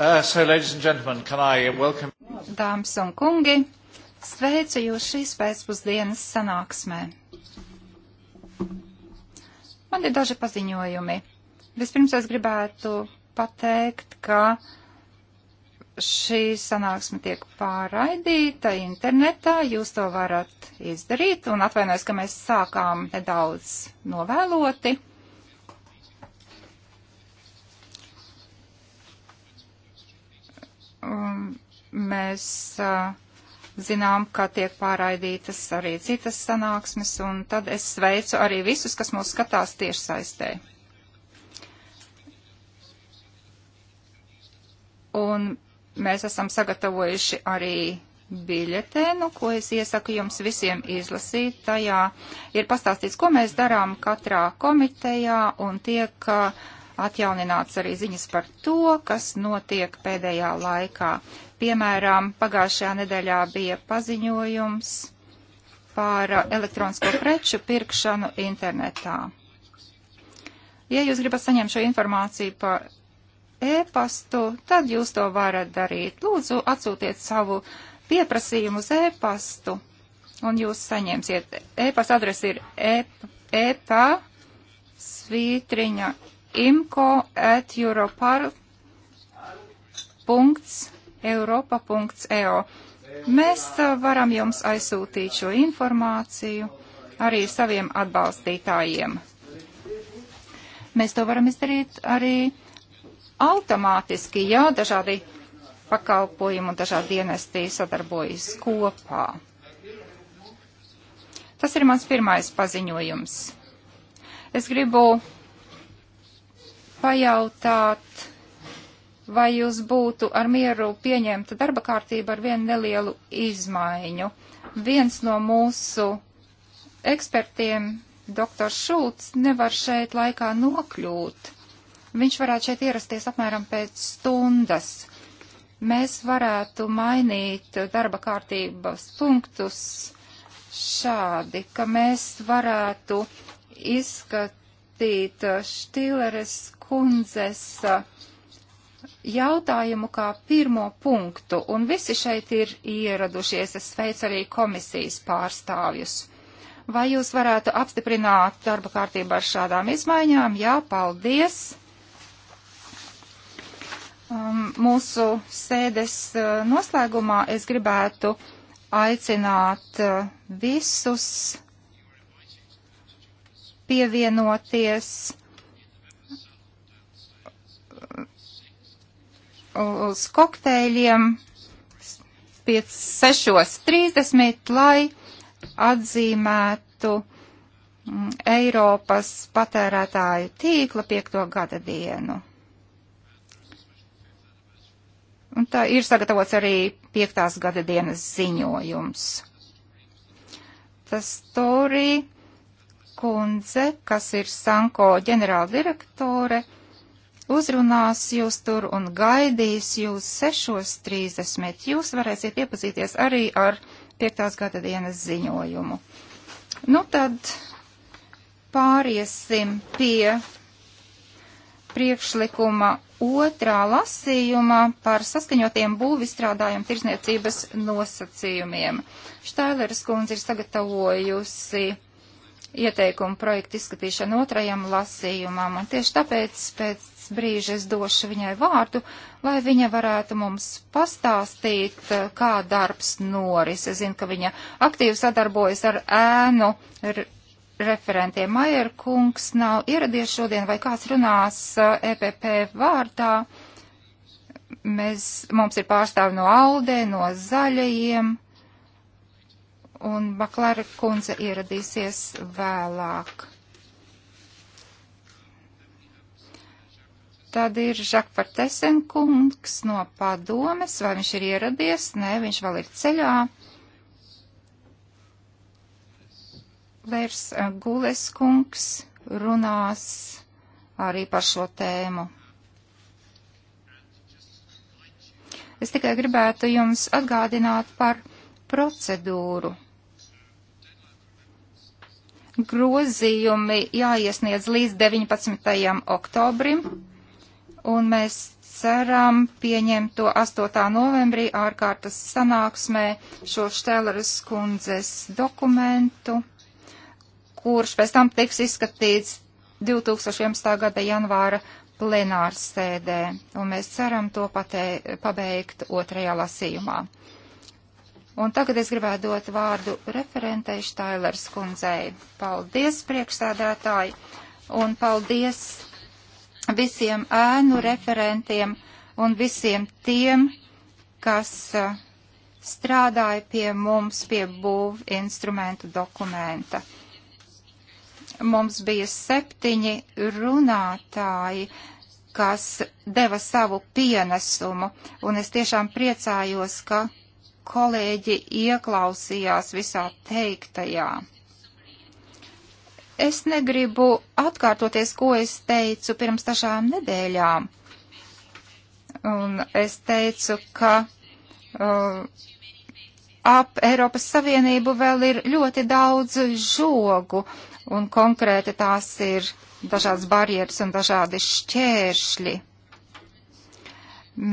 Uh, so, ladies and gentlemen, can I welcome... Dāmas un kungi, sveicu jūs šīs pēcpusdienas sanāksmē. Man ir daži paziņojumi. Vispirms es gribētu pateikt, ka šī sanāksme tiek pārraidīta internetā, jūs to varat izdarīt, un atvainojos, ka mēs sākām nedaudz novēloti. um, mēs uh, zinām, ka tiek pārraidītas arī citas sanāksmes, un tad es sveicu arī visus, kas mūs skatās tiešsaistē. Un mēs esam sagatavojuši arī biļetēnu, ko es iesaku jums visiem izlasīt. Tajā ir pastāstīts, ko mēs darām katrā komitejā un tiek uh, atjaunināts arī ziņas par to, kas notiek pēdējā laikā. Piemēram, pagājušajā nedēļā bija paziņojums par elektronisko preču pirkšanu internetā. Ja jūs gribat saņemt šo informāciju pa e-pastu, tad jūs to varat darīt. Lūdzu, atsūtiet savu pieprasījumu uz e-pastu, un jūs saņemsiet. E-pasta adrese ir e-pa e svītriņa imko at europar.europa.eu. Mēs varam jums aizsūtīt šo informāciju arī saviem atbalstītājiem. Mēs to varam izdarīt arī automātiski, ja dažādi pakalpojumi un dažādi dienestī sadarbojas kopā. Tas ir mans pirmais paziņojums. Es gribu pajautāt, vai jūs būtu ar mieru pieņemta darba kārtība ar vienu nelielu izmaiņu. Viens no mūsu ekspertiem, dr. Šulcs, nevar šeit laikā nokļūt. Viņš varētu šeit ierasties apmēram pēc stundas. Mēs varētu mainīt darba kārtības punktus šādi, ka mēs varētu izskatīt Štīleres kundzes eh, jautājumu kā pirmo punktu, un visi šeit ir ieradušies. Es sveicu arī komisijas pārstāvjus. Vai jūs varētu apstiprināt darba kārtību ar šādām izmaiņām? Jā, paldies! Um, mūsu sēdes eh, noslēgumā es gribētu aicināt eh, visus pievienoties uz kokteļiem 6.30, lai atzīmētu mm, Eiropas patērētāju tīkla piekto gada dienu. Un tā ir sagatavots arī piektās gada dienas ziņojums. Tas Torī kundze, kas ir Sanko ģenerāldirektore, direktore, uzrunās jūs tur un gaidīs jūs 6.30. Jūs varēsiet iepazīties arī ar 5. gada dienas ziņojumu. Nu tad pāriesim pie priekšlikuma otrā lasījuma par saskaņotiem būvistrādājumu tirzniecības nosacījumiem. Štaileris kundze ir sagatavojusi ieteikumu projektu izskatīšanu otrajam lasījumam, un tieši tāpēc pēc pēc brīža es došu viņai vārdu, lai viņa varētu mums pastāstīt, eh, kā darbs noris. Es zinu, ka viņa aktīvi sadarbojas ar ēnu referentiem. Maier kungs nav ieradies šodien, vai kāds runās EPP eh, e vārdā. Mēs, mums ir pārstāvi no Alde, no Zaļajiem, un Baklera kundze ieradīsies vēlāk. Tad ir Žakpartesen kungs no padomes, vai viņš ir ieradies? Nē, viņš vēl ir ceļā. Lērs eh, Gules kungs runās arī par šo tēmu. Es tikai gribētu jums atgādināt par procedūru. Grozījumi jāiesniedz līdz 19. oktobrim un mēs ceram pieņemt to 8. novembrī ārkārtas sanāksmē šo Štēleres kundzes dokumentu, kurš pēc tam tiks izskatīts 2011. gada janvāra plenārs sēdē, un mēs ceram to patē, pabeigt otrajā lasījumā. Un tagad es gribētu dot vārdu referentei Štailers kundzei. Paldies, priekšsēdētāji, un paldies visiem ēnu referentiem un visiem tiem, kas strādāja pie mums, pie būv instrumentu dokumenta. Mums bija septiņi runātāji, kas deva savu pienesumu, un es tiešām priecājos, ka kolēģi ieklausījās visā teiktajā. Es negribu atkārtoties, ko es teicu pirms dažām nedēļām. Un es teicu, ka uh, ap Eiropas Savienību vēl ir ļoti daudz žogu, un konkrēti tās ir dažādas barjeras un dažādi šķēršļi.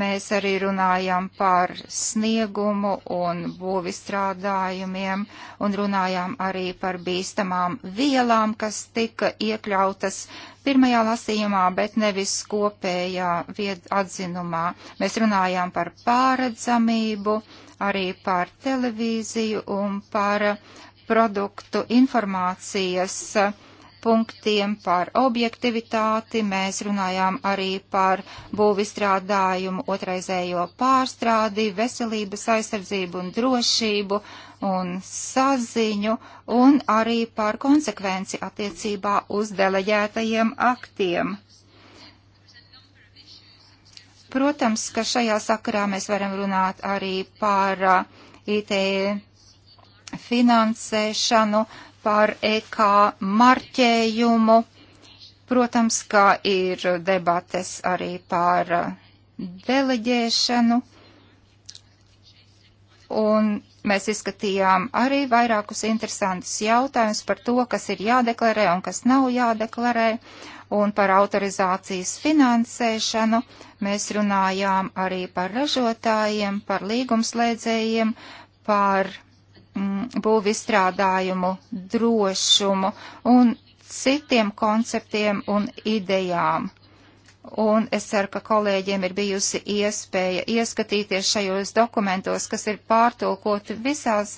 Mēs arī runājām par sniegumu un būvistrādājumiem un runājām arī par bīstamām vielām, kas tika iekļautas pirmajā lasījumā, bet nevis kopējā atzinumā. Mēs runājām par pāredzamību, arī par televīziju un par produktu informācijas uh, punktiem par objektivitāti, mēs runājām arī par būvistrādājumu, otraizējo pārstrādi, veselības aizsardzību un drošību un saziņu un arī par konsekvenci attiecībā uz deleģētajiem aktiem. Protams, ka šajā sakarā mēs varam runāt arī par uh, IT finansēšanu, par EK marķējumu. Protams, kā ir debates arī par uh, deleģēšanu. Un mēs izskatījām arī vairākus interesantus jautājumus par to, kas ir jādeklarē un kas nav jādeklarē. Un par autorizācijas finansēšanu mēs runājām arī par ražotājiem, par līgumslēdzējiem, par Mm, būvizstrādājumu drošumu un citiem konceptiem un idejām. Un es ceru, ka kolēģiem ir bijusi iespēja ieskatīties šajos dokumentos, kas ir pārtulkoti visās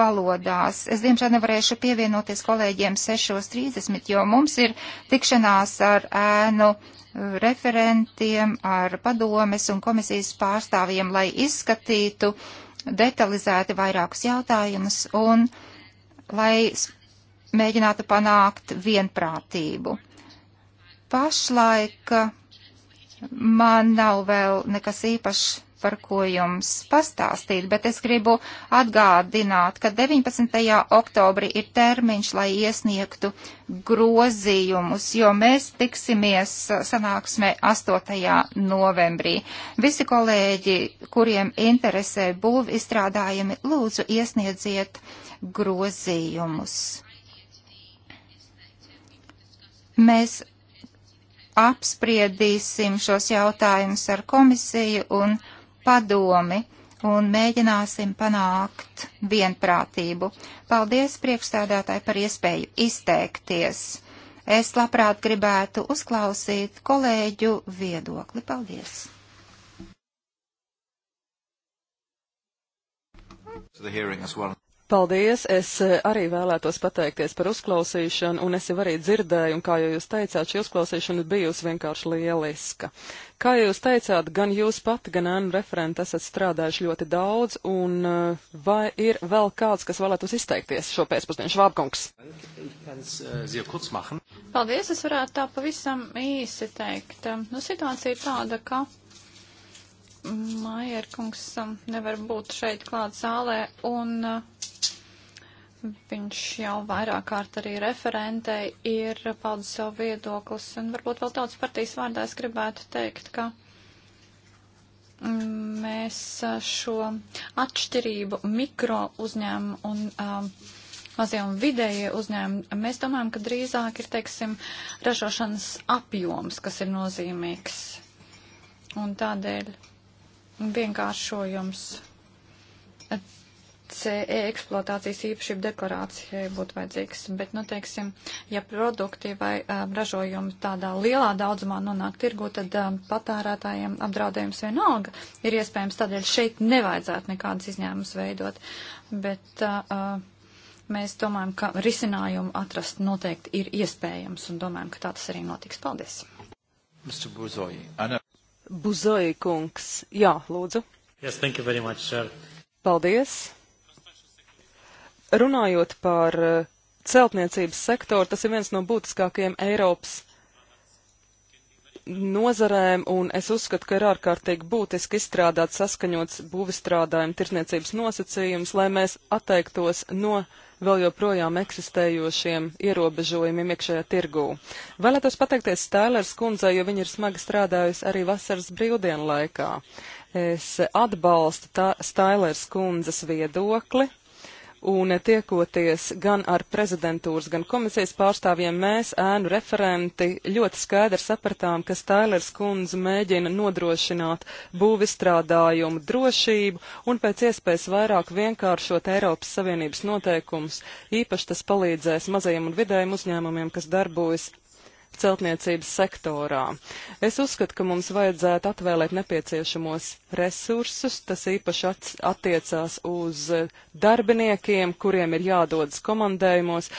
valodās. Es, diemžēl, nevarēšu pievienoties kolēģiem 6.30, jo mums ir tikšanās ar ēnu referentiem, ar padomes un komisijas pārstāvjiem, lai izskatītu uh, detalizēti vairākus jautājumus un lai mēģinātu panākt vienprātību. Pašlaik man nav vēl nekas īpašs par ko jums pastāstīt, bet es gribu atgādināt, ka 19. oktobri ir termiņš, lai iesniegtu grozījumus, jo mēs tiksimies sanāksmē 8. novembrī. Visi kolēģi, kuriem interesē būvi izstrādājumi, lūdzu iesniedziet grozījumus. Mēs apspriedīsim šos jautājumus ar komisiju un padomi un mēģināsim panākt vienprātību. Paldies priekšstādātāji par iespēju izteikties. Es labprāt gribētu uzklausīt kolēģu viedokli. Paldies! Well. Paldies! Es eh, arī vēlētos pateikties par uzklausīšanu, un es jau arī dzirdēju, un kā jau jūs teicāt, šī uzklausīšana bijusi vienkārši lieliska. Kā jūs teicāt, gan jūs pati, gan Anna referenta esat strādājuši ļoti daudz, un eh, vai ir vēl kāds, kas vēlētos izteikties šo pēcpusdienu? Švābkungs. Paldies, es varētu tā pavisam īsi teikt. Nu, situācija ir tāda, ka Maierkungs um, nevar būt šeit klāt zālē, un uh, viņš jau vairāk kārt arī referentei ir paudzis savu viedoklis, un varbūt vēl tautas partijas vārdā es gribētu teikt, ka mm, mēs uh, šo atšķirību mikro uzņēmumu un um, mazie un vidējie uzņēmumi, mēs domājam, ka drīzāk ir, teiksim, ražošanas apjoms, kas ir nozīmīgs. Un tādēļ vienkāršojums CE eksploatācijas īpašību deklarācijai būtu vajadzīgs, bet, nu, teiksim, ja produkti vai um, ražojumi tādā lielā daudzumā nonāk tirgu, tad um, patērētājiem apdraudējums vienalga ir iespējams, tādēļ šeit nevajadzētu nekādas izņēmumus veidot, bet uh, mēs domājam, ka risinājumu atrast noteikti ir iespējams un domājam, ka tā tas arī notiks. Paldies! Mr. Buzoji, Anna. Buzoja kungs. Jā, lūdzu. Yes, thank you very much, sir. Paldies. Runājot par eh, celtniecības sektoru, tas ir viens no būtiskākajiem Eiropas nozarēm, un es uzskatu, ka ir ārkārtīgi būtiski izstrādāt saskaņots būvistrādājumu tirsniecības nosacījums, lai mēs atteiktos no vēl joprojām eksistējošiem ierobežojumiem iekšējā tirgū. Vēlētos pateikties Stēlers kundzei, jo viņa ir smagi strādājusi arī vasaras brīvdienu laikā. Es atbalstu Stēlers kundzes viedokli, un tiekoties gan ar prezidentūras, gan komisijas pārstāvjiem, mēs, ēnu referenti, ļoti skaidri sapratām, ka Stailers kundze mēģina nodrošināt būvistrādājumu drošību un pēc iespējas vairāk vienkāršot Eiropas Savienības noteikumus. Īpaši tas palīdzēs mazajiem un vidējiem uzņēmumiem, kas darbojas celtniecības sektorā. Es uzskatu, ka mums vajadzētu atvēlēt nepieciešamos resursus, tas īpaši attiecās uz darbiniekiem, kuriem ir jādodas komandējumos.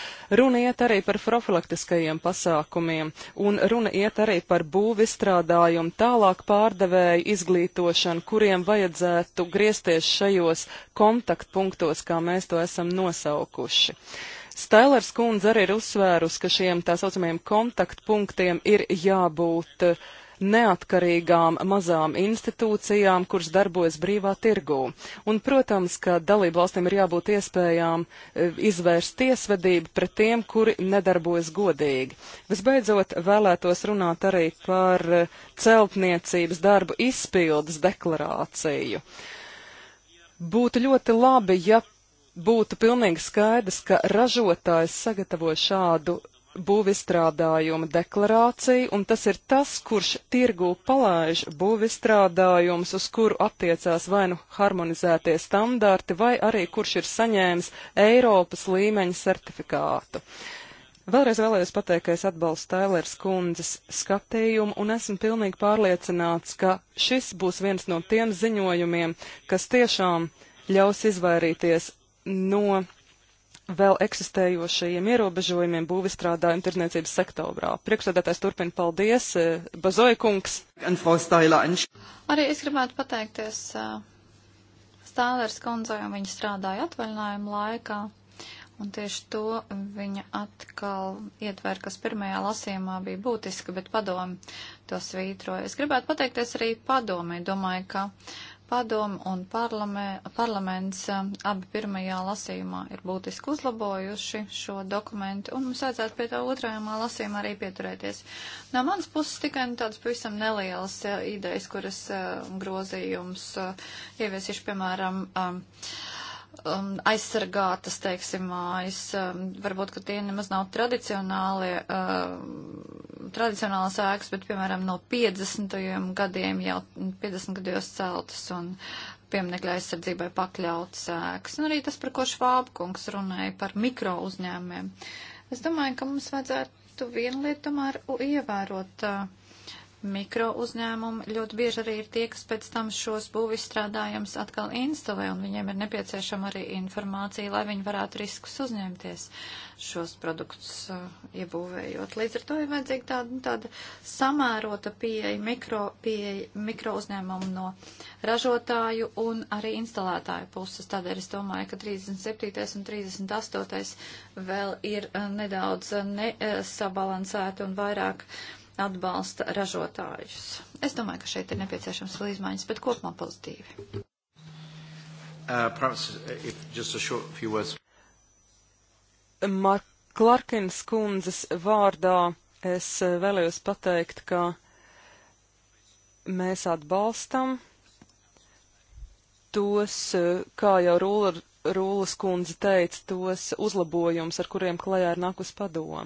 Runa iet arī par profilaktiskajiem pasākumiem, un runa iet arī par būvistrādājumu, tālāk pārdevēju izglītošanu, kuriem vajadzētu griezties šajos kontaktpunktos, kā mēs to esam nosaukuši. Uh, Stēlers kundze arī ir uzsvērus, ka šiem tā saucamajiem kontaktpunktiem ir jābūt eh, neatkarīgām mazām institūcijām, kuras darbojas brīvā tirgū. Un, protams, ka dalību valstīm ir jābūt iespējām eh, izvērst tiesvedību pret tiem, kuri nedarbojas godīgi. Visbeidzot, vēlētos runāt arī par eh, celtniecības darbu izpildes deklarāciju. Būtu ļoti labi, ja būtu pilnīgi skaidrs, ka ražotājs sagatavo šādu būvistrādājumu deklarāciju, un tas ir tas, kurš tirgū palaiž būvistrādājumus, uz kuru attiecās vai nu harmonizētie standarti, vai arī kurš ir saņēmis Eiropas līmeņa certifikātu. Vēlreiz vēlējos pateikt, ka es atbalstu Tailers kundzes skatījumu un esmu pilnīgi pārliecināts, ka šis būs viens no tiem ziņojumiem, kas tiešām ļaus izvairīties no vēl eksistējošajiem ierobežojumiem būvistrādājumu tirdzniecības sektorā. Priekšsēdētājs turpina paldies, eh, Bazoja kungs. Arī es gribētu pateikties eh, Stālers kundzei, jo viņa strādāja atvaļinājumu laikā. Un tieši to viņa atkal ietver, kas pirmajā lasījumā bija būtiska, bet padomi to svītroja. Es gribētu pateikties arī padomē. Domāju, ka uh, Padomu un parlamē, parlaments eh, abi pirmajā lasījumā ir būtiski uzlabojuši šo dokumentu, un mums vajadzētu pie tā otrajumā lasījumā arī pieturēties. No manas puses tikai nu, tādas pavisam nelielas eh, idejas, kuras eh, grozījums ieviesīšu, piemēram, um, aizsargātas, teiksim, mājas. Um, varbūt, ka tie nemaz nav tradicionāli, um, tradicionāls ēks, bet, piemēram, no 50. gadiem jau 50 gados celtas un pieminekļa aizsardzībai pakļauts ēks. Un arī tas, par ko Švābkungs runāja, par mikro uzņēmiem. Es domāju, ka mums vajadzētu vienu lietu tomēr ievērot. Uh, Mikro uzņēmumi ļoti bieži arī ir tie, kas pēc tam šos būvistrādājumus atkal instalē, un viņiem ir nepieciešama arī informācija, lai viņi varētu riskus uzņemties šos produktus uh, iebūvējot. Līdz ar to ir vajadzīga tāda, nu, tāda samērota pieeja, mikro, pieeja mikro uzņēmumu no ražotāju un arī instalētāju puses. Tādēļ es domāju, ka 37. un 38. vēl ir uh, nedaudz uh, nesabalansēti uh, un vairāk. Uh, atbalsta ražotājus. Es domāju, ka šeit ir nepieciešams vēl izmaiņas, bet kopumā pozitīvi. Uh, perhaps, uh, short, Klarkins kundzes vārdā es uh, vēlējos pateikt, ka mēs atbalstam tos, uh, kā jau Rūla Rūlas kundze teica tos uzlabojumus, ar kuriem klajā ir nākus padoma.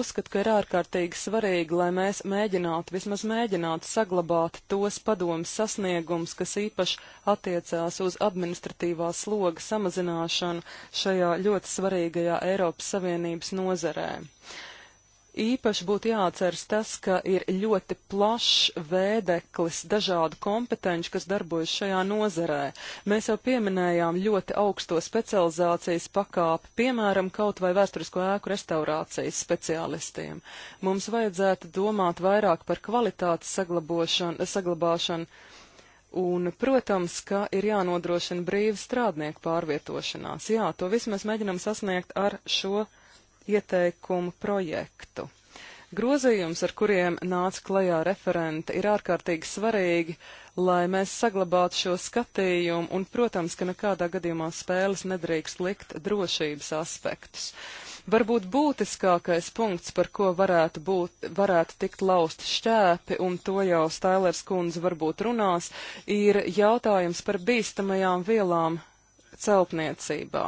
Uzskatu, ka ir ārkārtīgi svarīgi, lai mēs mēģinātu, vismaz mēģinātu saglabāt tos padomus sasniegums, kas īpaši attiecās uz administratīvā sloga samazināšanu šajā ļoti svarīgajā Eiropas Savienības nozarē. Īpaši būtu jāatceras tas, ka ir ļoti plašs vēdeklis dažādu kompetenci, kas darbojas šajā nozarē. Mēs jau pieminējām ļoti augsto specializācijas pakāpi, piemēram, kaut vai vēsturisko ēku restaurācijas speciālistiem. Mums vajadzētu domāt vairāk par kvalitātes saglabāšanu. Un, protams, ka ir jānodrošina brīva strādnieku pārvietošanās. Jā, to visu mēs mēģinam sasniegt ar šo ieteikumu projektu. Grozījums, ar kuriem nāca klajā referente, ir ārkārtīgi svarīgi, lai mēs saglabātu šo skatījumu, un, protams, ka nekādā gadījumā spēles nedrīkst likt drošības aspektus. Varbūt būtiskākais punkts, par ko varētu, būt, varētu tikt laust šķēpi, un to jau Stailers kundze varbūt runās, ir jautājums par bīstamajām vielām celtniecībā.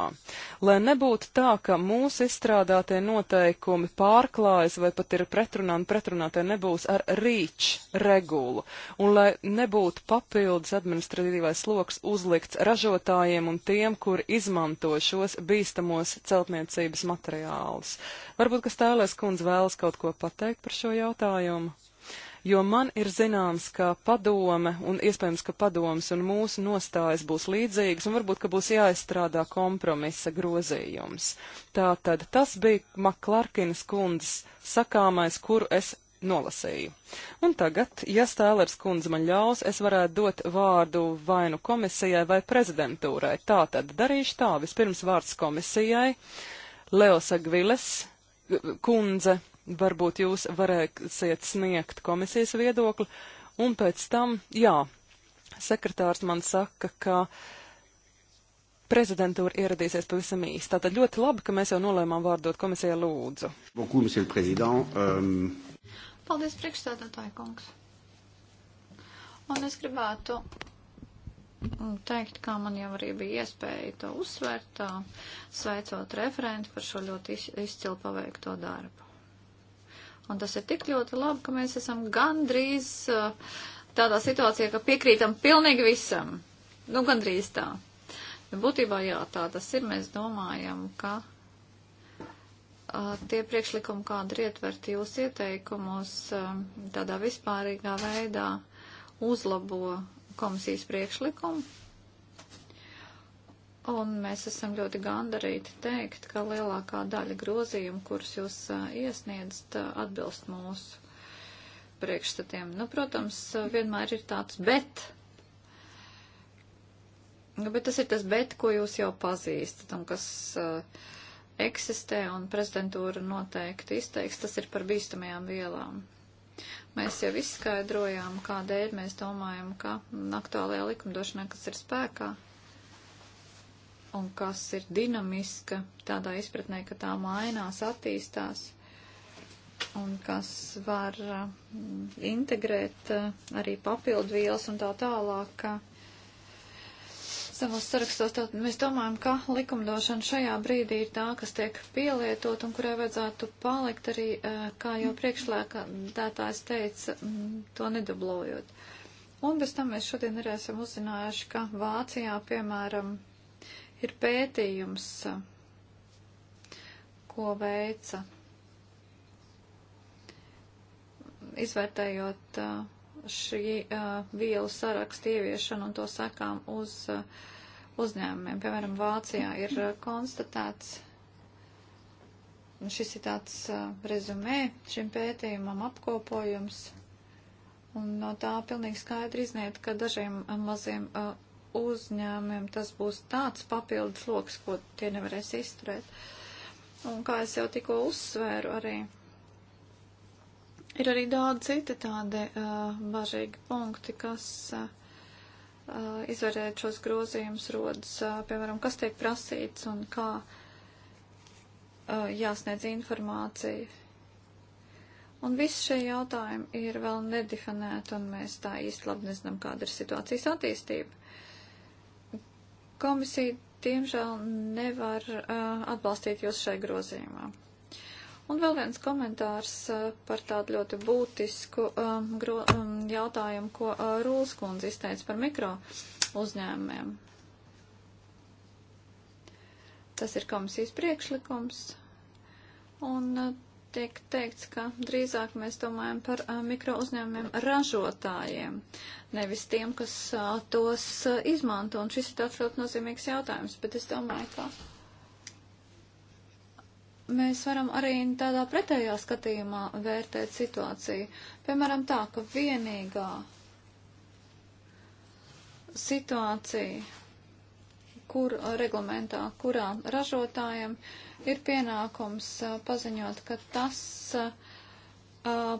Lai nebūtu tā, ka mūsu izstrādātie noteikumi pārklājas vai pat ir pretrunā un pretrunā tie nebūs ar rīč regulu, un lai nebūtu papildus administratīvais sloks uzlikts ražotājiem un tiem, kur izmanto šos bīstamos celtniecības materiālus. Varbūt, ka Stēlēs kundze vēlas kaut ko pateikt par šo jautājumu? jo man ir zināms, ka padome un iespējams, ka padomas un mūsu nostājas būs līdzīgas un varbūt, ka būs jāizstrādā kompromisa grozījums. Tātad tas bija Maklārkinas kundzes sakāmais, kuru es nolasīju. Un tagad, ja Stēlers kundze man ļaus, es varētu dot vārdu vainu komisijai vai prezidentūrai. Tā tad darīšu tā. Vispirms vārds komisijai. Leosa Gviles kundze varbūt jūs varēsiet sniegt komisijas viedokli, un pēc tam, jā, sekretārs man saka, ka prezidentūra ieradīsies pavisam īsti. Tātad ļoti labi, ka mēs jau nolēmām vārdot komisijai lūdzu. Um, Paldies, priekšstādātāji kungs. Un es gribētu teikt, kā man jau arī bija iespēja to uzsvērt, tā, sveicot referentu par šo ļoti izcilu paveikto darbu. Un tas ir tik ļoti labi, ka mēs esam gandrīz uh, tādā situācijā, ka piekrītam pilnīgi visam. Nu, gandrīz tā. Bet būtībā jā, tā tas ir. Mēs domājam, ka uh, tie priekšlikumi, kādi ir ietverti jūsu ieteikumos, um, tādā vispārīgā veidā uzlabo komisijas priekšlikumu Un mēs esam ļoti gandarīti teikt, ka lielākā daļa grozījumu, kurus jūs iesniedzat, atbilst mūsu priekšstatiem. Nu, protams, vienmēr ir tāds bet. Nu, bet tas ir tas bet, ko jūs jau pazīstat un kas uh, eksistē un prezidentūra noteikti izteiks, tas ir par bīstamajām vielām. Mēs jau izskaidrojām, kādēļ mēs domājam, ka aktuālajā likumdošanā, kas ir spēkā, uh, un kas ir dinamiska tādā izpratnē, ka tā mainās, attīstās un kas var mm, integrēt eh, arī papildvielas un tā tālāk. Savos sarakstos tā, mēs domājam, ka likumdošana šajā brīdī ir tā, kas tiek pielietot un kurai vajadzētu palikt arī, eh, kā jau priekšlēkātājs teica, mm, to nedublojot. Un bez tam mēs šodien arī esam uzzinājuši, ka Vācijā, piemēram, Ir pētījums, ko veica izvērtējot uh, šī uh, vielu sarakstu ieviešanu un to sakām uz uh, uzņēmumiem. Piemēram, Vācijā ir konstatēts, šis ir tāds rezumē šim pētījumam apkopojums, un no tā pilnīgi skaidri izniet, ka dažiem maziem uzņēmumiem tas būs tāds papildus loks, ko tie nevarēs izturēt. Un kā es jau tikko uzsvēru arī, ir arī daudz citi tādi uh, bažīgi punkti, kas uh, uh izvērēt šos grozījumus rodas, uh, piemēram, kas tiek prasīts un kā uh, jāsniedz informācija. Un visi šie jautājumi ir vēl nedefinēti, un mēs tā īsti labi nezinām, kāda ir situācijas attīstība. Komisija, diemžēl, nevar uh, atbalstīt jūs šai grozījumā. Un vēl viens komentārs uh, par tādu ļoti būtisku um, gro, um, jautājumu, ko uh, Rūlas kundze izteica par mikro uzņēmumiem. Tas ir komisijas priekšlikums, un uh, tiek teikts, ka drīzāk mēs domājam par uh, mikro uzņēmumiem ražotājiem, nevis tiem, kas uh, tos uh, izmanto. Un šis ir tāds ļoti nozīmīgs jautājums, bet es domāju, ka mēs varam arī tādā pretējā skatījumā vērtēt situāciju. Piemēram, tā, ka vienīgā situācija, kur reglamentā, kurā ražotājiem ir pienākums paziņot, ka tas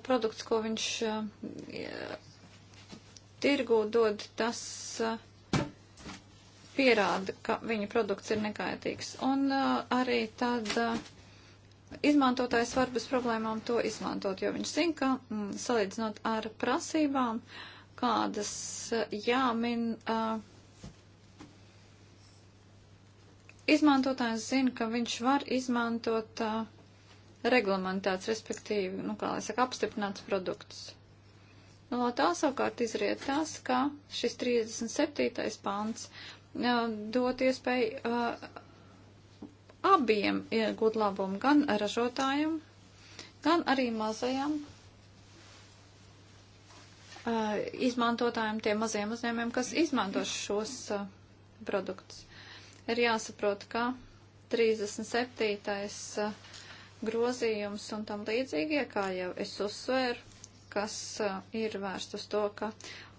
produkts, ko viņš tirgu dod, tas pierāda, ka viņa produkts ir nekaitīgs. Un arī tad izmantotājs var bez problēmām to izmantot, jo viņš zina, ka m, salīdzinot ar prasībām, kādas jāmin uh, izmantotājs zina, ka viņš var izmantot uh, reglamentēts, respektīvi, nu, kā lai saka, apstiprināts produkts. Nu, no tā savukārt izriet tas, ka šis 37. pants uh, dot iespēju uh, abiem iegūt labumu gan ražotājiem, gan arī mazajam uh, izmantotājiem, tiem maziem uzņēmiem, kas izmanto šos produktus ir jāsaprot, ka 37. Eh, grozījums un tam līdzīgie, kā jau es uzsvēru, kas eh, ir vērsts uz to, ka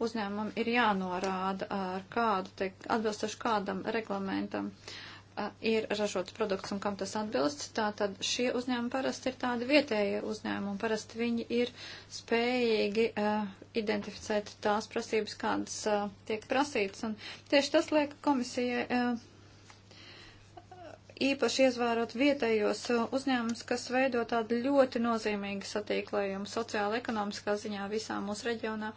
uzņēmumam ir jānorāda, ar kādu, teikt, atbilstoši kādam reglamentam eh, ir ražots produkts un kam tas atbilst. Tātad šie uzņēmumi parasti ir tādi vietējie uzņēmumi, parasti viņi ir spējīgi uh, identificēt tās prasības, kādas uh, tiek prasītas. Un tieši tas liek komisijai. Uh, īpaši ievērot vietējos uzņēmumus, kas veido tādu ļoti nozīmīgu satīklējumu sociāla ekonomiskā ziņā visā mūsu reģionā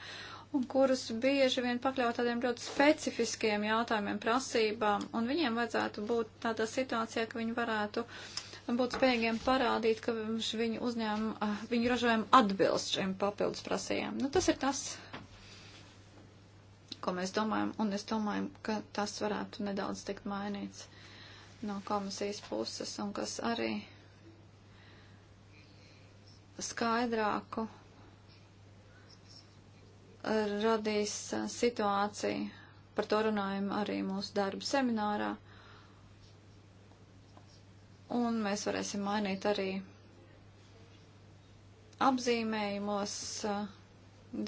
un kurus bieži vien pakļaut tādiem ļoti specifiskiem jautājumiem, prasībām, un viņiem vajadzētu būt tādā situācijā, ka viņi varētu būt spējīgiem parādīt, ka viņu uzņēmumu, ah, viņu ražojumu atbilst šiem papildus prasījumiem. Nu, tas ir tas, ko mēs domājam, un es domāju, ka tas varētu nedaudz tikt mainīts no komisijas puses un kas arī skaidrāku radīs situāciju. Par to runājam arī mūsu darba seminārā. Un mēs varēsim mainīt arī apzīmējumos eh,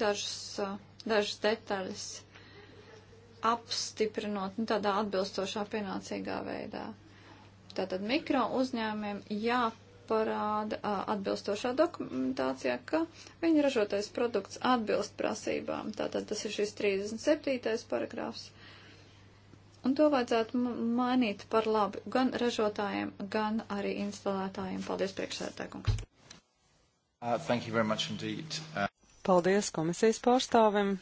dažus, eh, dažas detaļas apstiprinot nu, tādā atbilstošā pienācīgā veidā. Tātad mikro uzņēmiem jāparāda a, atbilstošā dokumentācijā, ka viņa ražotais produkts atbilst prasībām. Tātad tas ir šis 37. paragrāfs. Un to vajadzētu mainīt par labu gan ražotājiem, gan arī instalētājiem. Paldies, priekšsēdētājkungs. Uh, uh, Paldies komisijas pārstāvim.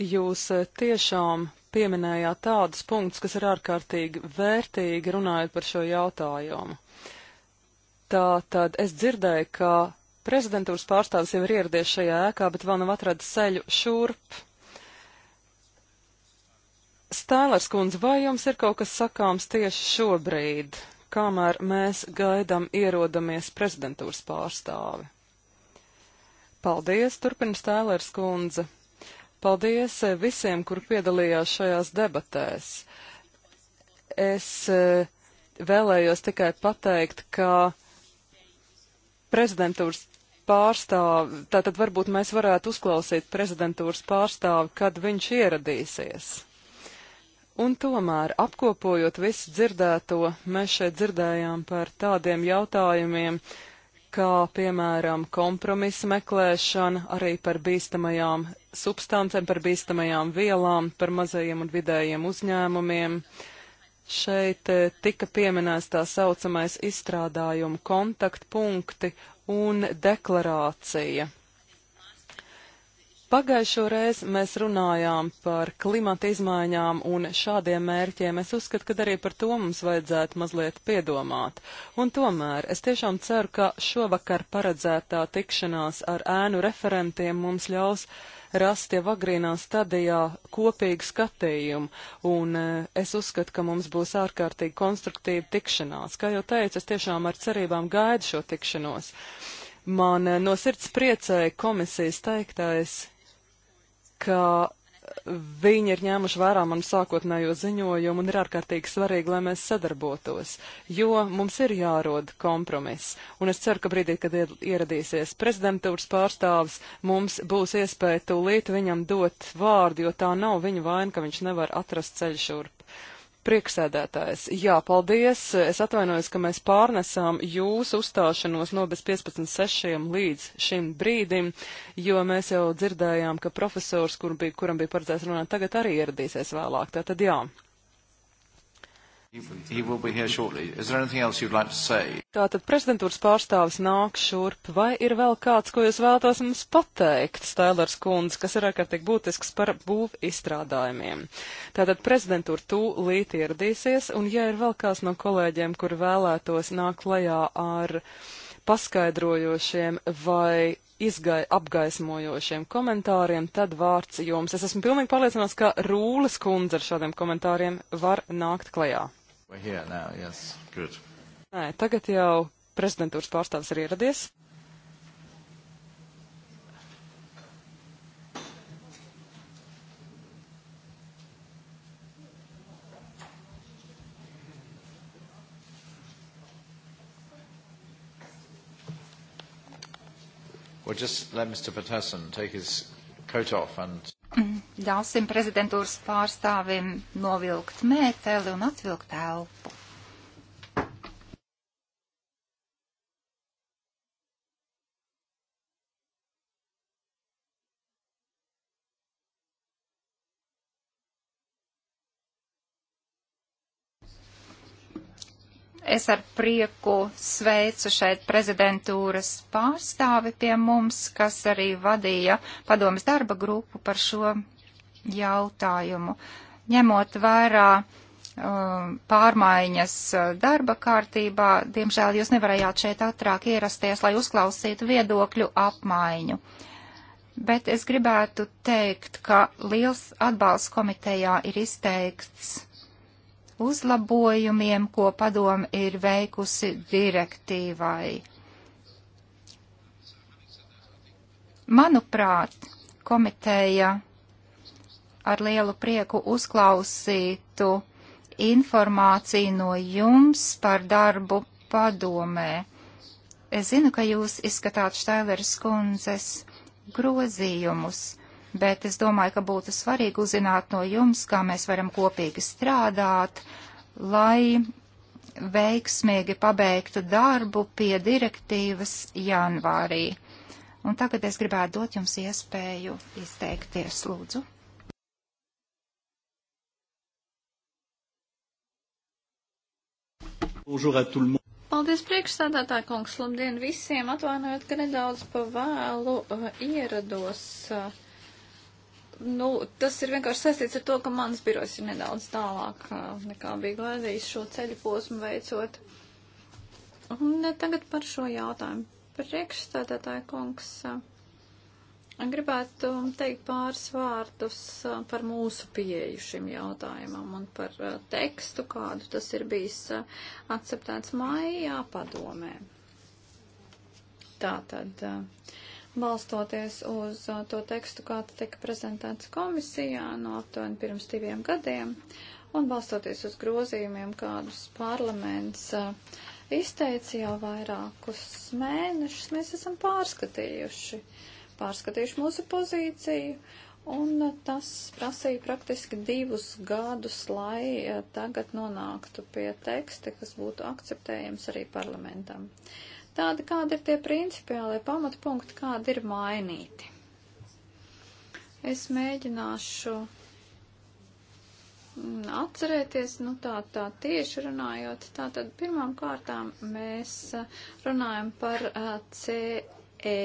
Jūs eh, tiešām pieminējāt tādus punktus, kas ir ārkārtīgi vērtīgi runājot par šo jautājumu. Tā tad es dzirdēju, ka prezidentūras pārstāvis jau ir ieradies šajā ēkā, bet vēl nav atradis ceļu šurp. Stēlers kundze, vai jums ir kaut kas sakāms tieši šobrīd, kamēr mēs gaidām ierodamies prezidentūras pārstāvi? Paldies, turpina Stēlers kundze. Paldies eh, visiem, kur piedalījās šajās debatēs. Es eh, vēlējos tikai pateikt, ka prezidentūras pārstāvi, tātad varbūt mēs varētu uzklausīt prezidentūras pārstāvi, kad viņš ieradīsies. Un tomēr, apkopojot visu dzirdēto, mēs šeit dzirdējām par tādiem jautājumiem, uh, kā piemēram kompromisa meklēšana, arī par bīstamajām substancēm, par bīstamajām vielām, par mazajiem un vidējiem uzņēmumiem. Šeit eh, tika pieminēts tā saucamais izstrādājumu kontaktpunkti un deklarācija. Pagājušo reizi mēs runājām par klimata izmaiņām un šādiem mērķiem. Es uzskatu, ka arī par to mums vajadzētu mazliet piedomāt. Un tomēr es tiešām ceru, ka šovakar paredzētā tikšanās ar ēnu referentiem mums ļaus rast jau agrīnā stadijā kopīgu skatījumu, un e, es uzskatu, ka mums būs ārkārtīgi konstruktīva tikšanās. Kā jau teicu, es tiešām ar cerībām gaidu šo tikšanos. Man e, no sirds priecēja komisijas teiktais ka viņi ir ņēmuši vērā manu sākotnējo ziņojumu un ir ārkārtīgi svarīgi, lai mēs sadarbotos, jo mums ir jārod kompromiss. Un es ceru, ka brīdī, kad ieradīsies prezidentūras pārstāvis, mums būs iespēja tūlīt viņam dot vārdu, jo tā nav viņa vaina, ka viņš nevar atrast ceļu šurp. Prieksēdētājs, jā, paldies. Es atvainojos, ka mēs pārnesām jūsu uzstāšanos no bez 15.6 līdz šim brīdim, jo mēs jau dzirdējām, ka profesors, kur bija, kuram bija paredzēts runāt, tagad arī ieradīsies vēlāk. Tātad jā. Like Tātad prezidentūras pārstāvis nāk šurp, vai ir vēl kāds, ko jūs vēlatos mums pateikt, Stēlers kundze, kas ir ārkārtīgi būtisks par būv izstrādājumiem? Tātad prezidentūra tūlīt ieradīsies, un ja ir vēl kāds no kolēģiem, kur vēlētos nākt lejā ar paskaidrojošiem vai izgai, apgaismojošiem komentāriem, tad vārds jums. Es esmu pilnīgi pārliecināts, ka Rūles kundze ar šādiem komentāriem var nākt klajā. Now, yes. Nē, tagad jau prezidentūras pārstāvis ir ieradies. Well, just let Mr. Patterson take his coat off and ļausim prezidentūras pārstāvim novilkt mēteli un atvilkt elpu. Es ar prieku sveicu šeit prezidentūras pārstāvi pie mums, kas arī vadīja padomas darba grupu par šo jautājumu. Ņemot vērā um, pārmaiņas uh, darba kārtībā. Diemžēl jūs nevarējāt šeit ātrāk ierasties, lai uzklausītu viedokļu apmaiņu. Bet es gribētu teikt, ka liels atbalsts komitejā ir izteikts uzlabojumiem, ko padoma ir veikusi direktīvai. Manuprāt, komiteja ar lielu prieku uzklausītu informāciju no jums par darbu padomē. Es zinu, ka jūs izskatāt Štailers kundzes grozījumus bet es domāju, ka būtu svarīgi uzzināt no jums, kā mēs varam kopīgi strādāt, lai veiksmīgi pabeigtu darbu pie direktīvas janvārī. Un tagad es gribētu dot jums iespēju izteikties, lūdzu. Paldies priekšsādātāji kungs, labdien visiem, atvainojot, ka nedaudz pa vēlu uh, ierados. Uh, nu, tas ir vienkārši saistīts ar to, ka mans birojs ir nedaudz tālāk nekā bija gaidījis šo ceļu posmu veicot. Un ne tagad par šo jautājumu. Priekšstādātāja kungs, gribētu teikt pāris vārdus par mūsu pieeju šim jautājumam un par tekstu, kādu tas ir bijis akceptēts maijā padomē. Tātad. Uh, balstoties uz uh, to tekstu, kāds tika prezentēts komisijā no aptuveni pirms diviem gadiem, un balstoties uz grozījumiem, kādus parlaments uh, izteica jau vairākus mēnešus, mēs esam pārskatījuši, pārskatījuši mūsu pozīciju, un uh, tas prasīja praktiski divus gadus, lai tagad nonāktu pie teksta, kas būtu akceptējams arī parlamentam. Uh, tādi, kādi ir tie principiālie pamatpunkti, kādi ir mainīti. Es mēģināšu mm, atcerēties, nu tā, tā tieši runājot, tā tad pirmām kārtām mēs runājam par CE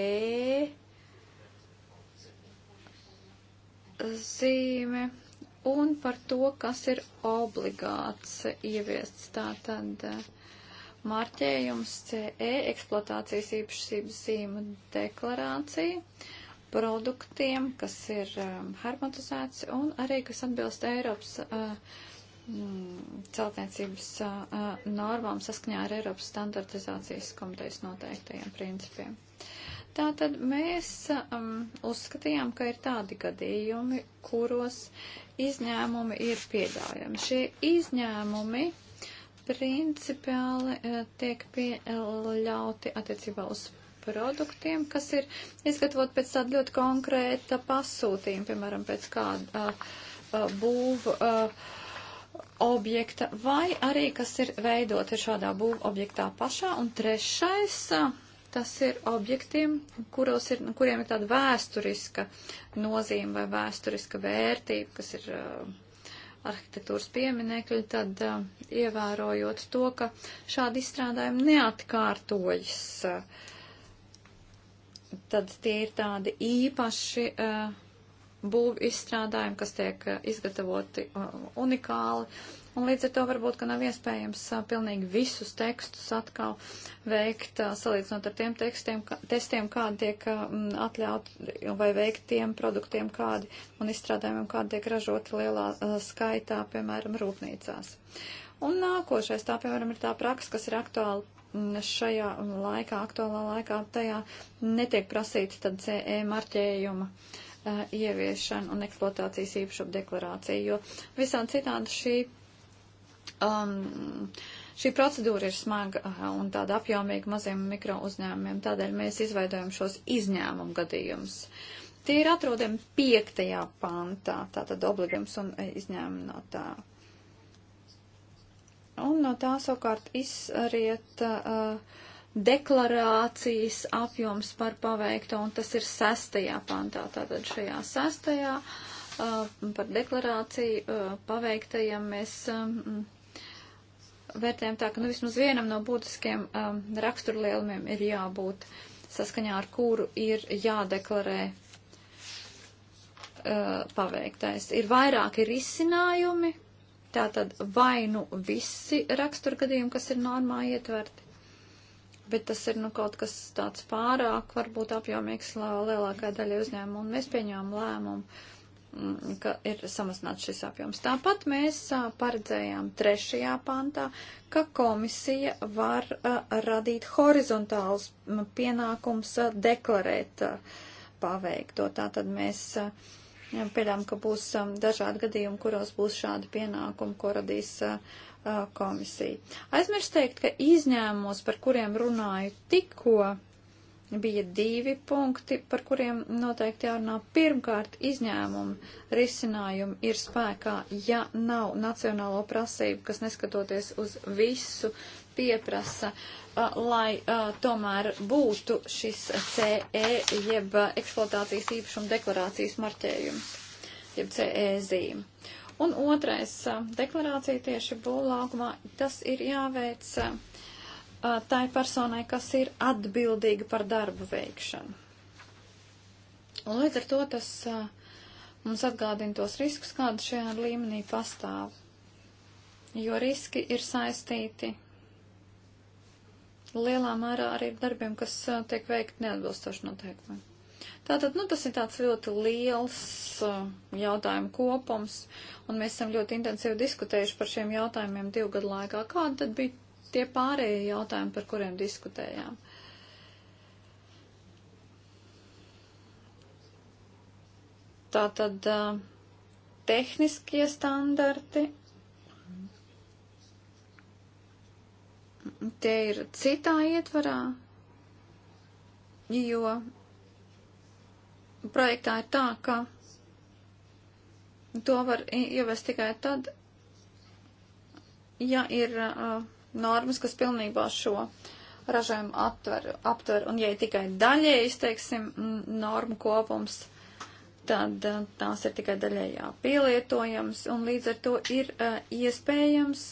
zīme un par to, kas ir obligāts ieviests. Tā tad uh, marķējums CE eksploatācijas īpašības zīmu deklarācija produktiem, kas ir um, harmonizēts un arī, kas atbilst Eiropas uh, mm, celtniecības uh, uh, normām saskaņā ar Eiropas standartizācijas komitejas noteiktajiem principiem. Tātad mēs um, uzskatījām, ka ir tādi gadījumi, kuros izņēmumi ir pieļaujami. Šie izņēmumi uh, principiāli e, tiek pieļauti attiecībā uz produktiem, kas ir izgatavot pēc tāda ļoti konkrēta pasūtījuma, piemēram, pēc kāda e, e, būvu objekta, vai arī kas ir veidoti šādā būvu objektā pašā. Un trešais, tas ir objektiem, kuros ir, kuriem ir tāda vēsturiska nozīme vai vēsturiska vērtība, kas ir uh, arhitektūras pieminekļi, tad uh, ievērojot to, ka šādi izstrādājumi neatkārtojas, uh, tad tie ir tādi īpaši uh, būvu izstrādājumi, kas tiek uh, izgatavoti uh, unikāli, Un līdz ar to varbūt, ka nav iespējams a, pilnīgi visus tekstus atkal veikt, a, salīdzinot ar tiem tekstiem, ka, testiem, kādi tiek atļauti vai veikt tiem produktiem, kādi un izstrādājumiem, kādi tiek ražoti lielā a, skaitā, piemēram, rūpnīcās. Un nākošais, tā piemēram, ir tā praksa, kas ir aktuāla šajā laikā, aktuālā laikā, tajā netiek prasīta tad CE marķējuma uh, ieviešana un eksploatācijas īpašuma deklarācija, jo visādi citādi šī um, šī procedūra ir smaga un tāda apjomīga maziem mikro uzņēmumiem, tādēļ mēs izveidojam šos izņēmumu gadījumus. Tie ir atrodami piektajā pantā, tātad obligums un e, izņēmumi no tā. Un no tā savukārt izriet uh, deklarācijas apjoms par paveikto, un tas ir sestajā pantā, tātad šajā sestajā uh, par deklarāciju uh, paveiktajam mēs. Um, vērtējam tā, ka nu, vismaz vienam no būtiskiem um, raksturlielumiem ir jābūt, saskaņā ar kuru ir jādeklarē uh, paveiktais. Ir vairāki risinājumi, tātad vai nu visi raksturgadījumi, kas ir normā ietverti, bet tas ir nu kaut kas tāds pārāk, varbūt apjomīgs lielākai daļai uzņēmumu, un mēs pieņēmām lēmumu ka ir samazināts šis apjoms. Tāpat mēs a, paredzējām trešajā pantā, ka komisija var a, radīt horizontāls pienākums a, deklarēt paveikto. Tātad mēs pieļām, ka būs dažādi gadījumi, kuros būs šādi pienākumi, ko radīs komisija. Aizmirst teikt, ka izņēmumos, par kuriem runāju tikko, bija divi punkti, par kuriem noteikti jārunā. Pirmkārt, izņēmumi risinājumi ir spēkā, ja nav nacionālo prasību, kas neskatoties uz visu pieprasa, lai tomēr būtu šis CE jeb eksploatācijas īpašuma deklarācijas marķējums, jeb CE zīme. Un otrais deklarācija tieši būvlākumā, tas ir jāveic tai personai, kas ir atbildīga par darbu veikšanu. Un līdz ar to tas a, mums atgādina tos riskus, kāda šajā līmenī pastāv. Jo riski ir saistīti lielā mērā arī ar darbiem, kas a, tiek veikti neatbilstoši noteikumiem. Tātad, nu, tas ir tāds ļoti liels uh, jautājumu kopums, un mēs esam ļoti intensīvi diskutējuši par šiem jautājumiem divu gadu laikā. Kāda tad bija tie pārējie jautājumi, par kuriem diskutējām. Tātad uh, tehniskie standarti, tie ir citā ietvarā, jo projektā ir tā, ka to var ievest tikai tad, ja ir uh, normas, kas pilnībā šo ražojumu aptver, aptver un ja tikai daļēji izteiksim normu kopums, tad uh, tās ir tikai daļējā pielietojams, un līdz ar to ir uh, iespējams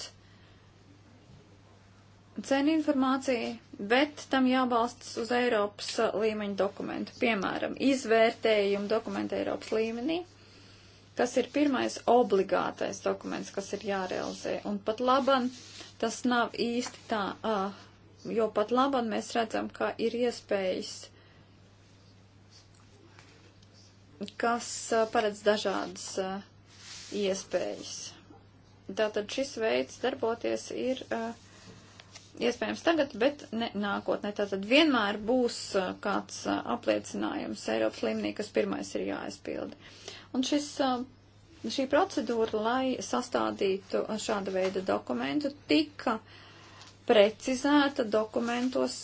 cenu informācija, bet tam jābalstas uz Eiropas uh, līmeņa dokumentu, piemēram, izvērtējumu dokumentu Eiropas līmenī, kas ir pirmais obligātais dokuments, kas ir jārealizē, un pat laban. Uh, Tas nav īsti tā, jo pat labam mēs redzam, ka ir iespējas, kas paredz dažādas iespējas. Tātad šis veids darboties ir iespējams tagad, bet ne nākotnē. Tātad vienmēr būs kāds apliecinājums Eiropas līmenī, kas pirmais ir jāaizpilda. Un šis Šī procedūra, lai sastādītu šāda veida dokumentu, tika precizēta dokumentos,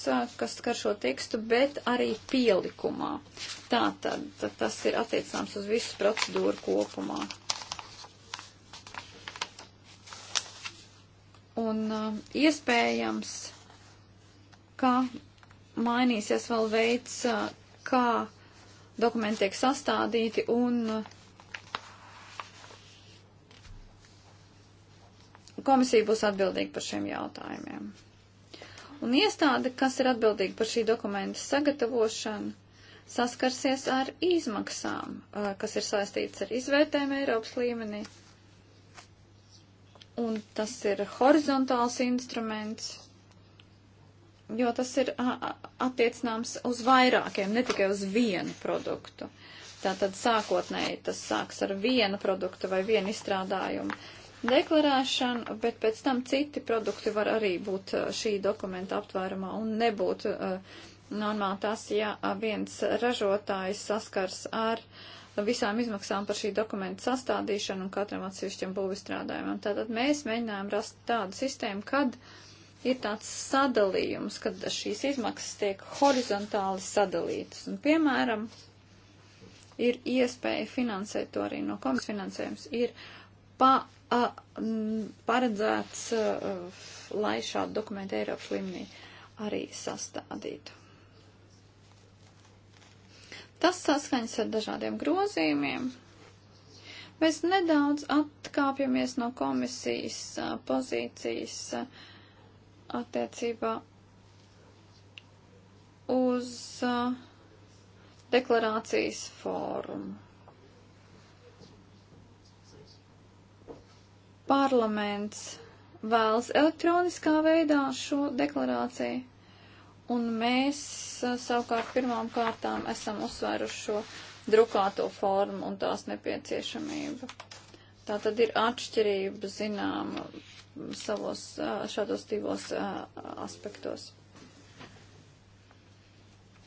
kas skar šo tekstu, bet arī pielikumā. Tātad tas ir attiecināms uz visu procedūru kopumā. Un uh, iespējams, ka mainīsies vēl veids, uh, kā dokumenti tiek sastādīti un uh, komisija būs atbildīga par šiem jautājumiem. Un iestāde, kas ir atbildīga par šī dokumenta sagatavošanu, saskarsies ar izmaksām, eh, kas ir saistītas ar izvērtēm Eiropas līmenī. Un tas ir horizontāls instruments, jo tas ir attiecināms uz vairākiem, ne tikai uz vienu produktu. Tātad sākotnēji tas sāks ar vienu produktu vai vienu izstrādājumu deklarēšanu, bet pēc tam citi produkti var arī būt uh, šī dokumenta aptvērumā un nebūt uh, normāli tas, ja uh, viens ražotājs saskars ar visām izmaksām par šī dokumenta sastādīšanu un katram atsevišķam būvistrādājumam. Tātad mēs mēģinājām rast tādu sistēmu, kad ir tāds sadalījums, kad šīs izmaksas tiek horizontāli sadalītas. Un, piemēram, ir iespēja finansēt to arī no komisijas finansējums, ir pa uh, paredzēts, uh, lai šādu dokumentu Eiropas līmenī arī sastādītu. Tas saskaņas ar dažādiem grozījumiem. Mēs nedaudz atkāpjamies no komisijas uh, pozīcijas uh, attiecībā uz uh, deklarācijas fórumu. Parlaments vēlas elektroniskā veidā šo deklarāciju, un mēs eh, savukārt pirmām kārtām esam uzsvēruši šo drukāto formu un tās nepieciešamību. Tā tad ir atšķirība zināma savos eh, šādos divos eh, aspektos.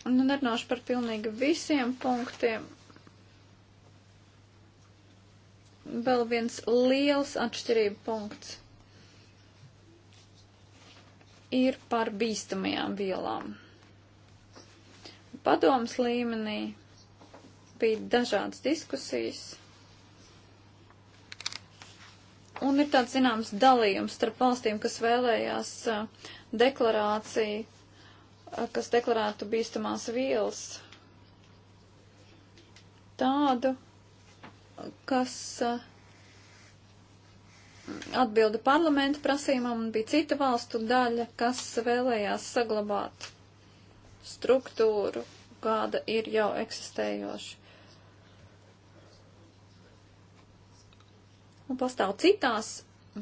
Nu, nerunāšu par pilnīgi visiem punktiem, vēl viens liels atšķirība punkts ir par bīstamajām vielām. Padoms līmenī bija dažādas diskusijas un ir tāds zināms dalījums starp valstīm, kas vēlējās deklarāciju, kas deklarētu bīstamās vielas. Tādu, kas atbilda parlamenta prasījumam, un bija cita valstu daļa, kas vēlējās saglabāt struktūru, kāda ir jau eksistējoša. Un pastāv citās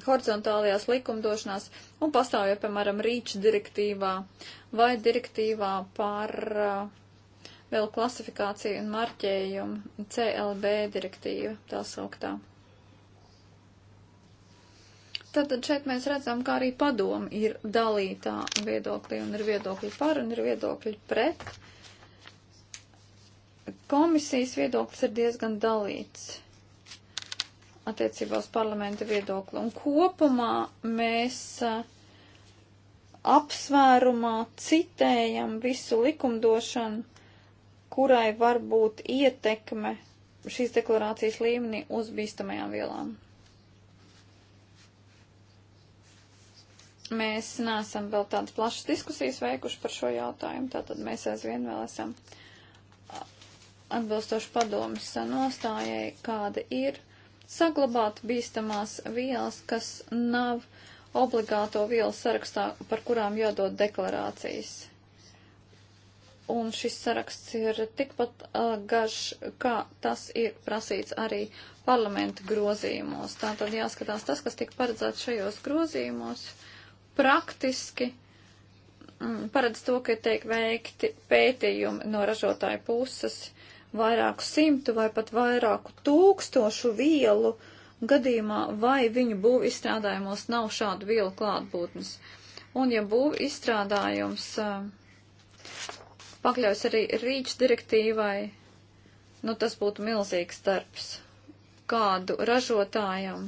horizontālajās likumdošanās, un pastāv jau, piemēram, rīču direktīvā vai direktīvā par uh, Vēl klasifikācija un marķējuma CLB direktīva tā sauktā. Tātad šeit mēs redzam, kā arī padomi ir dalītā viedoklī un ir viedokļi par un ir viedokļi pret. Komisijas viedoklis ir diezgan dalīts attiecībā uz parlamenta viedokli. Un kopumā mēs apsvērumā citējam visu likumdošanu kurai var būt ietekme šīs deklarācijas līmenī uz bīstamajām vielām. Mēs neesam vēl tādas plašas diskusijas veikuši par šo jautājumu, tātad mēs aizvien vēl esam atbilstoši padomas nostājai, kāda ir saglabāt bīstamās vielas, kas nav obligāto vielu sarakstā, par kurām jādod deklarācijas un šis saraksts ir tikpat uh, garš, kā tas ir prasīts arī parlamenta grozījumos. Tātad jāskatās tas, kas tika paredzēts šajos grozījumos, praktiski mm, paredz to, ka tiek veikti pētījumi no ražotāju puses vairāku simtu vai pat vairāku tūkstošu vielu gadījumā, vai viņu būvu izstrādājumos nav šādu vielu klātbūtnes. Un ja būvu izstrādājums uh, pakļaus arī rīču direktīvai, nu tas būtu milzīgs darbs kādu ražotājam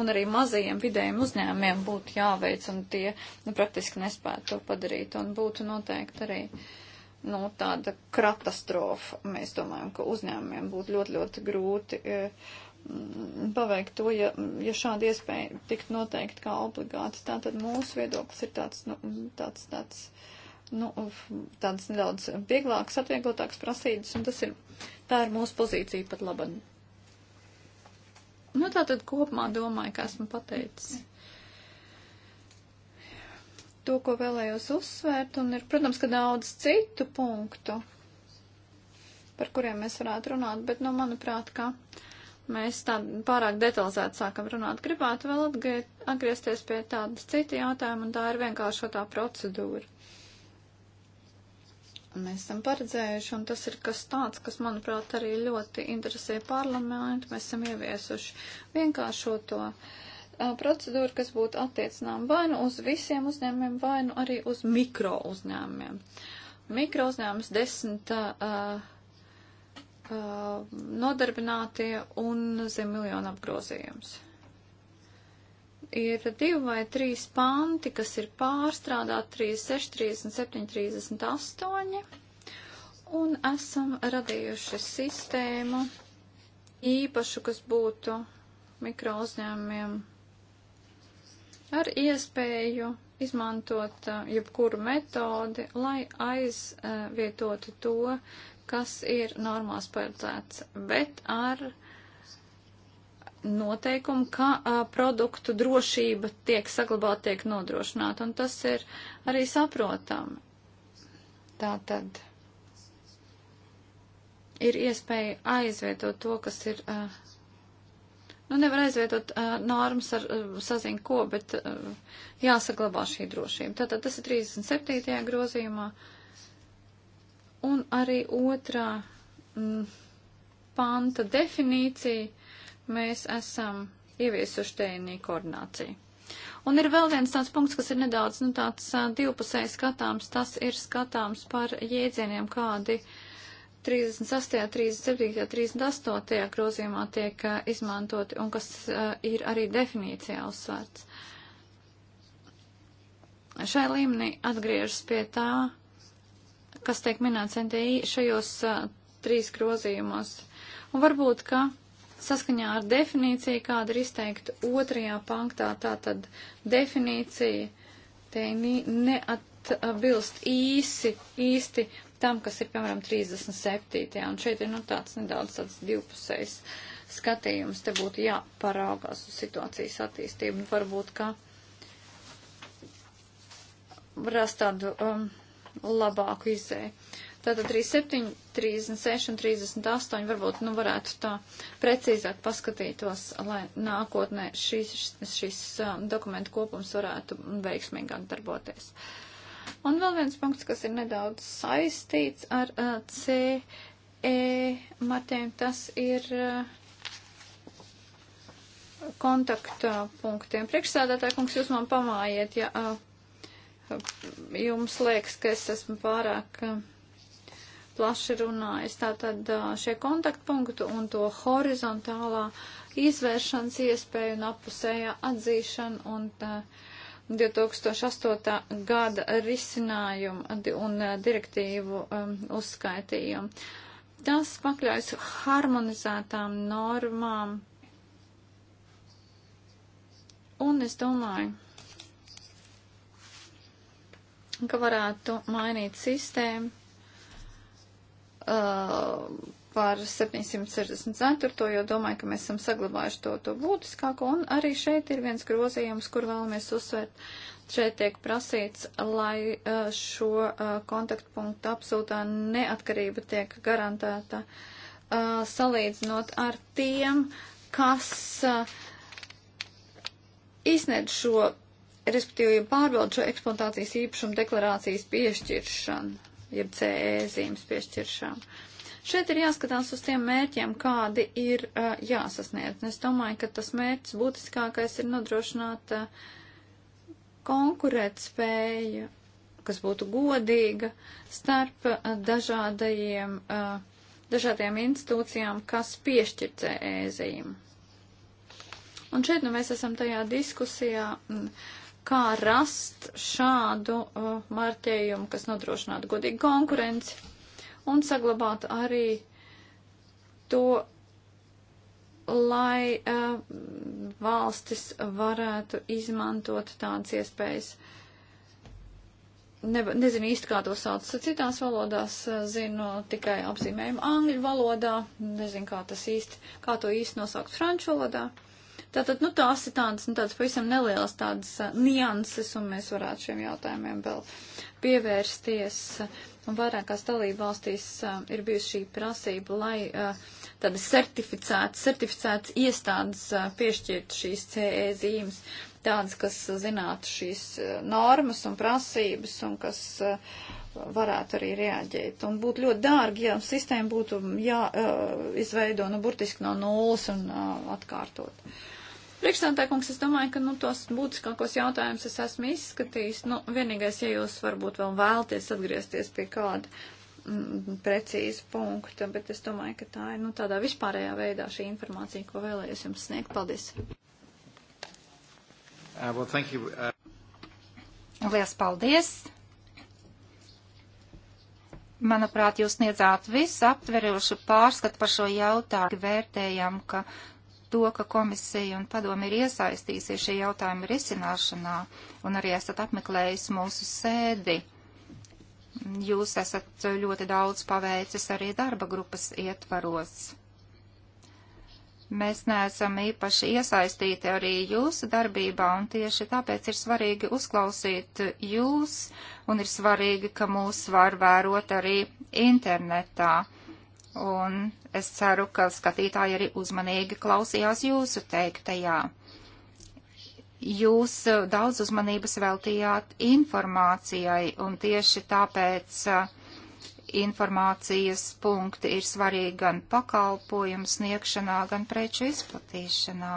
un arī mazajiem vidējiem uzņēmiem būtu jāveic, un tie nu, praktiski nespētu to padarīt, un būtu noteikti arī nu, tāda katastrofa. Mēs domājam, ka uzņēmumiem būtu ļoti, ļoti grūti e, paveikt to, ja, ja šāda iespēja tikt noteikti kā obligāti. Tātad mūsu viedoklis ir tāds, nu, tāds, tāds nu, tādas nedaudz vieglākas, atvieglotākas prasības, un tas ir, tā ir mūsu pozīcija pat laba. Nu, tā tad kopumā domāju, ka esmu pateicis to, ko vēlējos uzsvērt, un ir, protams, ka daudz citu punktu, par kuriem mēs varētu runāt, bet, nu, manuprāt, ka mēs tā pārāk detalizēti sākam runāt. Gribētu vēl atgriezties pie tādas cita jautājuma, un tā ir vienkāršotā procedūra. Uh, mēs esam paredzējuši, un tas ir kas tāds, kas, manuprāt, arī ļoti interesē parlamentu. Mēs esam ieviesuši vienkāršo to a, uh, procedūru, kas būtu attiecinām vai nu uz visiem uzņēmumiem, vai nu arī uz mikro uzņēmumiem. Mikro uzņēmums desmit uh, uh, nodarbinātie un zem miljonu apgrozījums ir divi vai trīs panti, kas ir pārstrādāti 36, 37, 38, un esam radījuši sistēmu īpašu, kas būtu mikro uzņēmumiem ar iespēju izmantot uh, jebkuru metodi, lai aizvietotu to, kas ir normās paredzēts, bet ar uh, noteikumu, ka a, produktu drošība tiek saglabāta, tiek nodrošināta, un tas ir arī saprotami. Tā tad ir iespēja aizvietot to, kas ir. A, nu, nevar aizvietot uh, normas ar uh, saziņu ko, bet uh, jāsaglabā šī drošība. Tātad tas ir 37. grozījumā. Un arī otrā m, mm, panta definīcija mēs esam ieviesuši TNI koordināciju. Un ir vēl viens tāds punkts, kas ir nedaudz nu, tāds divpusēji skatāms. Tas ir skatāms par jēdzieniem, kādi 36., 37., 38. grozījumā tiek uh, izmantoti un kas uh, ir arī definīcijā uzsvērts. Šai līmenī atgriežas pie tā, kas tiek minēts NTI šajos uh, trīs grozījumos. Un varbūt, ka saskaņā ar definīciju, kāda ir izteikta otrajā panktā, tātad definīcija te neatbilst īsi, īsti tam, kas ir, piemēram, 37. Un šeit ir, nu, tāds nedaudz tāds divpusējs skatījums. Te būtu jāparaugās uz situācijas attīstību. Un varbūt, ka rast tādu um, labāku izēju. Tātad 37, 36 un 38 varbūt, nu, varētu tā precīzāk paskatītos, lai nākotnē šīs, šīs dokumentu kopums varētu veiksmīgāk darboties. Un vēl viens punkts, kas ir nedaudz saistīts ar uh, CE matēm, tas ir. Uh, kontaktpunktiem. Priekšsēdētāji, kungs, jūs man pamājiet, ja jums liekas, ka es esmu pārāk plaši runājis. Tātad šie kontaktpunktu un to horizontālā izvēršanas iespēju un apusējā atzīšana un tā, 2008. gada risinājumu un direktīvu um, uzskaitījumu. Tas pakļaujas harmonizētām normām. Un es domāju, ka varētu mainīt sistēmu uh, par 764, jo domāju, ka mēs esam saglabājuši to, to būtiskāko, un arī šeit ir viens grozījums, kur vēlamies uzsvērt. Šeit tiek prasīts, lai uh, šo uh, kontaktpunktu absolūtā neatkarība tiek garantēta, uh, salīdzinot ar tiem, kas uh, izsniedz šo respektīvi pārbaudu šo eksploatācijas īpašumu deklarācijas piešķiršanu jeb CE zīmes piešķiršām. Šeit ir jāskatās uz tiem mērķiem, kādi ir uh, jāsasniedz. Un es domāju, ka tas mērķis būtiskākais ir nodrošināt uh, konkurēt spēju, kas būtu godīga starp uh, dažādajiem, uh, dažādajiem institūcijām, kas piešķir CE zīmu. Un šeit nu mēs esam tajā diskusijā. Un, uh, kā rast šādu uh, marķējumu, kas nodrošinātu godīgu konkurenci un saglabātu arī to, lai uh, valstis varētu izmantot tādas iespējas. Ne, nezinu īsti, kā to sauc citās valodās, uh, zinu tikai apzīmējumu angļu valodā, nezinu, kā tas īsti, kā to īsti nosaukt franču valodā. Uh, Tātad, nu, tās ir tādas, nu, tādas pavisam nelielas tādas uh, nianses, un mēs varētu šiem jautājumiem vēl pievērsties. Un vairākās dalība valstīs uh, ir bijusi šī prasība, lai uh, tādas certificētas, certificētas iestādes uh, piešķirtu šīs CE zīmes, tādas, kas zinātu šīs uh, normas un prasības, un kas. Uh, varētu arī reaģēt. Un būtu ļoti dārgi, ja sistēma būtu jāizveido uh, nu, burtiski no nulles un uh, atkārtot. Uh, Priekšstādākums, es domāju, ka, nu, tos būtiskākos jautājumus es esmu izskatījis. Nu, vienīgais, ja jūs varbūt vēl vēlties atgriezties pie kāda mm, precīza punkta, bet es domāju, ka tā ir, nu, tādā vispārējā veidā šī informācija, ko vēlējos jums sniegt. Paldies! Uh, well, thank you. Uh... Lielas paldies! Manuprāt, jūs sniedzāt visu aptverošu pārskatu par šo jautājumu. Vērtējam, ka to, ka komisija un padomi ir iesaistījusies šī jautājuma risināšanā un arī esat apmeklējis mūsu sēdi. Jūs esat ļoti daudz paveicis arī darba grupas ietvaros. Mēs neesam īpaši iesaistīti arī jūsu darbībā, un tieši tāpēc ir svarīgi uzklausīt jūs, un ir svarīgi, ka mūs var vērot arī internetā un es ceru, ka skatītāji arī uzmanīgi klausījās jūsu teiktajā. Jūs eh, daudz uzmanības veltījāt informācijai, un tieši tāpēc eh, informācijas punkti ir svarīgi gan pakalpojumu sniegšanā, gan preču izplatīšanā.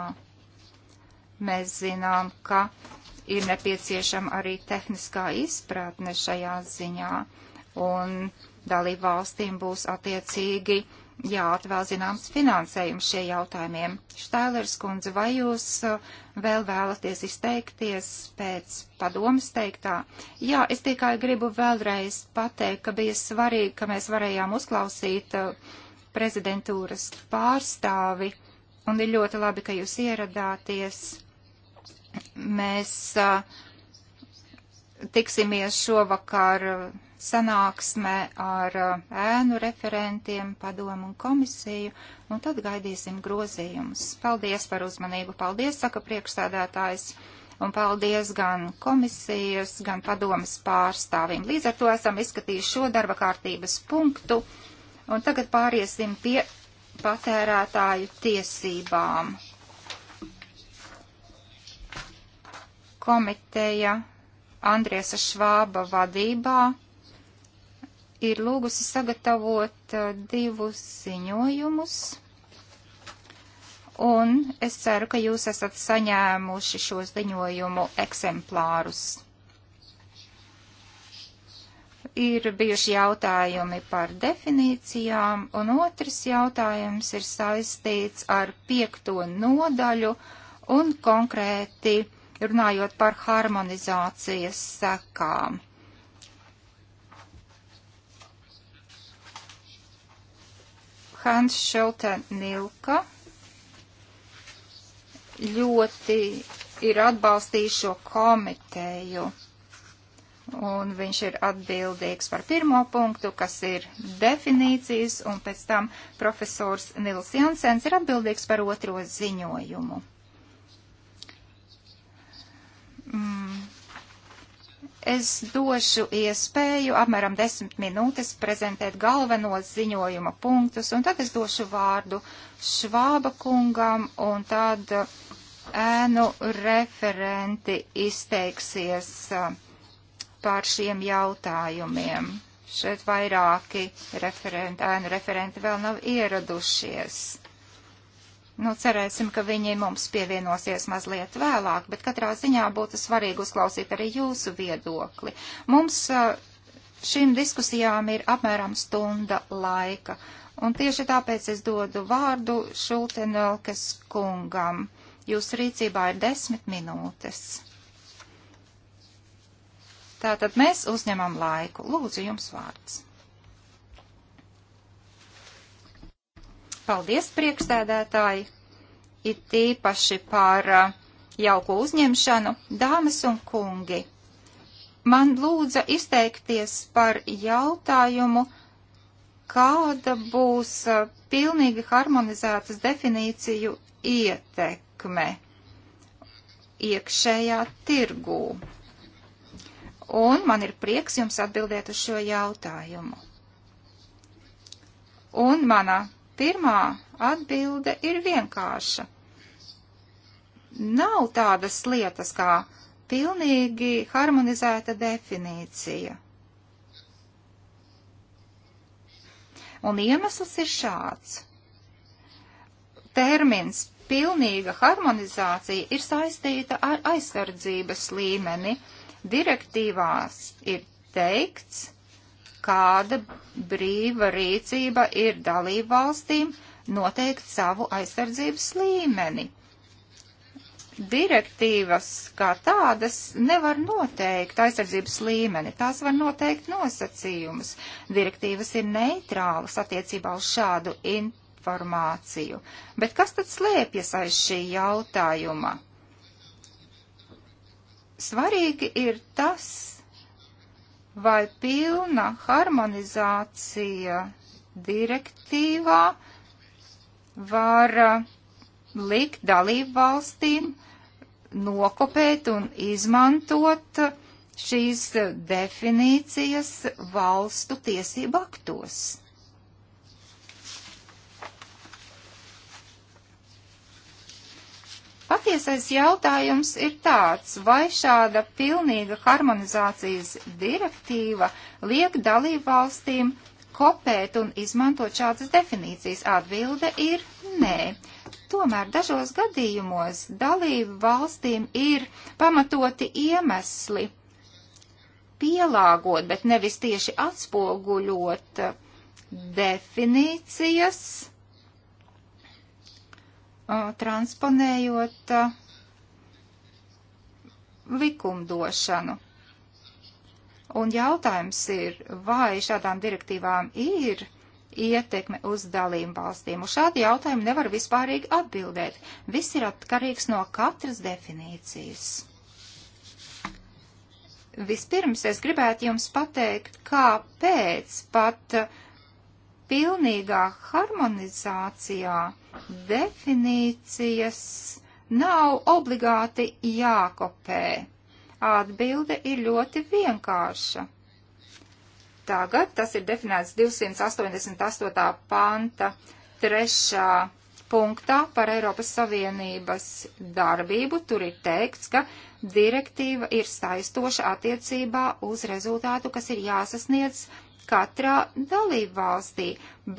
Mēs zinām, ka ir nepieciešama arī tehniskā izpratne šajā ziņā, un uh, Dalību valstīm būs attiecīgi jāatvēl zināms finansējums šie jautājumiem. Štailers kundze, vai jūs uh, vēl vēlaties izteikties pēc padomas teiktā? Jā, es tikai gribu vēlreiz pateikt, ka bija svarīgi, ka mēs varējām uzklausīt uh, prezidentūras pārstāvi, un ir ļoti labi, ka jūs ieradāties. Mēs uh, tiksimies šovakar uh, sanāksmē ar uh, ēnu referentiem, padomu un komisiju, un tad gaidīsim grozījumus. Paldies par uzmanību, paldies, saka priekšsēdētājs, un paldies gan komisijas, gan padomas pārstāvim. Līdz ar to esam izskatījuši šo darba kārtības punktu, un tagad pāriesim pie patērētāju tiesībām. Komiteja Andriesa Švāba vadībā ir lūgusi sagatavot eh, divus ziņojumus. Un es ceru, ka jūs esat saņēmuši šo ziņojumu eksemplārus. Ir bijuši jautājumi par definīcijām, un otrs jautājums ir saistīts ar piekto nodaļu un konkrēti runājot par harmonizācijas sekām. Hans Šelten Nilka ļoti ir atbalstījis šo komiteju. Un viņš ir atbildīgs par pirmo punktu, kas ir definīcijas, un pēc tam profesors Nils Jansens ir atbildīgs par otro ziņojumu. Mm. Es došu iespēju apmēram desmit minūtes prezentēt galvenos ziņojuma punktus, un tad es došu vārdu Švāba kungam, un tad ēnu referenti izteiksies uh, par šiem jautājumiem. Šeit vairāki referenti, ēnu referenti vēl nav ieradušies. Nu, cerēsim, ka viņi mums pievienosies mazliet vēlāk, bet katrā ziņā būtu svarīgi uzklausīt arī jūsu viedokli. Mums šīm diskusijām ir apmēram stunda laika, un tieši tāpēc es dodu vārdu Šultenelkes kungam. Jūsu rīcībā ir desmit minūtes. Tātad mēs uzņemam laiku. Lūdzu, jums vārds. Paldies, priekšstādētāji, it īpaši par uh, jauku uzņemšanu, dāmas un kungi. Man lūdza izteikties par jautājumu, kāda būs uh, pilnīgi harmonizētas definīciju ietekme iekšējā tirgū. Un man ir prieks jums atbildēt uz šo jautājumu. Un mana Pirmā atbilde ir vienkārša. Nav tādas lietas kā pilnīgi harmonizēta definīcija. Un iemesls ir šāds. Termins pilnīga harmonizācija ir saistīta ar aizsardzības līmeni. Direktīvās ir teikts, kāda brīva rīcība ir dalību valstīm noteikt savu aizsardzības līmeni. Direktīvas kā tādas nevar noteikt aizsardzības līmeni, tās var noteikt nosacījumus. Direktīvas ir neitrālas attiecībā uz šādu informāciju. Bet kas tad slēpjas aiz šī jautājuma? Svarīgi ir tas, vai pilna harmonizācija direktīvā var uh, likt dalību valstīm nokopēt un izmantot šīs definīcijas valstu tiesību aktos. Patiesais jautājums ir tāds, vai šāda pilnīga harmonizācijas direktīva liek dalību valstīm kopēt un izmantot šādas definīcijas? Atbilde ir nē. Tomēr dažos gadījumos dalību valstīm ir pamatoti iemesli pielāgot, bet nevis tieši atspoguļot definīcijas transponējot likumdošanu. Un jautājums ir, vai šādām direktīvām ir ietekme uz dalību valstīm. Uz šādu jautājumu nevar vispārīgi atbildēt. Viss ir atkarīgs no katras definīcijas. Vispirms es gribētu jums pateikt, kāpēc pat pilnīgā harmonizācijā uh, definīcijas nav obligāti jākopē. Atbilde ir ļoti vienkārša. Tagad tas ir definēts 288. panta trešā punktā par Eiropas Savienības darbību. Tur ir teikts, ka direktīva ir saistoša attiecībā uz rezultātu, kas ir jāsasniedz katrā dalībvalstī,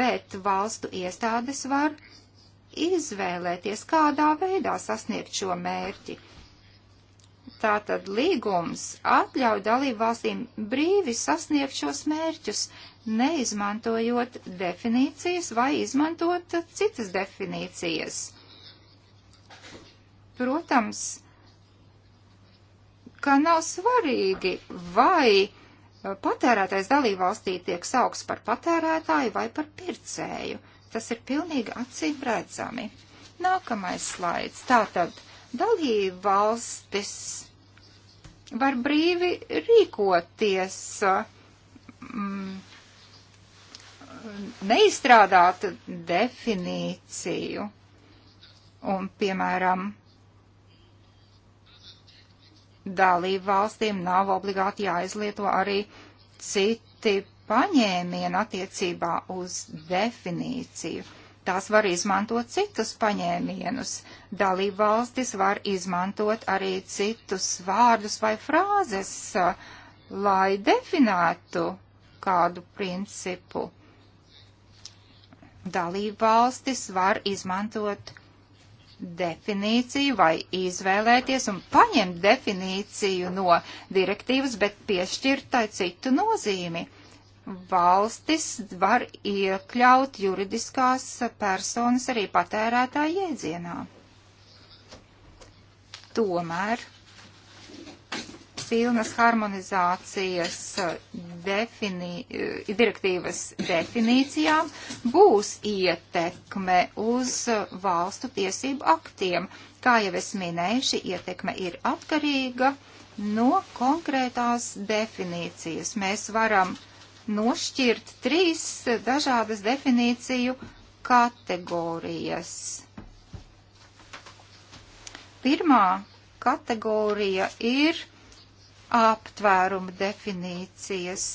bet valstu iestādes var izvēlēties, kādā veidā sasniegt šo mērķi. Tātad līgums atļauj dalību valstīm brīvi sasniegt šos mērķus, neizmantojot definīcijas vai izmantot citas definīcijas. Protams, ka nav svarīgi, vai patērētais dalībvalstī tiek saukts par patērētāju vai par pircēju. Tas ir pilnīgi acīm redzami. Nākamais slaids. Tātad dalība valstis var brīvi rīkoties, mm, neizstrādāt definīciju un, piemēram, dalību valstīm nav obligāti jāizlieto arī citi paņēmienu attiecībā uz definīciju. Tās var izmantot citus paņēmienus. Dalībvalstis var izmantot arī citus vārdus vai frāzes, lai definētu kādu principu. Dalībvalstis var izmantot definīciju vai izvēlēties un paņemt definīciju no direktīvas, bet piešķirt tai citu nozīmi valstis var iekļaut juridiskās personas arī patērētāja jēdzienā. Tomēr pilnas harmonizācijas defini eh, direktīvas definīcijām būs ietekme uz valstu tiesību aktiem. Kā jau es minēju, šī ietekme ir atkarīga no konkrētās definīcijas. Mēs varam uh, nošķirt trīs dažādas definīciju kategorijas. Pirmā kategorija ir aptvēruma definīcijas,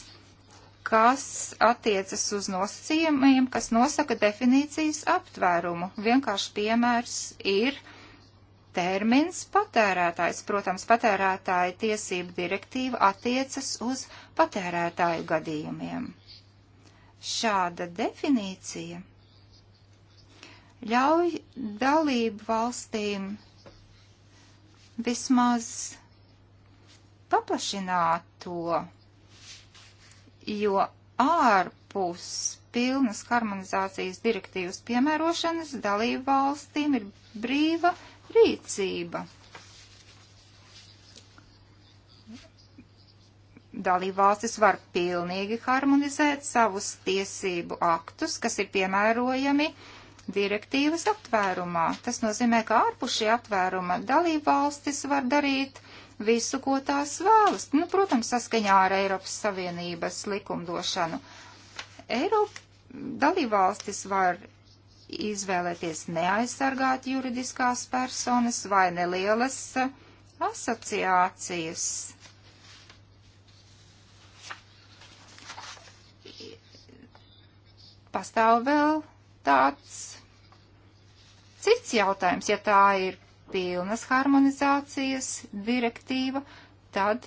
kas attiecas uz nosacījumiem, kas nosaka definīcijas aptvērumu. Vienkārši piemērs ir termins patērētājs. Protams, patērētāja tiesība direktīva attiecas uz patērētāju gadījumiem. Šāda definīcija ļauj dalību valstīm vismaz paplašināt to, jo ārpus pilnas harmonizācijas direktīvas piemērošanas dalību valstīm ir brīva rīcība. Dalībvalstis var pilnīgi harmonizēt savus tiesību aktus, kas ir piemērojami direktīvas aptvērumā. Tas nozīmē, ka ārpus šī aptvēruma dalībvalstis var darīt visu, ko tās vēlas. Nu, protams, saskaņā ar Eiropas Savienības likumdošanu. Eiropa dalībvalstis var izvēlēties neaizsargāt juridiskās personas vai nelielas asociācijas. Pastāv vēl tāds cits jautājums, ja tā ir pilnas harmonizācijas direktīva, tad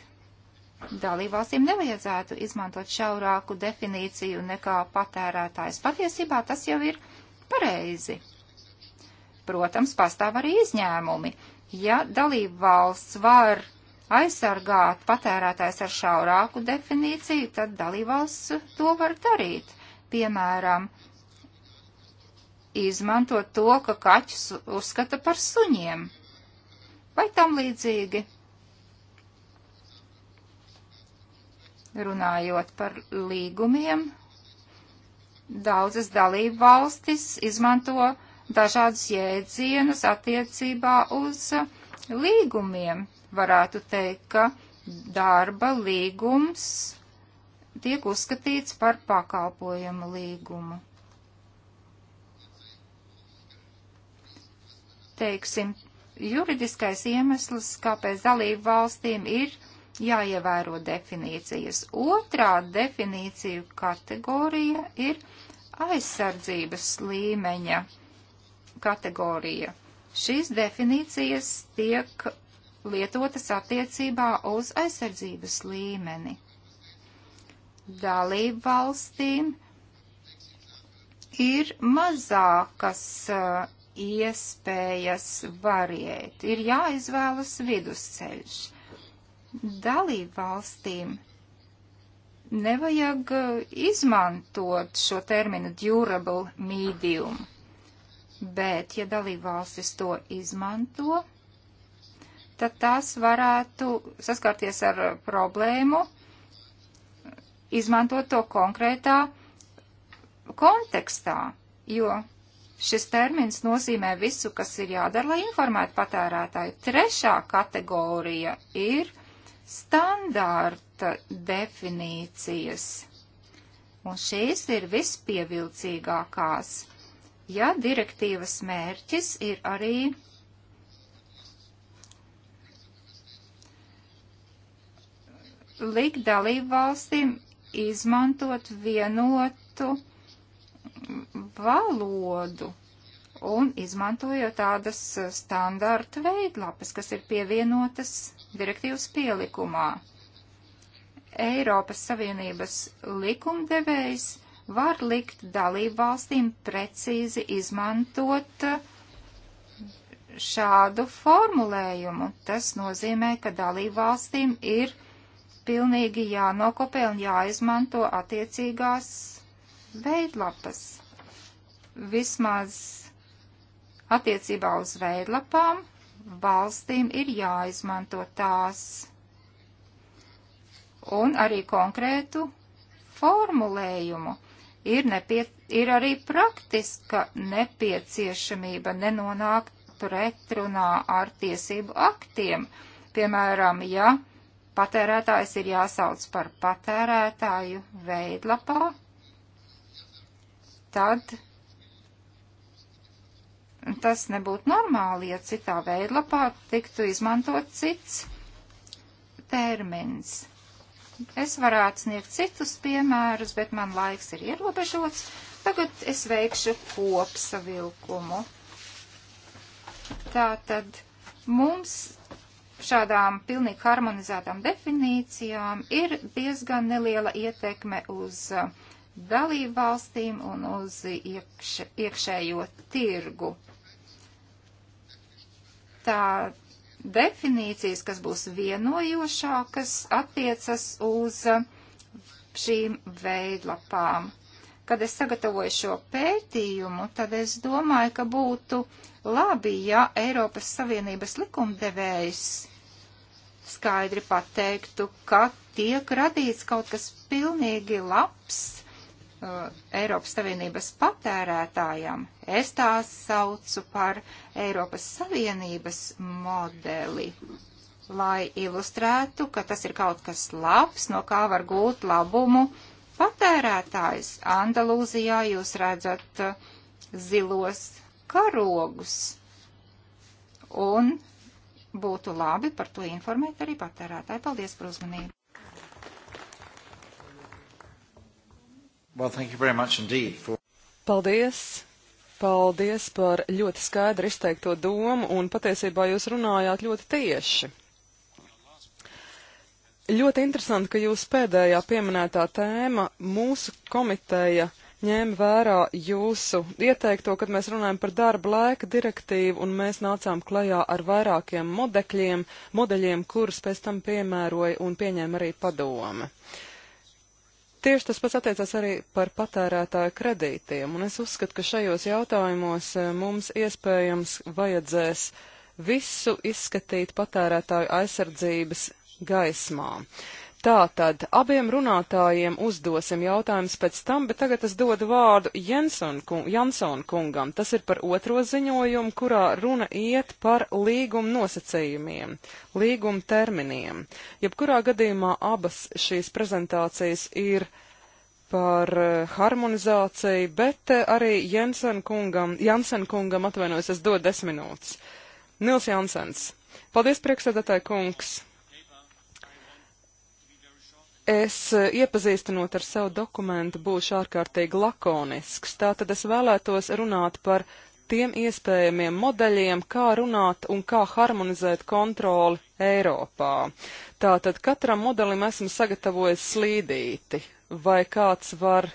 dalībvalstīm nevajadzētu izmantot šaurāku definīciju nekā patērētājs. Patiesībā tas jau ir pareizi. Protams, pastāv arī izņēmumi. Ja dalība valsts var aizsargāt patērētājs ar šaurāku definīciju, tad dalībvalsts to var darīt. Piemēram, izmantot to, ka kaķus uzskata par suņiem vai tam līdzīgi. Runājot par līgumiem, Daudzas dalību valstis izmanto dažādus jēdzienus attiecībā uz līgumiem. Varētu teikt, ka darba līgums tiek uzskatīts par pakalpojumu līgumu. Teiksim, juridiskais iemesls, kāpēc dalību valstīm ir jāievēro definīcijas. Otrā definīciju kategorija ir aizsardzības līmeņa kategorija. Šīs definīcijas tiek lietotas attiecībā uz aizsardzības līmeni. Dalību valstīm ir mazākas uh, iespējas variēt, ir jāizvēlas vidusceļš dalību valstīm nevajag uh, izmantot šo terminu durable medium, bet, ja dalību valstis to izmanto, tad tās varētu saskarties ar uh, problēmu, izmantot to konkrētā kontekstā, jo šis termins nozīmē visu, kas ir jādara, lai informētu patērētāju. Trešā kategorija ir standārta definīcijas, un šīs ir vispievilcīgākās, ja direktīvas mērķis ir arī likt dalībvalstīm izmantot vienotu valodu un izmantojot tādas standarta veidlapas, kas ir pievienotas direktīvas pielikumā. Eiropas Savienības likumdevējs var likt dalību valstīm precīzi izmantot šādu formulējumu. Tas nozīmē, ka dalību valstīm ir pilnīgi jānokopē un jāizmanto attiecīgās veidlapas. Vismaz attiecībā uz veidlapām valstīm ir jāizmanto tās un arī konkrētu formulējumu. Ir, nepie, ir arī praktiska nepieciešamība nenonākt pretrunā ar tiesību aktiem. Piemēram, ja patērētājs ir jāsauc par patērētāju veidlapā, tad tas nebūtu normāli, ja citā veidlapā tiktu izmantot cits termins. Es varētu sniegt citus piemērus, bet man laiks ir ierobežots. Tagad es veikšu kopsavilkumu. Tātad mums šādām pilnīgi harmonizētām definīcijām ir diezgan neliela ietekme uz uh, dalību valstīm un uz iekš, iekšējo tirgu tā definīcijas, kas būs vienojošākas, attiecas uz uh, šīm veidlapām. Kad es sagatavoju šo pētījumu, tad es domāju, ka būtu labi, ja Eiropas Savienības likumdevējs skaidri pateiktu, ka tiek radīts kaut kas pilnīgi labs uh, Eiropas Savienības patērētājam. Es tās saucu par Eiropas Savienības modeli, lai ilustrētu, ka tas ir kaut kas labs, no kā var gūt labumu patērētājs. Andalūzijā jūs redzat uh, zilos karogus, un būtu labi par to informēt arī patērētāji. Paldies par uzmanību! Well, thank you very much indeed for... Paldies! Paldies par ļoti skaidri izteikto domu, un patiesībā jūs runājāt ļoti tieši. Ļoti interesanti, ka jūs pēdējā pieminētā tēma mūsu komiteja ņēma vērā jūsu ieteikto, kad mēs runājam par darba laika direktīvu, un mēs nācām klajā ar vairākiem modekļiem, modeļiem, kurus pēc tam piemēroja un pieņēma arī padome. Uh, Tieši tas pats attiecas arī par patērētāju kredītiem, un es uzskatu, ka šajos jautājumos eh, mums iespējams vajadzēs visu izskatīt patērētāju aizsardzības gaismā. Tātad abiem runātājiem uzdosim jautājumus pēc tam, bet tagad es dodu vārdu kung, Jansona kungam. Tas ir par otro ziņojumu, kurā runa iet par līguma nosacījumiem, līguma terminiem. Jebkurā gadījumā abas šīs prezentācijas ir par eh, harmonizāciju, bet eh, arī Jensen kungam, Jansen kungam atvainojos, es dodu desmit minūtes. Nils Jansens. Paldies, priekšsēdētāji kungs! Es eh, iepazīstinot ar savu dokumentu būšu ārkārtīgi lakonisks, tātad es vēlētos runāt par tiem iespējamiem modeļiem, kā runāt un kā harmonizēt kontroli Eiropā. Tātad katram modelim esmu sagatavojis slīdīti, vai kāds var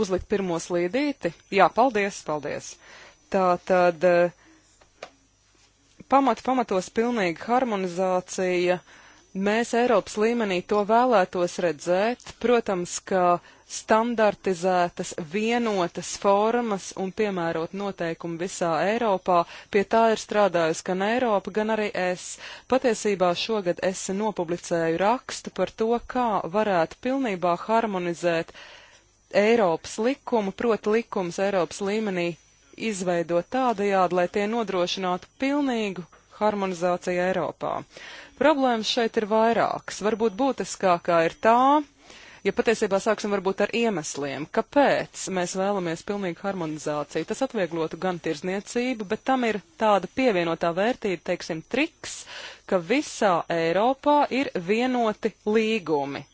uzlikt pirmo slīdīti? Jā, paldies, paldies. Tātad eh, pamat pamatos pilnīga harmonizācija. Uh, Mēs Eiropas līmenī to vēlētos redzēt, protams, ka standartizētas, vienotas formas un piemērot noteikumu visā Eiropā. Pie tā ir strādājusi gan Eiropa, gan arī es. Patiesībā šogad es nopublicēju rakstu par to, kā varētu pilnībā harmonizēt Eiropas likumu, proti likums Eiropas līmenī izveidot tādajādi, lai tie nodrošinātu pilnīgu harmonizācija Eiropā. Problēmas šeit ir vairākas. Varbūt būtiskākā ir tā, ja patiesībā sāksim varbūt ar iemesliem, kāpēc mēs vēlamies pilnīgu harmonizāciju. Tas atvieglotu gan tirzniecību, bet tam ir tāda pievienotā vērtība, teiksim, triks, ka visā Eiropā ir vienoti līgumi.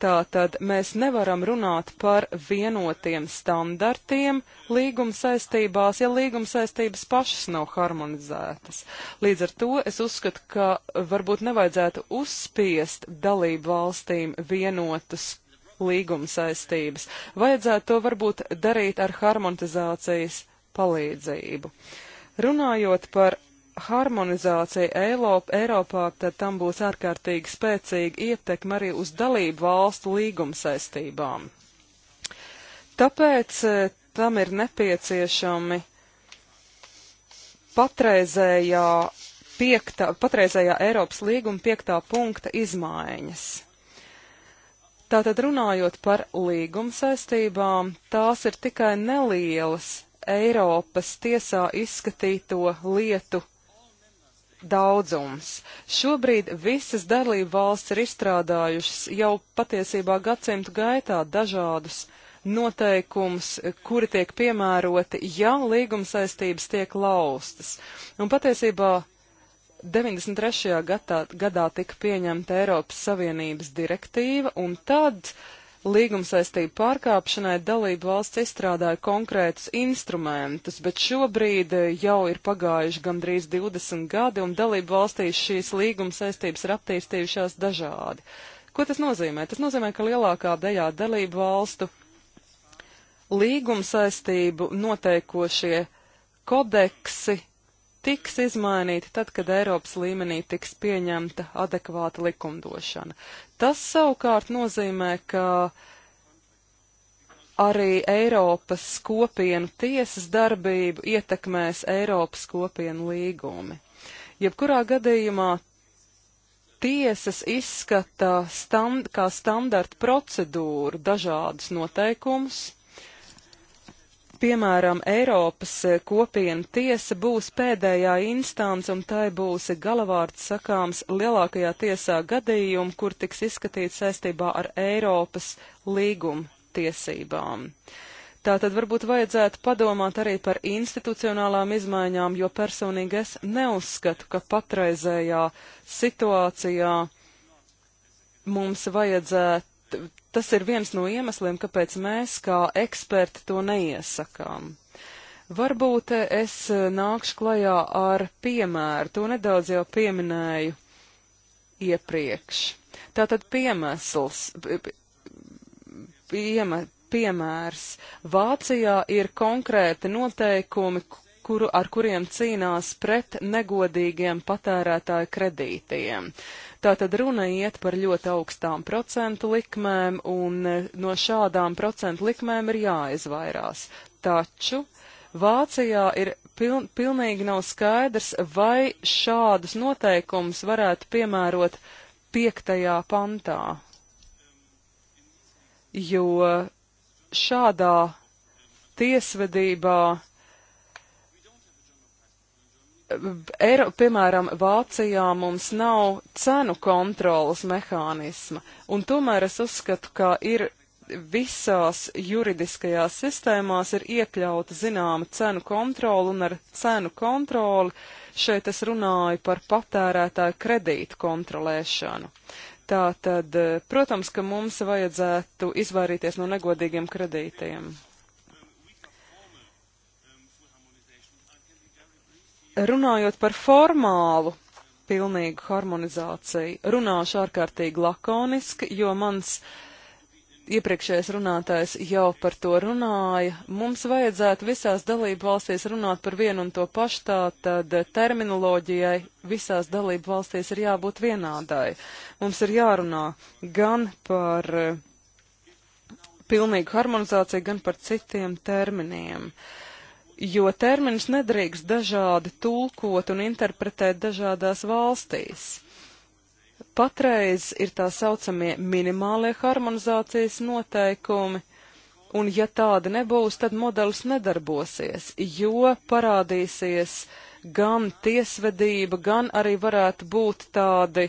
Tātad mēs nevaram runāt par vienotiem standartiem līguma saistībās, ja līguma saistības pašas nav harmonizētas. Līdz ar to es uzskatu, ka varbūt nevajadzētu uzspiest dalību valstīm vienotus līguma saistības. Vajadzētu to varbūt darīt ar harmonizācijas palīdzību. Runājot par harmonizācija Eilopa, Eiropā, tad tam būs ārkārtīgi spēcīga ietekme arī uz dalību valstu līguma saistībām. Tāpēc eh, tam ir nepieciešami patreizējā, piektā, patreizējā Eiropas līguma piektā punkta izmaiņas. Tātad runājot par līguma saistībām, tās ir tikai nelielas Eiropas tiesā izskatīto lietu daudzums. Šobrīd visas dalību valsts ir izstrādājušas jau patiesībā gadsimtu gaitā dažādus noteikums, kuri tiek piemēroti, ja līguma saistības tiek laustas. Un patiesībā 93. Gadā, gadā tika pieņemta Eiropas Savienības direktīva, un tad uh, līgumsaistību pārkāpšanai dalību valsts izstrādāja konkrētus instrumentus, bet šobrīd jau ir pagājuši gandrīz 20 gadi, un dalību valstīs šīs līgumsaistības ir attīstījušās dažādi. Ko tas nozīmē? Tas nozīmē, ka lielākā daļā dalību valstu līgumsaistību noteikošie kodeksi tiks izmainīti tad, kad Eiropas līmenī tiks pieņemta adekvāta likumdošana. Tas savukārt nozīmē, ka arī Eiropas kopienu tiesas darbību ietekmēs Eiropas kopienu līgumi. Jebkurā gadījumā tiesas izskata stand, kā standarta procedūru dažādus noteikumus, Piemēram, Eiropas eh, kopiena tiesa būs pēdējā instance un tai būs galavārds sakāms lielākajā tiesā gadījumu, kur tiks izskatīts saistībā ar Eiropas līguma tiesībām. Tātad varbūt vajadzētu padomāt arī par institucionālām izmaiņām, jo personīgi es neuzskatu, ka patreizējā situācijā mums vajadzētu tas ir viens no iemesliem, kāpēc mēs kā eksperti to neiesakām. Varbūt es e, nākšu klajā ar piemēru, to nedaudz jau pieminēju iepriekš. Tātad piemesls, piema, piemērs. Vācijā ir konkrēti noteikumi, kuru, ar kuriem cīnās pret negodīgiem patērētāju kredītiem. Uh, Tātad runa iet par ļoti augstām procentu likmēm, un e, no šādām procentu likmēm ir jāizvairās. Taču Vācijā ir piln, pilnīgi nav skaidrs, vai šādus noteikumus varētu piemērot piektajā pantā, jo šādā tiesvedībā Eiro, piemēram, Vācijā mums nav cenu kontrolas mehānisma, un tomēr es uzskatu, ka ir visās juridiskajās sistēmās ir iekļauta zināma cenu kontrola, un ar cenu kontroli šeit es runāju par patērētāju kredītu kontrolēšanu. Tātad, protams, ka mums vajadzētu izvairīties no negodīgiem kredītiem. Runājot par formālu pilnīgu harmonizāciju, runāšu ārkārtīgi lakoniski, jo mans iepriekšējais runātājs jau par to runāja. Mums vajadzētu visās dalību valstīs runāt par vienu un to pašu, tā tad terminoloģijai visās dalību valstīs ir jābūt vienādai. Mums ir jārunā gan par eh, pilnīgu harmonizāciju, gan par citiem terminiem. Uh, jo terminus nedrīkst dažādi tulkot un interpretēt dažādās valstīs. Patreiz ir tā saucamie minimālie harmonizācijas noteikumi, un ja tāda nebūs, tad modelis nedarbosies, jo parādīsies gan tiesvedība, gan arī varētu būt tādi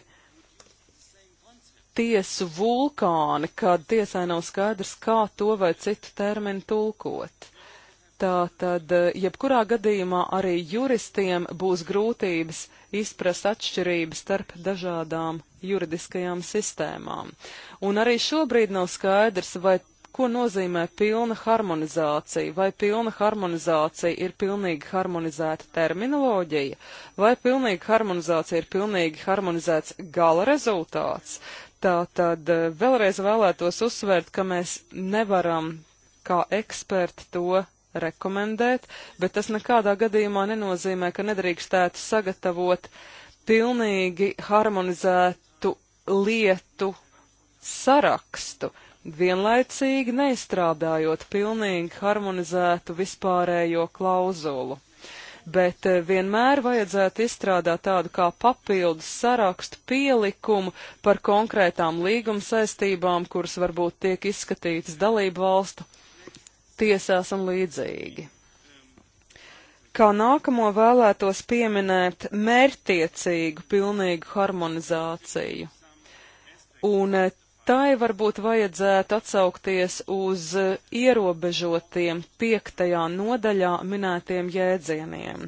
tiesu vulkāni, kad tiesai nav skaidrs, kā to vai citu terminu tulkot. Tātad, eh, jebkurā gadījumā arī juristiem būs grūtības izprast atšķirības starp dažādām juridiskajām sistēmām. Un arī šobrīd nav skaidrs, vai ko nozīmē pilna harmonizācija, vai pilna harmonizācija ir pilnīgi harmonizēta terminoloģija, vai pilnīgi harmonizācija ir pilnīgi harmonizēts gala rezultāts. Tātad eh, vēlreiz vēlētos uzsvērt, ka mēs nevaram kā eksperti to rekomendēt, bet tas nekādā gadījumā nenozīmē, ka nedrīkstētu sagatavot pilnīgi harmonizētu lietu sarakstu, vienlaicīgi neizstrādājot pilnīgi harmonizētu vispārējo klauzulu. Bet eh, vienmēr vajadzētu izstrādāt tādu kā papildus sarakstu pielikumu par konkrētām līguma saistībām, kuras varbūt tiek izskatītas dalību valstu tiesās un līdzīgi. Kā nākamo vēlētos pieminēt mērtiecīgu pilnīgu harmonizāciju. Un eh, tai varbūt vajadzētu atsaukties uz eh, ierobežotiem piektajā nodaļā minētiem jēdzieniem.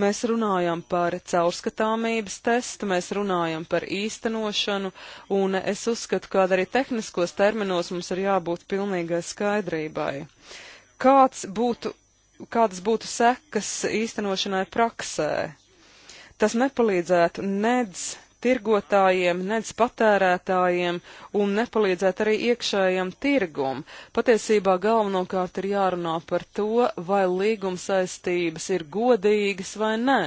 Mēs runājam par caurskatāmības testu, mēs runājam par īstenošanu, un es uzskatu, ka arī tehniskos terminos mums ir jābūt pilnīgai skaidrībai. Uh, kāds būtu, kādas būtu sekas īstenošanai praksē. Tas nepalīdzētu nedz tirgotājiem, nedz patērētājiem un nepalīdzēt arī iekšējam tirgum. Patiesībā galvenokārt ir jārunā par to, vai līgumsaistības ir godīgas vai nē.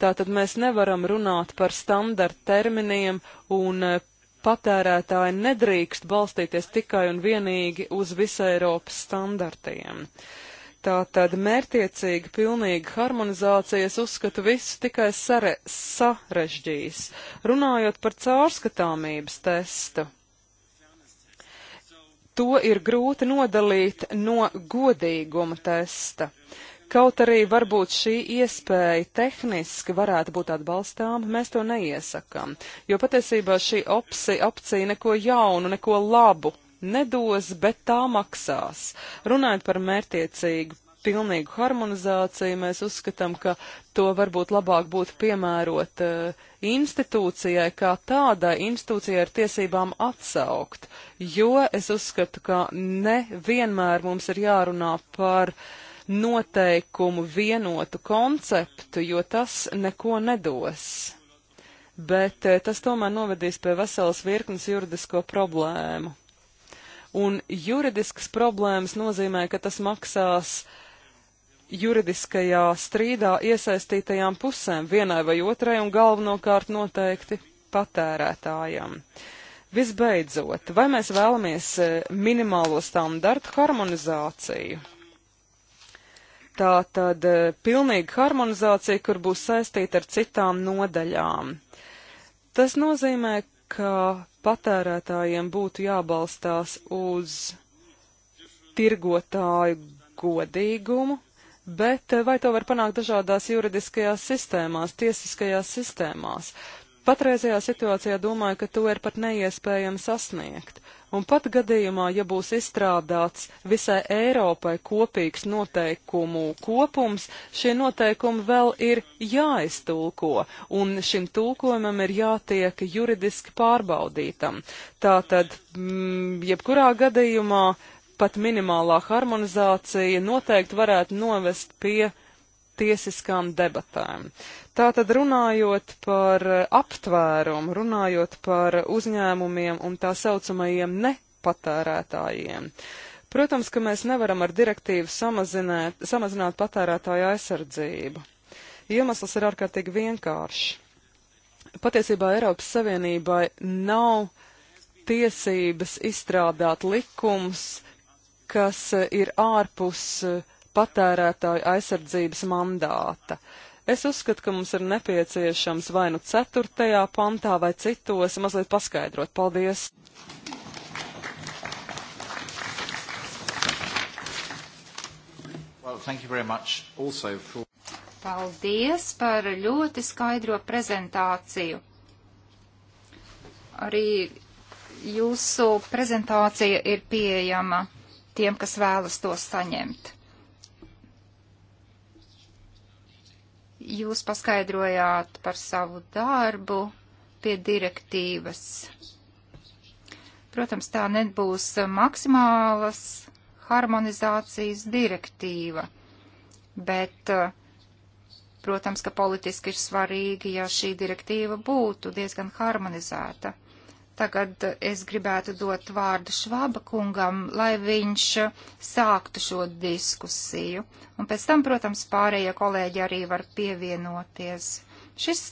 Tātad mēs nevaram runāt par standarta terminiem un eh, patērētāji nedrīkst balstīties tikai un vienīgi uz visu Eiropas standartiem. Tātad mērtiecīga pilnīga harmonizācijas uzskatu visu tikai sare, sarežģīs. Runājot par caurskatāmības testu, to ir grūti nodalīt no godīguma testa. Kaut arī varbūt šī iespēja tehniski varētu būt atbalstām, mēs to neiesakam, jo patiesībā šī opcija, opcija neko jaunu, neko labu nedos, bet tā maksās. Runājot par mērtiecīgu pilnīgu harmonizāciju, mēs uzskatām, ka to varbūt labāk būtu piemērot uh, institūcijai kā tādai institūcijai ar tiesībām atsaukt, jo es uzskatu, ka ne vienmēr mums ir jārunā par uh, noteikumu vienotu konceptu, jo tas neko nedos. Bet eh, tas tomēr novedīs pie veselas virknes juridisko problēmu. Un juridiskas problēmas nozīmē, ka tas maksās juridiskajā strīdā iesaistītajām pusēm, vienai vai otrai un galvenokārt noteikti patērētājam. Visbeidzot, vai mēs vēlamies eh, minimālo standartu harmonizāciju? Tā tad eh, pilnīga harmonizācija, kur būs saistīta ar citām nodaļām. Tas nozīmē, ka patērētājiem būtu jābalstās uz tirgotāju godīgumu, bet eh, vai to var panākt dažādās juridiskajās sistēmās, tiesiskajās sistēmās? Patreizajā situācijā domāju, ka to ir pat neiespējami sasniegt. Un pat gadījumā, ja būs izstrādāts visai Eiropai kopīgs noteikumu kopums, šie noteikumi vēl ir jāiztulko, un šim tulkojumam ir jātiek juridiski pārbaudītam. Tātad, mm, jebkurā gadījumā, pat minimālā harmonizācija noteikti varētu novest pie tiesiskām debatēm. Tātad runājot par aptvērumu, runājot par uzņēmumiem un tā saucamajiem nepatērētājiem. Protams, ka mēs nevaram ar direktīvu samazināt, samazināt patērētāju aizsardzību. Iemesls ir ārkārtīgi vienkāršs. Patiesībā Eiropas Savienībai nav tiesības izstrādāt likums, kas ir ārpus uh, patērētāju aizsardzības mandāta. Es uzskatu, ka mums ir nepieciešams vai nu ceturtajā pantā vai citos mazliet paskaidrot. Paldies! Well, for... Paldies par ļoti skaidro prezentāciju. Arī jūsu prezentācija ir pieejama tiem, kas vēlas to saņemt. Jūs paskaidrojāt par savu darbu pie direktīvas. Protams, tā nebūs maksimālas harmonizācijas direktīva, bet, protams, ka politiski ir svarīgi, ja šī direktīva būtu diezgan harmonizēta. Tagad es gribētu dot vārdu Švaba kungam, lai viņš sāktu šo diskusiju. Un pēc tam, protams, pārējie kolēģi arī var pievienoties. Šis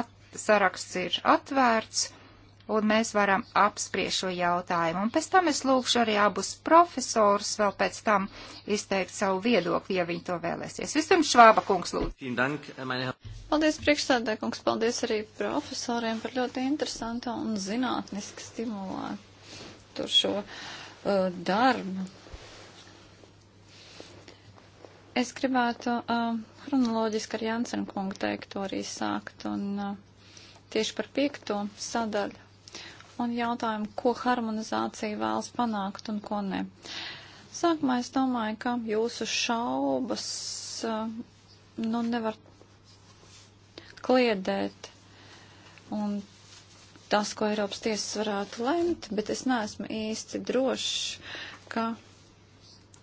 at saraksts ir atvērts, un mēs varam apspriest šo jautājumu. Un pēc tam es lūkšu arī abus profesorus vēl pēc tam izteikt savu viedokli, ja viņi to vēlēsies. Vispirms Švāba kungs lūdzu. Äh, paldies priekšsādē kungs, paldies arī profesoriem par ļoti interesantu un zinātniski stimulētu šo uh, darbu. Es gribētu uh, chronoloģiski ar Jansenu kungu teikt to arī sākt un uh, tieši par piekto sadaļu un jautājumu, ko harmonizācija vēlas panākt un ko ne. Sākumā es domāju, ka jūsu šaubas eh, nu, nevar kliedēt. Un tas, ko Eiropas tiesas varētu lemt, bet es neesmu īsti drošs, ka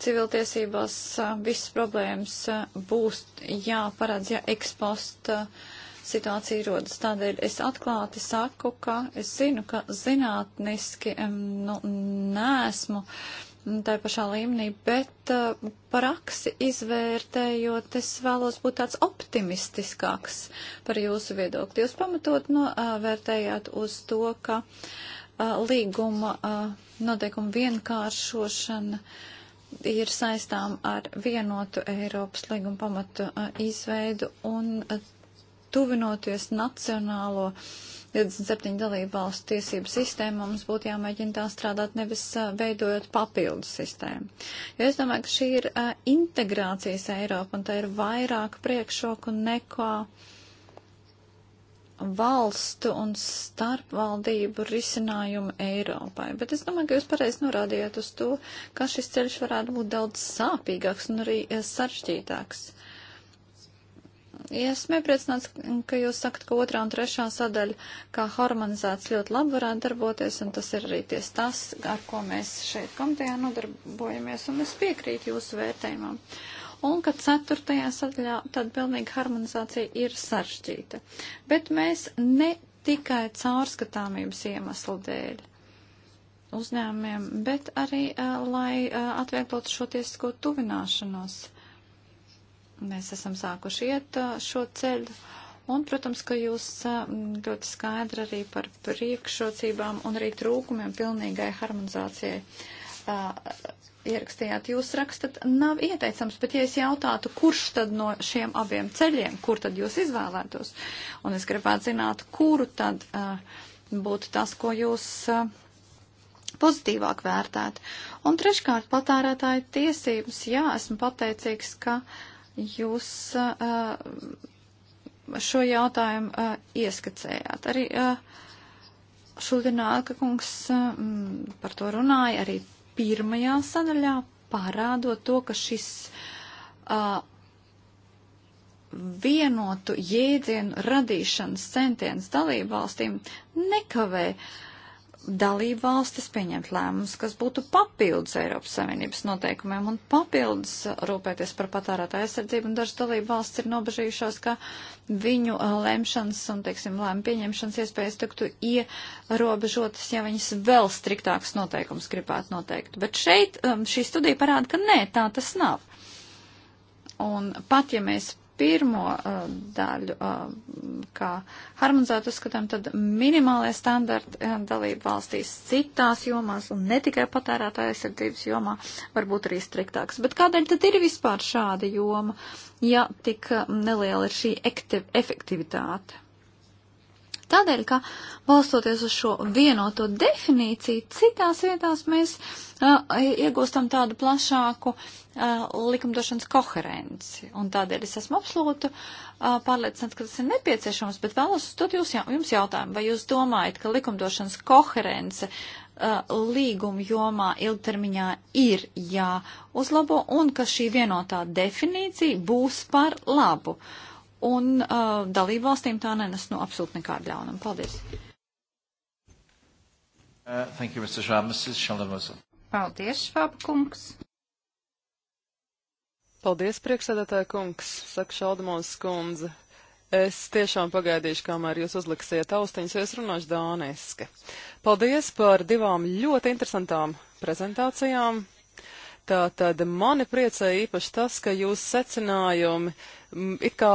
civiltiesībās eh, visas problēmas eh, būs jāparādz, ja ekspost. Uh, situācija rodas. Tādēļ es atklāti saku, ka es zinu, ka zinātniski nu, nesmu mm, tā pašā līmenī, bet uh, praksi izvērtējot, es vēlos būt tāds optimistiskāks par jūsu viedokli. Jūs pamatot novērtējāt nu, eh, uh, uz to, ka uh, līguma noteikuma vienkāršošana ir saistām ar vienotu Eiropas līguma pamatu izveidu un tuvinoties nacionālo 27 dalību valstu tiesību sistēmu, mums būtu jāmēģina tā strādāt, nevis veidojot papildu sistēmu. Jo es domāju, ka šī ir integrācijas Eiropa, un tā ir vairāk priekšroku nekā valstu un starpvaldību risinājumu Eiropai. Bet es domāju, ka jūs pareizi norādījāt uz to, ka šis ceļš varētu būt daudz sāpīgāks un arī sarežģītāks. Esmu iepriecināts, ka jūs sakat, ka otrā un trešā sadaļa kā harmonizēts ļoti labi varētu darboties, un tas ir arī ties tas, ar ko mēs šeit komitejā nodarbojamies, un es piekrītu jūsu vērtējumam. Un ka ceturtajā sadaļā tad pilnīga harmonizācija ir saržģīta. Bet mēs ne tikai caurskatāmības iemeslu dēļ uzņēmumiem, bet arī, uh, lai uh, atvieglotu šo tiesisko tuvināšanos Mēs esam sākuši iet šo ceļu. Un, protams, ka jūs ļoti skaidri arī par priekšrocībām un arī trūkumiem pilnīgai harmonizācijai ierakstījāt. Jūs rakstat, nav ieteicams, bet ja es jautātu, kurš tad no šiem abiem ceļiem, kur tad jūs izvēlētos? Un es gribētu zināt, kuru tad uh, būtu tas, ko jūs. Uh, pozitīvāk vērtēt. Un treškārt patērētāju tiesības, jā, esmu pateicīgs, ka uh, Jūs uh, šo jautājumu uh, ieskacējāt. Arī uh, Šuldenāka kungs mm, par to runāja arī pirmajā sadaļā, parādot to, ka šis vienotu jēdzienu radīšanas centiens dalībvalstīm nekavē uh, dalību valstis pieņemt lēmumus, kas būtu papildus Eiropas Savienības noteikumiem un papildus uh, rūpēties par patērētāju aizsardzību, un dažas dalību valsts ir nobežījušās, ka viņu uh, lemšanas un, teiksim, lēmu pieņemšanas iespējas tiktu ierobežotas, ja viņas vēl striktāks noteikums gribētu noteikt. Bet šeit um, šī studija parāda, ka nē, tā tas nav. Un pat ja mēs pirmo uh, daļu uh, kā harmonizētu uzskatām, tad minimālai standarti uh, dalību valstīs citās jomās un ne tikai patērētāja aizsardzības jomā var būt arī striktāks. Bet kādēļ tad ir vispār šāda joma, ja tik uh, neliela ir šī efektivitāte? Tādēļ, ka balstoties uz šo vienoto definīciju, citās vietās mēs uh, iegūstam tādu plašāku uh, likumdošanas koherenci. Un tādēļ es esmu absolūti uh, pārliecināts, ka tas ir nepieciešams, bet vēlos uzdot jūs, jums jautājumu, vai jūs domājat, ka likumdošanas koherence līguma jomā ilgtermiņā ir jāuzlabo un ka šī vienotā definīcija būs par labu. Uh, un uh, dalību valstīm tā nenes no nu, absolūti nekāda ļaunuma. Paldies! Uh, thank you, Mr. Schwab. Mrs. Schaldemose. Paldies, Švab kungs. Paldies, priekšsēdētāja kungs, saka Šaldemose skundze. Es tiešām pagaidīšu, kamēr jūs uzliksiet austiņas, jo es runāšu dāniski. Paldies par divām ļoti interesantām prezentācijām. Tā tad mani priecēja īpaši tas, ka jūs secinājumi it kā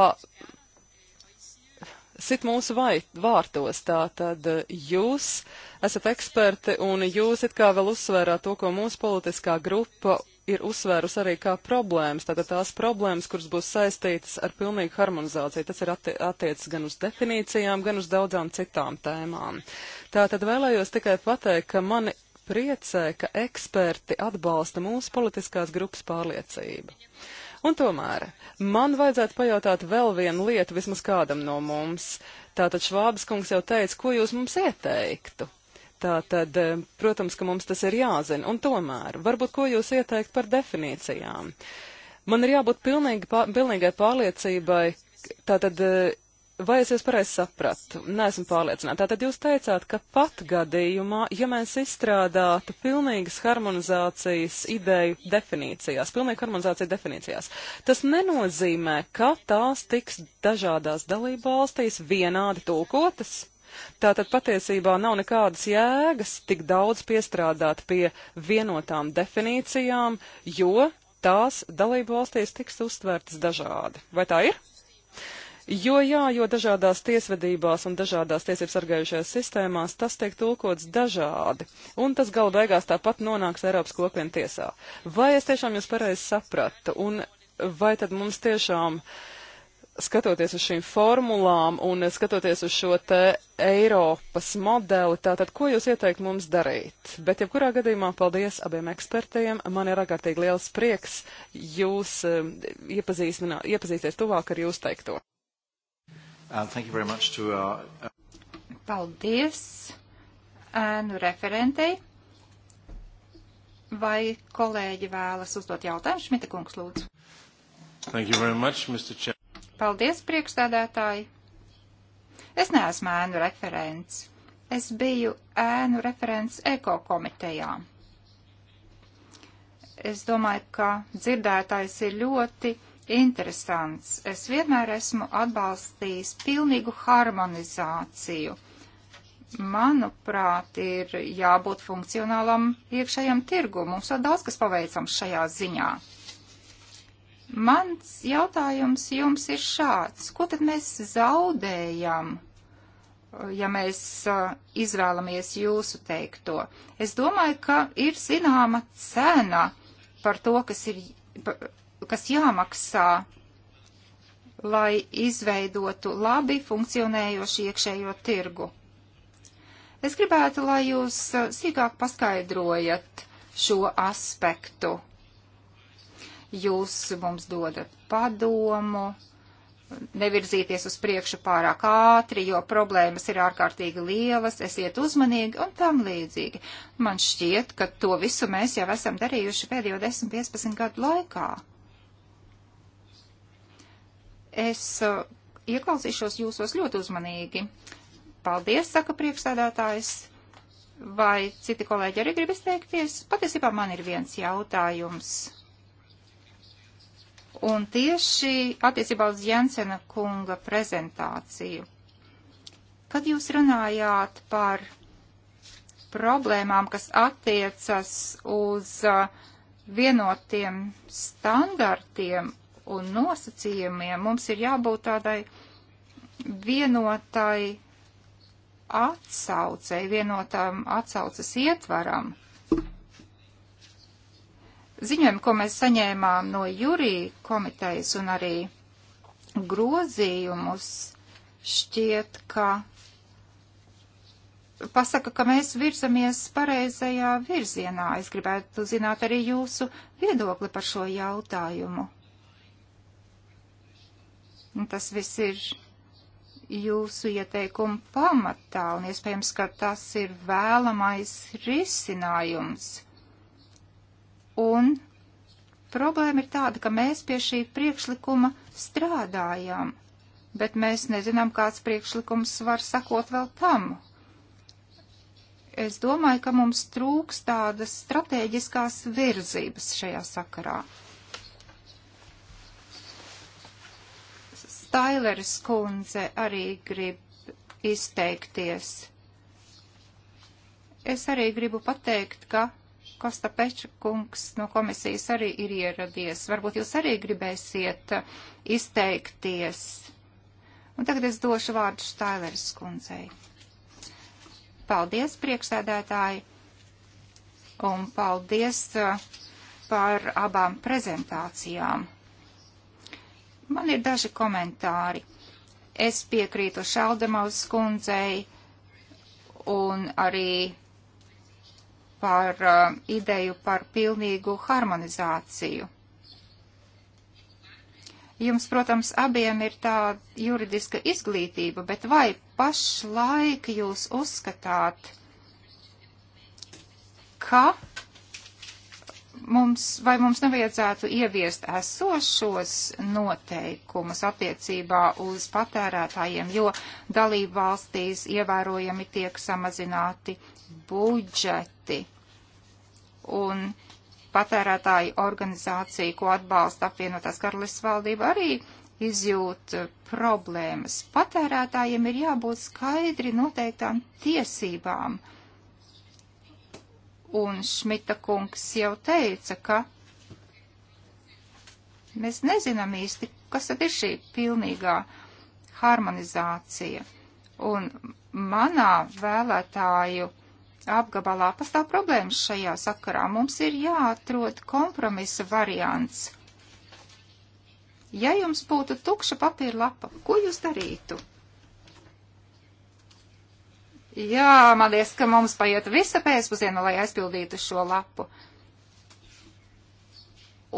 sit mūsu vai, vārtos. Tā tad jūs esat eksperti un jūs it kā vēl uzsvērāt to, ko mūsu politiskā grupa ir uzsvērus arī kā problēmas. Tātad tās problēmas, kuras būs saistītas ar pilnīgu harmonizāciju, tas ir atti attiecis gan uz definīcijām, gan uz daudzām citām tēmām. Tātad vēlējos tikai pateikt, ka mani priecē, ka eksperti atbalsta mūsu politiskās grupas pārliecību. Un tomēr man vajadzētu pajautāt vēl vienu lietu vismaz kādam no mums. Tātad Švābas kungs jau teica, ko jūs mums ieteiktu? Tātad, protams, ka mums tas ir jāzina. Un tomēr, varbūt ko jūs ieteikt par definīcijām? Man ir jābūt pilnīgi, pār, pilnīgai pārliecībai, tātad Vai es jūs pareizi sapratu? Nesmu pārliecināta. Tātad jūs teicāt, ka pat gadījumā, ja mēs izstrādātu pilnīgas harmonizācijas ideju definīcijās, pilnīgi harmonizācija definīcijās, tas nenozīmē, ka tās tiks dažādās dalību valstīs vienādi tulkotas. Tātad patiesībā nav nekādas jēgas tik daudz piestrādāt pie vienotām definīcijām, jo tās dalību valstīs tiks uztvērtas dažādi. Vai tā ir? Jo jā, jo dažādās tiesvedībās un dažādās tiesības sargājušajās sistēmās tas tiek tulkots dažādi, un tas gala beigās tāpat nonāks Eiropas kopienu tiesā. Vai es tiešām jūs pareizi sapratu, un vai tad mums tiešām, skatoties uz šīm formulām un skatoties uz šo te Eiropas modeli, tātad ko jūs ieteikt mums darīt? Bet jebkurā gadījumā paldies abiem ekspertiem, man ir ārkārtīgi liels prieks jūs eh, iepazīsties tuvāk ar jūs teikto. Uh, Our... Uh, uh, Paldies ēnu referentei. Vai kolēģi vēlas uzdot jautājumu? Šmita kungs, lūdzu. Thank you very much, Mr. Chair. Paldies, priekšstādātāji. Es neesmu ēnu referents. Es biju ēnu referents eko komitejā. Es domāju, ka dzirdētājs ir ļoti interesants. Es vienmēr esmu atbalstījis pilnīgu harmonizāciju. Manuprāt, ir jābūt funkcionālam iekšējam tirgu. Mums vēl daudz kas paveicams šajā ziņā. Mans jautājums jums ir šāds. Ko tad mēs zaudējam, ja mēs izvēlamies jūsu teikto? Es domāju, ka ir zināma cena par to, kas ir kas jāmaksā, lai izveidotu labi funkcionējošu iekšējo tirgu. Es gribētu, lai jūs uh, sīkāk paskaidrojat šo aspektu. Jūs mums dodat padomu, nevirzīties uz priekšu pārāk ātri, jo problēmas ir ārkārtīgi lielas, esiet uzmanīgi un tam līdzīgi. Man šķiet, ka to visu mēs jau esam darījuši pēdējo 10-15 gadu laikā. Es uh, ieklausīšos jūsos ļoti uzmanīgi. Paldies, saka priekšsēdētājs. Vai citi kolēģi arī grib izteikties? Patiesībā man ir viens jautājums. Un tieši attiecībā uz Jensena kunga prezentāciju. Kad jūs runājāt par problēmām, kas attiecas uz uh, vienotiem standartiem un nosacījumiem mums ir jābūt tādai vienotai atsaucei, vienotām atsauces ietvaram. Ziņojumi, ko mēs saņēmām no jurī komitejas un arī grozījumus, šķiet, ka pasaka, ka mēs virzamies pareizajā virzienā. Es gribētu zināt arī jūsu viedokli par šo jautājumu. Un tas viss ir jūsu ieteikumu pamatā, un iespējams, ka tas ir vēlamais risinājums. Un problēma ir tāda, ka mēs pie šī priekšlikuma strādājam, bet mēs nezinām, kāds priekšlikums var sakot vēl tam. Es domāju, ka mums trūks tādas strateģiskās virzības šajā sakarā. Staileris kundze arī grib izteikties. Es arī gribu pateikt, ka Kosta Peča kungs no komisijas arī ir ieradies. Varbūt jūs arī gribēsiet izteikties. Un tagad es došu vārdu Štaileris kundzei. Paldies, priekšsēdētāji, un paldies uh, par abām prezentācijām. Man ir daži komentāri. Es piekrītu Šaldemaus kundzei un arī par uh, ideju par pilnīgu harmonizāciju. Jums, protams, abiem ir tā juridiska izglītība, bet vai pašlaik jūs uzskatāt, ka mums, vai mums nevajadzētu ieviest esošos noteikumus attiecībā uz patērētājiem, jo dalību valstīs ievērojami tiek samazināti budžeti. Un patērētāju organizācija, ko atbalsta apvienotās karalists valdība, arī izjūt problēmas. Patērētājiem ir jābūt skaidri noteiktām tiesībām. Uh, Un Šmita kungs jau teica, ka mēs nezinām īsti, kas tad ir šī pilnīgā harmonizācija. Un manā vēlētāju apgabalā pastāv problēmas šajā sakarā. Mums ir jāatrod kompromisa variants. Ja jums būtu tukša papīra lapa, ko jūs darītu? Jā, man liekas, ka mums paiet visa pēcpusdiena, lai aizpildītu šo lapu.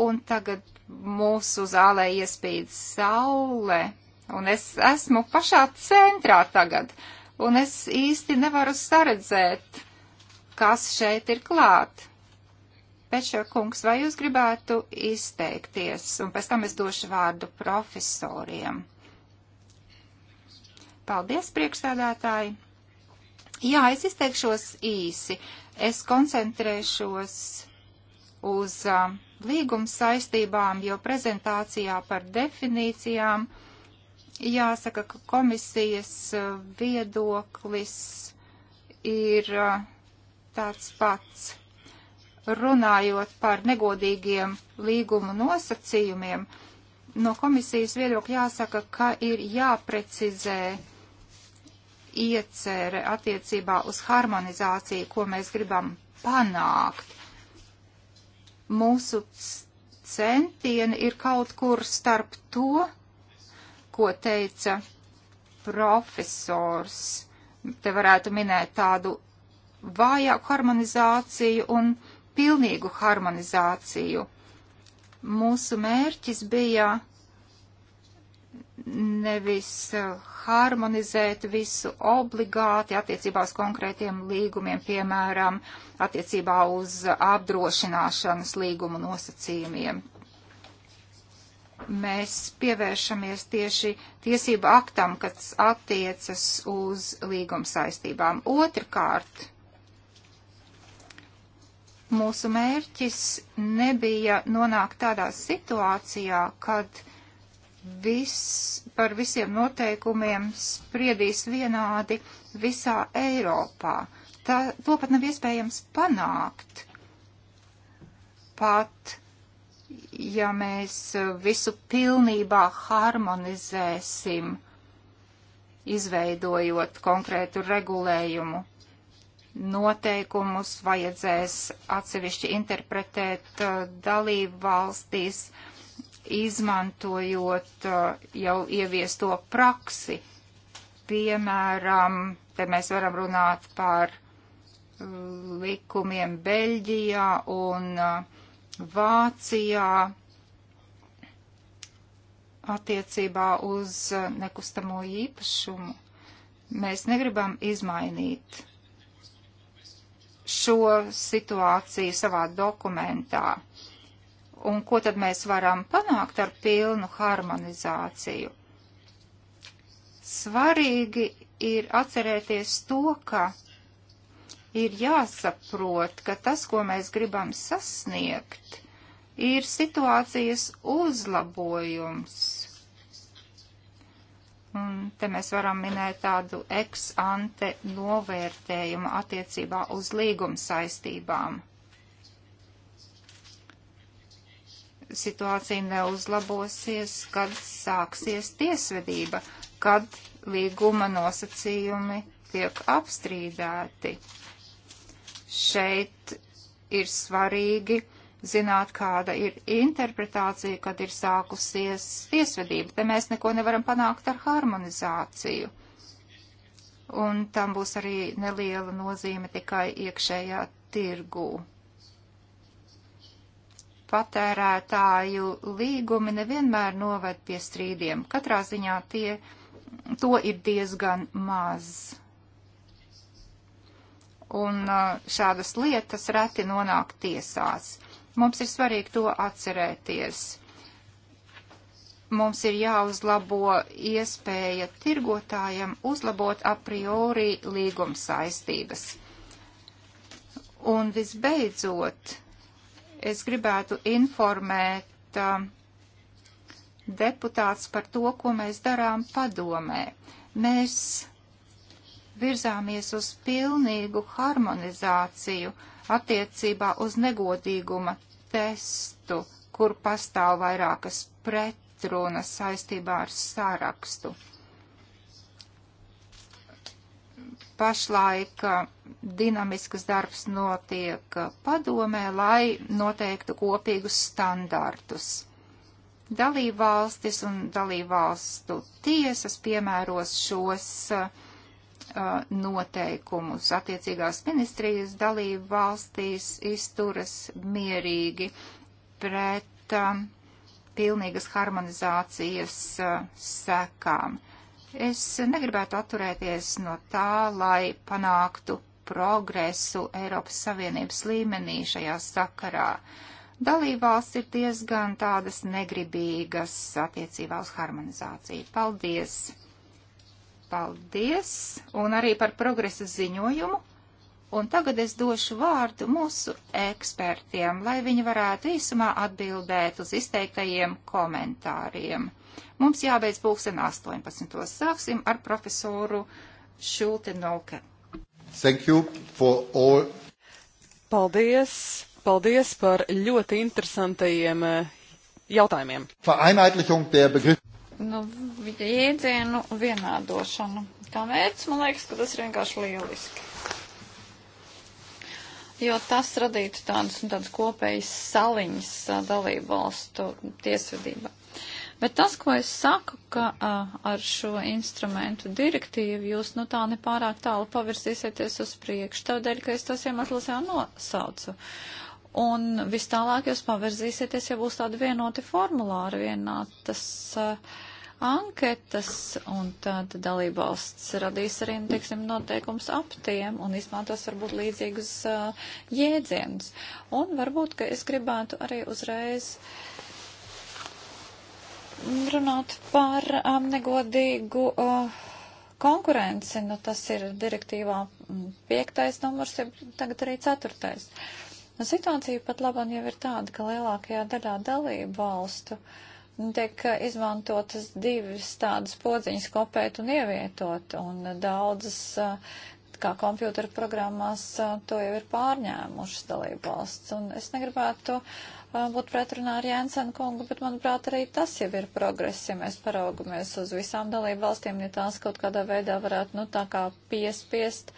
Un tagad mūsu zālē iespīd saule, un es esmu pašā centrā tagad, un es īsti nevaru saredzēt, kas šeit ir klāt. Pečer kungs, vai jūs gribētu izteikties, un pēc tam es došu vārdu profesoriem. Paldies, priekšstādātāji! Jā, es izteikšos īsi. Es koncentrēšos uz uh, um, līgums saistībām, jo prezentācijā par definīcijām jāsaka, ka komisijas uh, viedoklis ir uh, tāds pats. Runājot par negodīgiem līgumu nosacījumiem, no komisijas viedokļa jāsaka, ka ir jāprecizē iecere attiecībā uz harmonizāciju, ko mēs gribam panākt. Mūsu centieni ir kaut kur starp to, ko teica profesors. Te varētu minēt tādu vājāku harmonizāciju un pilnīgu harmonizāciju. Mūsu mērķis bija nevis eh, harmonizēt visu obligāti attiecībā uz konkrētiem līgumiem, piemēram, attiecībā uz apdrošināšanas līgumu nosacījumiem. Mēs pievēršamies tieši tiesību aktam, kas attiecas uz līguma saistībām. Otrkārt, mūsu mērķis nebija nonākt tādā situācijā, kad vis, par visiem noteikumiem spriedīs vienādi visā Eiropā. Tā, to pat nav iespējams panākt. Pat ja mēs visu pilnībā harmonizēsim, izveidojot konkrētu regulējumu, noteikumus vajadzēs atsevišķi interpretēt uh, dalību valstīs. Uh, izmantojot uh, jau ieviesto praksi. Piemēram, te mēs varam runāt par uh, likumiem Beļģijā un uh, Vācijā attiecībā uz nekustamo īpašumu. Mēs negribam izmainīt šo situāciju savā dokumentā Un ko tad mēs varam panākt ar pilnu harmonizāciju? Svarīgi ir atcerēties to, ka ir jāsaprot, ka tas, ko mēs gribam sasniegt, ir situācijas uzlabojums. Un te mēs varam minēt tādu ex ante novērtējumu attiecībā uz līguma saistībām. situācija neuzlabosies, kad sāksies tiesvedība, kad līguma nosacījumi tiek apstrīdēti. Šeit ir svarīgi zināt, kāda ir interpretācija, kad ir sākusies tiesvedība. Te mēs neko nevaram panākt ar harmonizāciju. Un tam būs arī neliela nozīme tikai iekšējā tirgū patērētāju līgumi nevienmēr noved pie strīdiem. Katrā ziņā tie, to ir diezgan maz. Un uh, šādas lietas reti nonāk tiesās. Mums ir svarīgi to atcerēties. Mums ir jāuzlabo iespēja tirgotājam uzlabot a priori līguma saistības. Un visbeidzot, Es gribētu informēt uh, um, deputāts par to, ko mēs darām padomē. Mēs virzāmies uz pilnīgu harmonizāciju attiecībā uz negodīguma testu, kur pastāv vairākas pretrunas saistībā ar sārakstu. pašlaik eh, dinamiskas darbs notiek padomē, lai noteiktu kopīgus standartus. Dalībvalstis un dalībvalstu tiesas piemēros šos uh, noteikumus. Attiecīgās ministrijas dalībvalstīs izturas mierīgi pret uh, pilnīgas harmonizācijas uh, sekām. Es negribētu atturēties no tā, lai panāktu progresu Eiropas Savienības līmenī šajā sakarā. Dalībvalsts ir diezgan tādas negribīgas attiecībā uz harmonizāciju. Paldies! Paldies! Un arī par progresa ziņojumu. Un tagad es došu vārdu mūsu ekspertiem, lai viņi varētu īsumā atbildēt uz izteiktajiem komentāriem. Mums jābeidz pulksten 18. Sāksim ar profesoru Šulte Nolke. Thank you for all. Paldies! Paldies par ļoti interesantajiem eh, jautājumiem. Nu, jēdzienu vienādošanu. Kā mērķis, man liekas, ka tas ir vienkārši lieliski. Jo tas radītu tādas un tādas kopējas saliņas dalību valstu tiesvedībā. Bet tas, ko es saku, ka uh, ar šo instrumentu direktīvu jūs nu tā nepārāk tālu pavirzīsieties uz priekšu, tādēļ, ka es tos iemeslus jau nosaucu. Un vis tālāk jūs pavirzīsieties, ja būs tāda vienota formulāra, vienātas. Uh, anketas, un tad dalībvalsts radīs arī, nu, teiksim, noteikums ap tiem un izmantos varbūt līdzīgus uh, jēdzienus. Un varbūt, ka es gribētu arī uzreiz runāt par um, negodīgu uh, konkurenci. Nu, tas ir direktīvā mm, piektais numurs, ja tagad arī ceturtais. Nu, situācija pat labam jau ir tāda, ka lielākajā daļā dalību valstu tiek uh, izmantotas divas tādas podziņas kopēt un ievietot, un daudzas, uh, kā kompjūtera programmās, uh, to jau ir pārņēmušas dalību valsts. Un es negribētu to Uh, būt pretrunā ar Jēnsenu kungu, bet, manuprāt, arī tas jau ir progress, ja mēs paraugamies uz visām dalību valstīm, ja tās kaut kādā veidā varētu, nu, tā kā piespiest.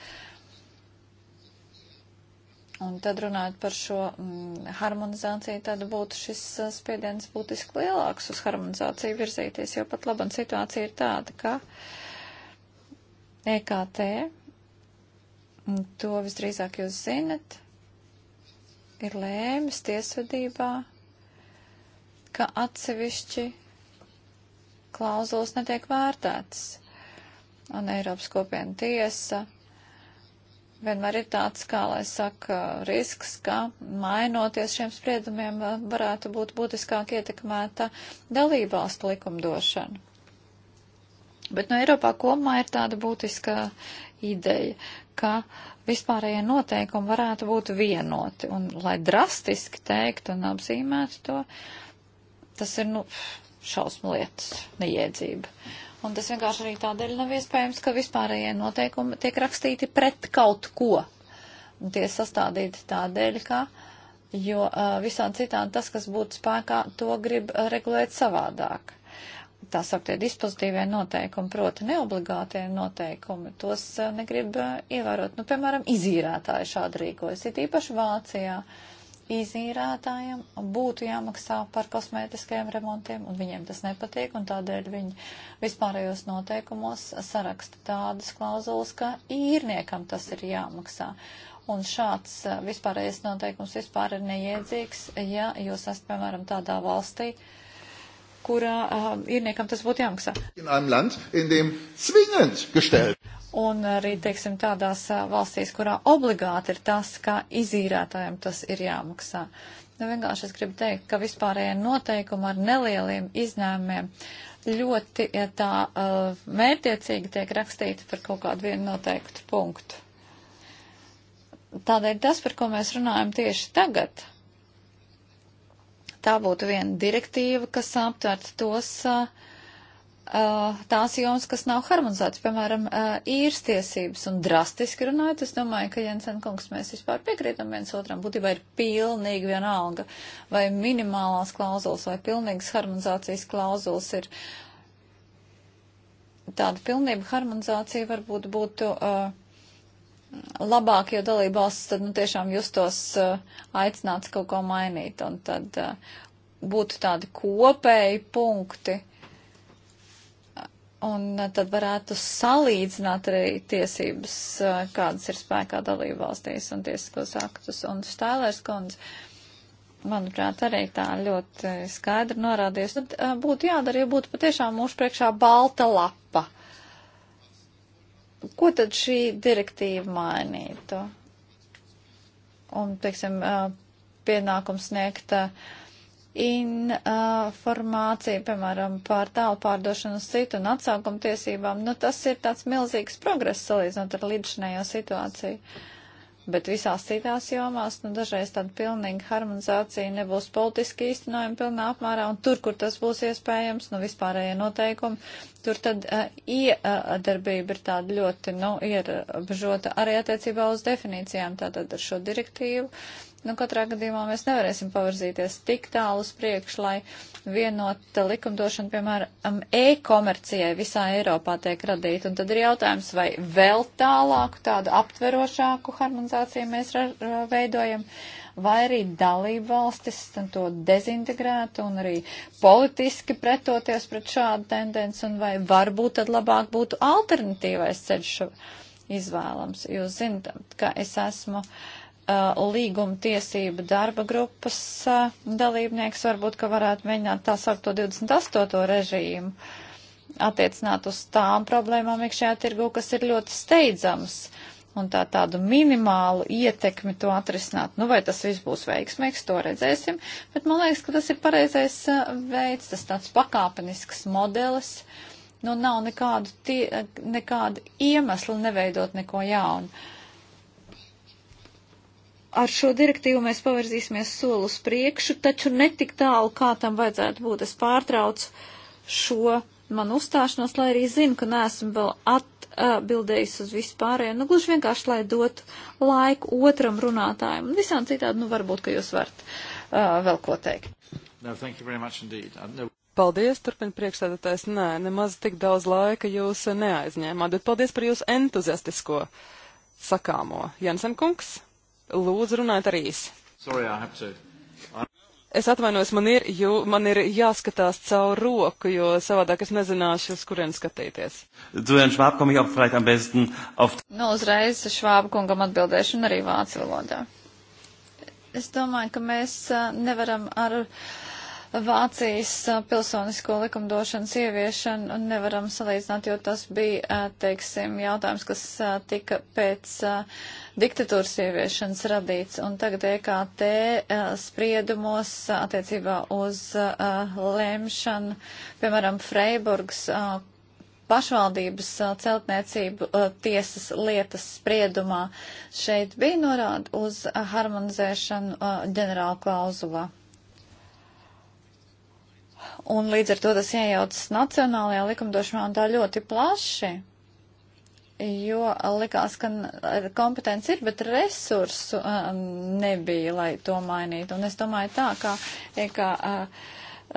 Un tad runājot par šo mm, harmonizāciju, tad būtu šis uh, spiediens būtiski lielāks uz harmonizāciju virzīties, jo pat laban situācija ir tāda, ka EKT, to visdrīzāk jūs zinat, ir lēmis tiesvedībā, ka atsevišķi klauzulas netiek vērtētas. Un Eiropas kopiena tiesa vienmēr ir tāds, kā lai saka, risks, ka mainoties šiem spriedumiem varētu būt būtiskāk ietekmēta dalībvalstu likumdošana. Bet no Eiropā kopumā ir tāda būtiska ideja, ka vispārējie noteikumi varētu būt vienoti. Un, lai drastiski teikt un apzīmētu to, tas ir, nu, šausmu lietas, neiedzība. Un tas vienkārši arī tādēļ nav iespējams, ka vispārējie noteikumi tiek rakstīti pret kaut ko. Un tie sastādīti tādēļ, ka, jo uh, visādi citādi tas, kas būtu spēkā, to grib regulēt savādāk tā sauktie dispozitīvie noteikumi, proti neobligātie noteikumi, tos eh, negrib eh, ievērot. Nu, piemēram, izīrētāji šādi rīkojas, it īpaši Vācijā. Izīrētājiem būtu jāmaksā par kosmētiskajiem remontiem, un viņiem tas nepatīk, un tādēļ viņi vispārējos noteikumos saraksta tādas klauzulas, ka īrniekam tas ir jāmaksā. Un šāds eh, vispārējais noteikums vispār ir neiedzīgs, ja jūs esat, piemēram, tādā valstī, uh, kurā uh, īrniekam tas būtu jāmaksā. Un arī, teiksim, tādās valstīs, kurā obligāti ir tas, ka izīrētājiem tas ir jāmaksā. Nu, vienkārši es gribu teikt, ka vispārējie noteikumi ar nelieliem izņēmumiem ļoti ja tā uh, mērtiecīgi tiek rakstīti par kaut kādu vienu noteiktu punktu. Tādēļ tas, par ko mēs runājam tieši tagad, Tā būtu viena direktīva, kas aptvert tos, tās jomas, kas nav harmonizētas, piemēram, īres tiesības. Un drastiski runājot, es domāju, ka Jensen kungs mēs vispār piekrītam viens otram. Būtībā ir pilnīgi vienalga, vai minimālās klauzulas vai pilnīgas harmonizācijas klauzulas ir tāda pilnība harmonizācija varbūt būtu. Uh, labāk, jo dalībvalsts tad nu, tiešām justos eh, aicināts kaut ko mainīt. Un tad eh, būtu tādi kopēji punkti. Un eh, tad varētu salīdzināt arī tiesības, kādas ir spēkā dalībvalstīs un tiesiskos aktus. Un Štēlērs kundze, manuprāt, arī tā ļoti skaidri norādījis. Tad būtu jādara, ja būtu patiešām mūsu priekšā balta lapa. Uh, Ko tad šī direktīva mainītu? Un, teiksim, pienākums sniegt informāciju, piemēram, par tālu pārdošanu uz citu un atsākumu tiesībām, nu tas ir tāds milzīgs progress salīdzinot ar līdzinējo situāciju. Uh, Bet visās citās jomās, nu, dažreiz tāda pilnīga harmonizācija nebūs politiski īstenojama pilnā apmērā, un tur, kur tas būs iespējams, nu, vispārējie noteikumi, tur tad uh, iedarbība ir tāda ļoti, nu, ierobežota arī attiecībā uz definīcijām, tātad ar šo direktīvu. Uh, Nu, katrā gadījumā mēs nevarēsim pavirzīties tik tālu uz priekšu, lai vienot likumdošanu, piemēram, e-komercijai visā Eiropā tiek radīta. Un tad ir jautājums, vai vēl tālāku, tādu aptverošāku harmonizāciju mēs veidojam, vai arī dalību valstis to dezintegrētu un arī politiski pretoties pret šādu tendenci, un vai varbūt tad labāk būtu alternatīvais ceļš izvēlams. Jūs zinat, ka es esmu. Uh, Uh, līguma tiesība darba grupas uh, dalībnieks, varbūt, ka varētu mēģināt tā saukto 28. režīmu attiecināt uz tām problēmām iekšējā tirgu, kas ir ļoti steidzamas, un tā tādu minimālu ietekmi to atrisināt. Nu, vai tas viss būs veiksmīgs, to redzēsim, bet man liekas, ka tas ir pareizais uh, veids, tas tāds pakāpenisks modelis. Nu, nav nekādu, tie, nekādu iemeslu neveidot neko jaunu ar šo direktīvu mēs pavirzīsimies soli uz priekšu, taču netik tālu, kā tam vajadzētu būt. Es pārtraucu šo manu uzstāšanos, lai arī zinu, ka neesmu vēl atbildējis uz vispārējo. Nu, gluži vienkārši, lai dotu laiku otram runātājam. Visām citādi, nu, varbūt, ka jūs varat uh, vēl ko teikt. No, thank you very much indeed. Uh, no. Paldies, turpina priekšsēdētājs. Nē, nemaz tik daudz laika jūs neaizņēmāt, bet paldies par jūsu entuziastisko sakāmo. Jensen kungs? Lūdzu, runājiet arī īsi. Es atvainojos, man ir, jū, man ir jāskatās caur roku, jo savādāk es nezināšu, uz kurien skatīties. Nu, uzreiz Švāba kungam atbildēšu un arī vācu valodā. Es domāju, ka mēs eh, nevaram ar. Uh, Vācijas pilsonisko likumdošanas ieviešanu nevaram salīdzināt, jo tas bija, teiksim, jautājums, kas tika pēc diktatūras ieviešanas radīts. Un tagad EKT spriedumos attiecībā uz lēmšanu, piemēram, Freiburgs pašvaldības celtniecību tiesas lietas spriedumā. Šeit bija norāda uz harmonizēšanu ģenerāla klauzulā. Un līdz ar to tas iejaucas nacionālajā likumdošanā un tā ļoti plaši, jo likās, ka eh, kompetence ir, bet resursu eh, nebija, lai to mainītu. Un es domāju tā, kā, eh, kā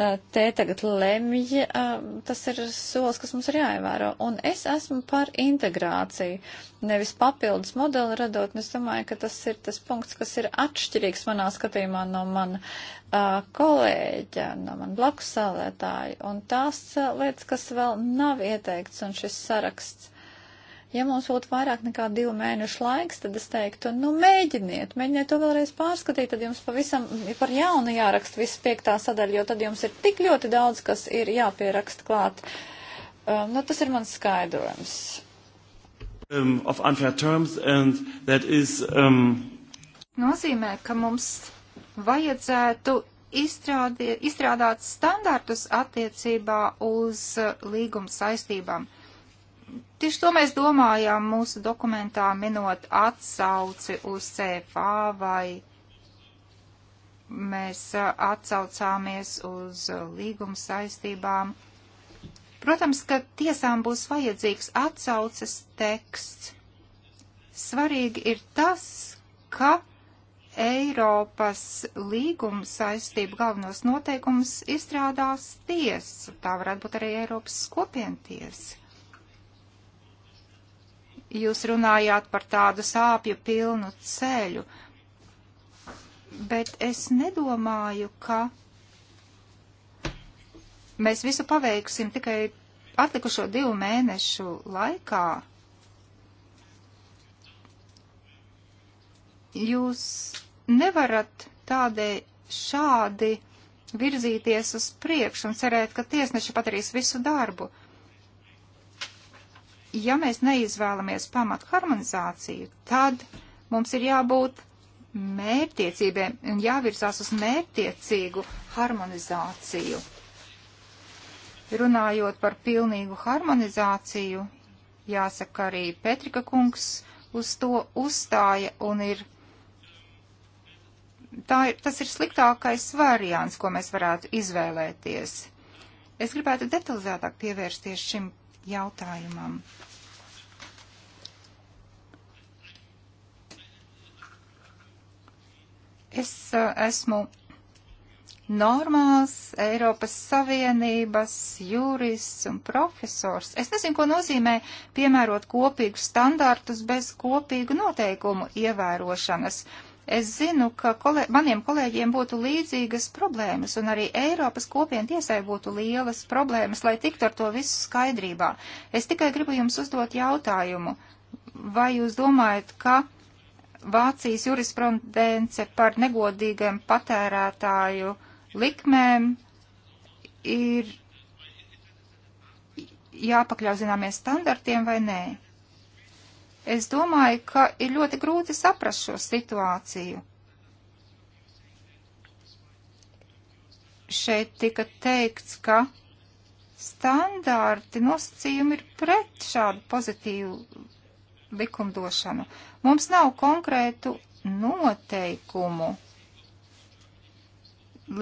Eh, te tagad lemj, eh, tas ir solis, kas mums ir jāievēro. Un es esmu par integrāciju, nevis papildus modeli radot, un es domāju, ka tas ir tas punkts, kas ir atšķirīgs manā skatījumā no mana uh, eh, kolēģa, no man blakus sēlētāja. Un tās lietas, kas vēl nav ieteikts, un šis saraksts Ja mums būtu vairāk nekā divu mēnešu laiks, tad es teiktu, nu mēģiniet, mēģiniet to vēlreiz pārskatīt, tad jums pavisam par jaunu jāraksta viss piektā sadaļa, jo tad jums ir tik ļoti daudz, kas ir jāpieraksta klāt. Um, nu, tas ir mans skaidrojums. Um, of unfair terms and that is. Um... Nozīmē, ka mums vajadzētu izstrādāt standartus attiecībā uz uh, līguma saistībām. Tieši to mēs domājām mūsu dokumentā, minot atsauci uz CFA vai mēs atsaucāmies uz līguma saistībām. Protams, ka tiesām būs vajadzīgs atsauces teksts. Svarīgi ir tas, ka Eiropas līguma saistību galvenos noteikumus izstrādās tiesa, tā varētu būt arī Eiropas kopientiesa. Jūs runājāt par tādu sāpju pilnu ceļu, bet es nedomāju, ka mēs visu paveiksim tikai atlikušo divu mēnešu laikā. Jūs nevarat tādēļ šādi virzīties uz priekšu un cerēt, ka tiesneši padarīs visu darbu ja mēs neizvēlamies pamat harmonizāciju, tad mums ir jābūt mērķtiecībiem un jāvirzās uz mērķtiecīgu harmonizāciju. Runājot par pilnīgu harmonizāciju, jāsaka arī Petrika kungs uz to uzstāja un ir. Tā, ir, tas ir sliktākais variants, ko mēs varētu izvēlēties. Es gribētu detalizētāk pievērsties šim jautājumam. Es uh, esmu normāls Eiropas Savienības jurists un profesors. Es nezinu, ko nozīmē piemērot kopīgus standartus bez kopīgu noteikumu ievērošanas. Es zinu, ka kolē maniem kolēģiem būtu līdzīgas problēmas, un arī Eiropas kopienu tiesai būtu lielas problēmas, lai tiktu ar to visu skaidrībā. Es tikai gribu jums uzdot jautājumu. Vai jūs domājat, ka Vācijas jurisprudence par negodīgiem patērētāju likmēm ir jāpakļauj zināmiem standartiem vai nē? Es domāju, ka ir ļoti grūti saprast šo situāciju. Šeit tika teikts, ka standārti nosacījumi ir pret šādu pozitīvu likumdošanu. Mums nav konkrētu noteikumu.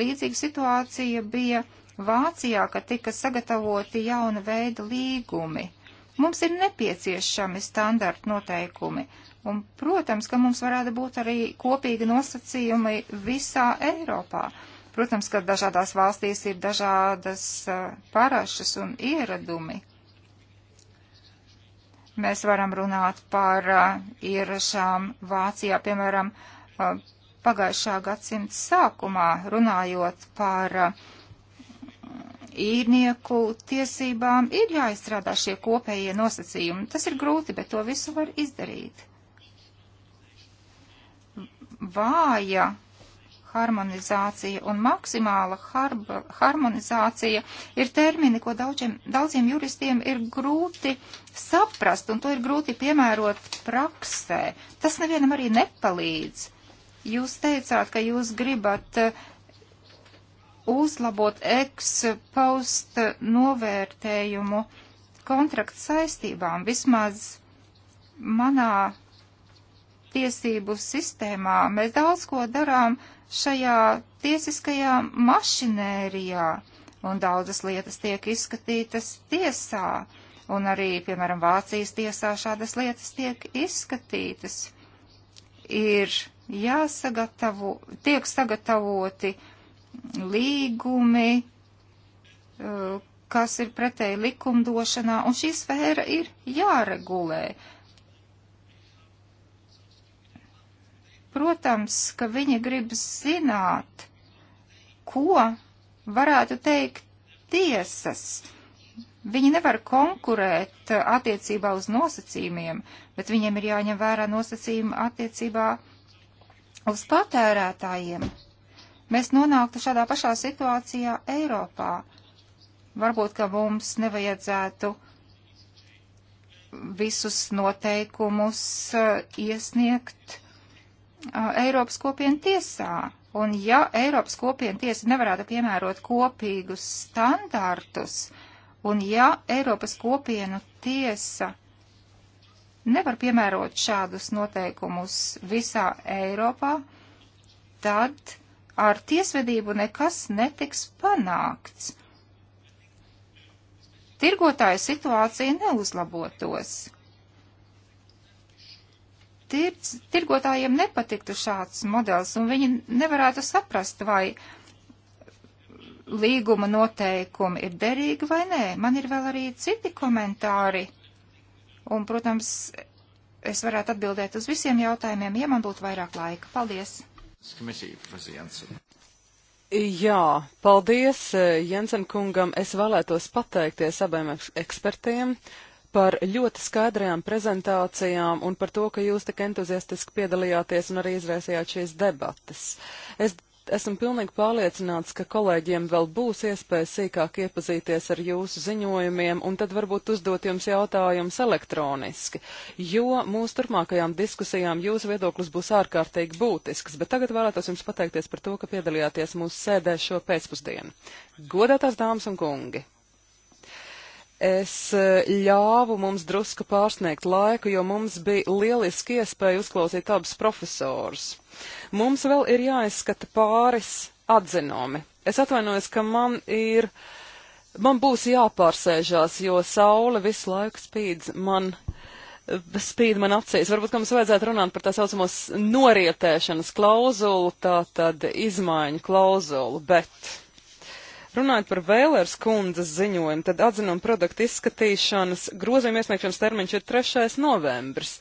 Līdzīga situācija bija Vācijā, kad tika sagatavoti jauna veida līgumi. Mums ir nepieciešami standarta noteikumi, un, protams, ka mums varētu būt arī kopīgi nosacījumi visā Eiropā. Protams, ka dažādās valstīs ir dažādas parašas un ieradumi. Mēs varam runāt par ierašām Vācijā, piemēram, pagājušā gadsimta sākumā runājot par uh, īrnieku tiesībām ir jāizstrādā šie kopējie nosacījumi. Tas ir grūti, bet to visu var izdarīt. Vāja harmonizācija un maksimāla harba, harmonizācija ir termini, ko daudziem, daudziem juristiem ir grūti saprast, un to ir grūti piemērot praksē. Tas nevienam arī nepalīdz. Jūs teicāt, ka jūs gribat uh, uzlabot ekspost novērtējumu kontraktu saistībām. Vismaz manā tiesību sistēmā mēs daudz ko darām šajā tiesiskajā mašinērijā, un daudzas lietas tiek izskatītas tiesā, un arī, piemēram, Vācijas tiesā šādas lietas tiek izskatītas. Ir jāsagatavo, tiek sagatavoti uh, līgumi, eh, kas ir pretēji likumdošanā, un šī sfēra ir jāregulē. Protams, ka viņi grib zināt, ko varētu teikt tiesas. Viņi nevar konkurēt attiecībā uz nosacījumiem, bet viņiem ir jāņem vērā nosacījumi attiecībā uz patērētājiem mēs nonāktu šādā pašā situācijā Eiropā. Varbūt, ka mums nevajadzētu visus noteikumus eh, iesniegt eh, Eiropas kopienu tiesā. Un ja Eiropas kopienu tiesa nevarētu piemērot kopīgus standartus, un ja Eiropas kopienu tiesa nevar piemērot šādus noteikumus visā Eiropā, tad ar tiesvedību nekas netiks panākts. Tirgotāja situācija neuzlabotos. Tirds, tirgotājiem nepatiktu šāds modelis, un viņi nevarētu saprast, vai līguma noteikumi ir derīgi vai nē. Man ir vēl arī citi komentāri. Un, protams, es varētu atbildēt uz visiem jautājumiem, ja man būtu vairāk laika. Paldies! Jā, paldies eh, Jensen kungam. Es vēlētos pateikties abiem ekspertiem par ļoti skaidrajām prezentācijām un par to, ka jūs tik entuziastiski piedalījāties un arī izraisījāt šīs debatas. Es esmu pilnīgi pārliecināts, ka kolēģiem vēl būs iespēja sīkāk iepazīties ar jūsu ziņojumiem un tad varbūt uzdot jums jautājumus elektroniski, jo mūsu turpmākajām diskusijām jūsu viedoklis būs ārkārtīgi būtisks, bet tagad vēlētos jums pateikties par to, ka piedalījāties mūsu sēdē šo pēcpusdienu. Godātās dāmas un kungi! es eh, ļāvu mums drusku pārsniegt laiku, jo mums bija lieliski iespēja uzklausīt abus profesorus. Mums vēl ir jāizskata pāris atzinumi. Es atvainojos, ka man ir, man būs jāpārsēžās, jo saule visu laiku spīd man, spīd man acīs. Varbūt, ka mums vajadzētu runāt par tā saucamos norietēšanas klauzulu, tā tad izmaiņu klauzulu, bet Runājot par Vēlers kundzes ziņojumu, tad atzinuma produktu izskatīšanas grozījuma iesniegšanas termiņš ir 3. novembris.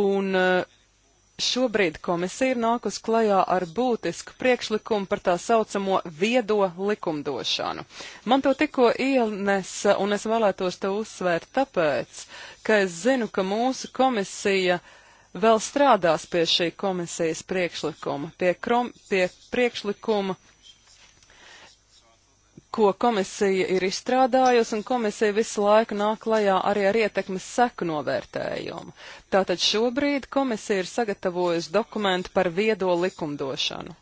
Un eh, šobrīd komisija ir nākus klajā ar būtisku priekšlikumu par tā saucamo viedo likumdošanu. Man to tikko ielnesa, un es vēlētos to uzsvērt tāpēc, ka es zinu, ka mūsu komisija vēl strādās pie šī komisijas priekšlikuma, pie, krom, pie priekšlikuma ko komisija ir izstrādājusi, un komisija visu laiku nāk klajā arī ar ietekmes seku novērtējumu. Tātad šobrīd komisija ir sagatavojusi dokumentu par viedo likumdošanu.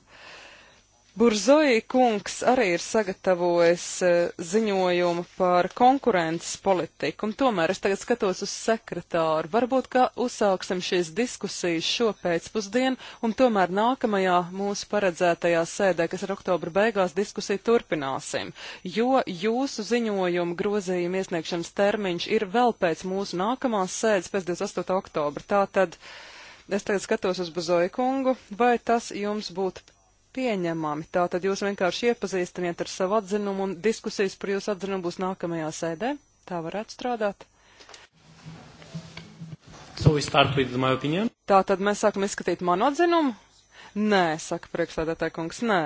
Burzoī kungs arī ir sagatavojis e, ziņojumu par konkurences politiku, un tomēr es tagad skatos uz sekretāru. Varbūt, ka uzsāksim šīs diskusijas šo pēcpusdienu, un tomēr nākamajā mūsu paredzētajā sēdē, kas ir oktobra beigās, diskusiju turpināsim, jo jūsu ziņojumu grozījuma iesniegšanas termiņš ir vēl pēc mūsu nākamās sēdes, pēc 28. oktobra. Tātad es tagad skatos uz Burzoī kungu, vai tas jums būtu pieņemami. Tātad jūs vienkārši iepazīstiniet ar savu atzinumu un diskusijas par jūsu atzinumu būs nākamajā sēdē. Tā varētu strādāt. So Tātad mēs sākam izskatīt manu atzinumu. Nē, saka priekšsēdētāja kungs, nē.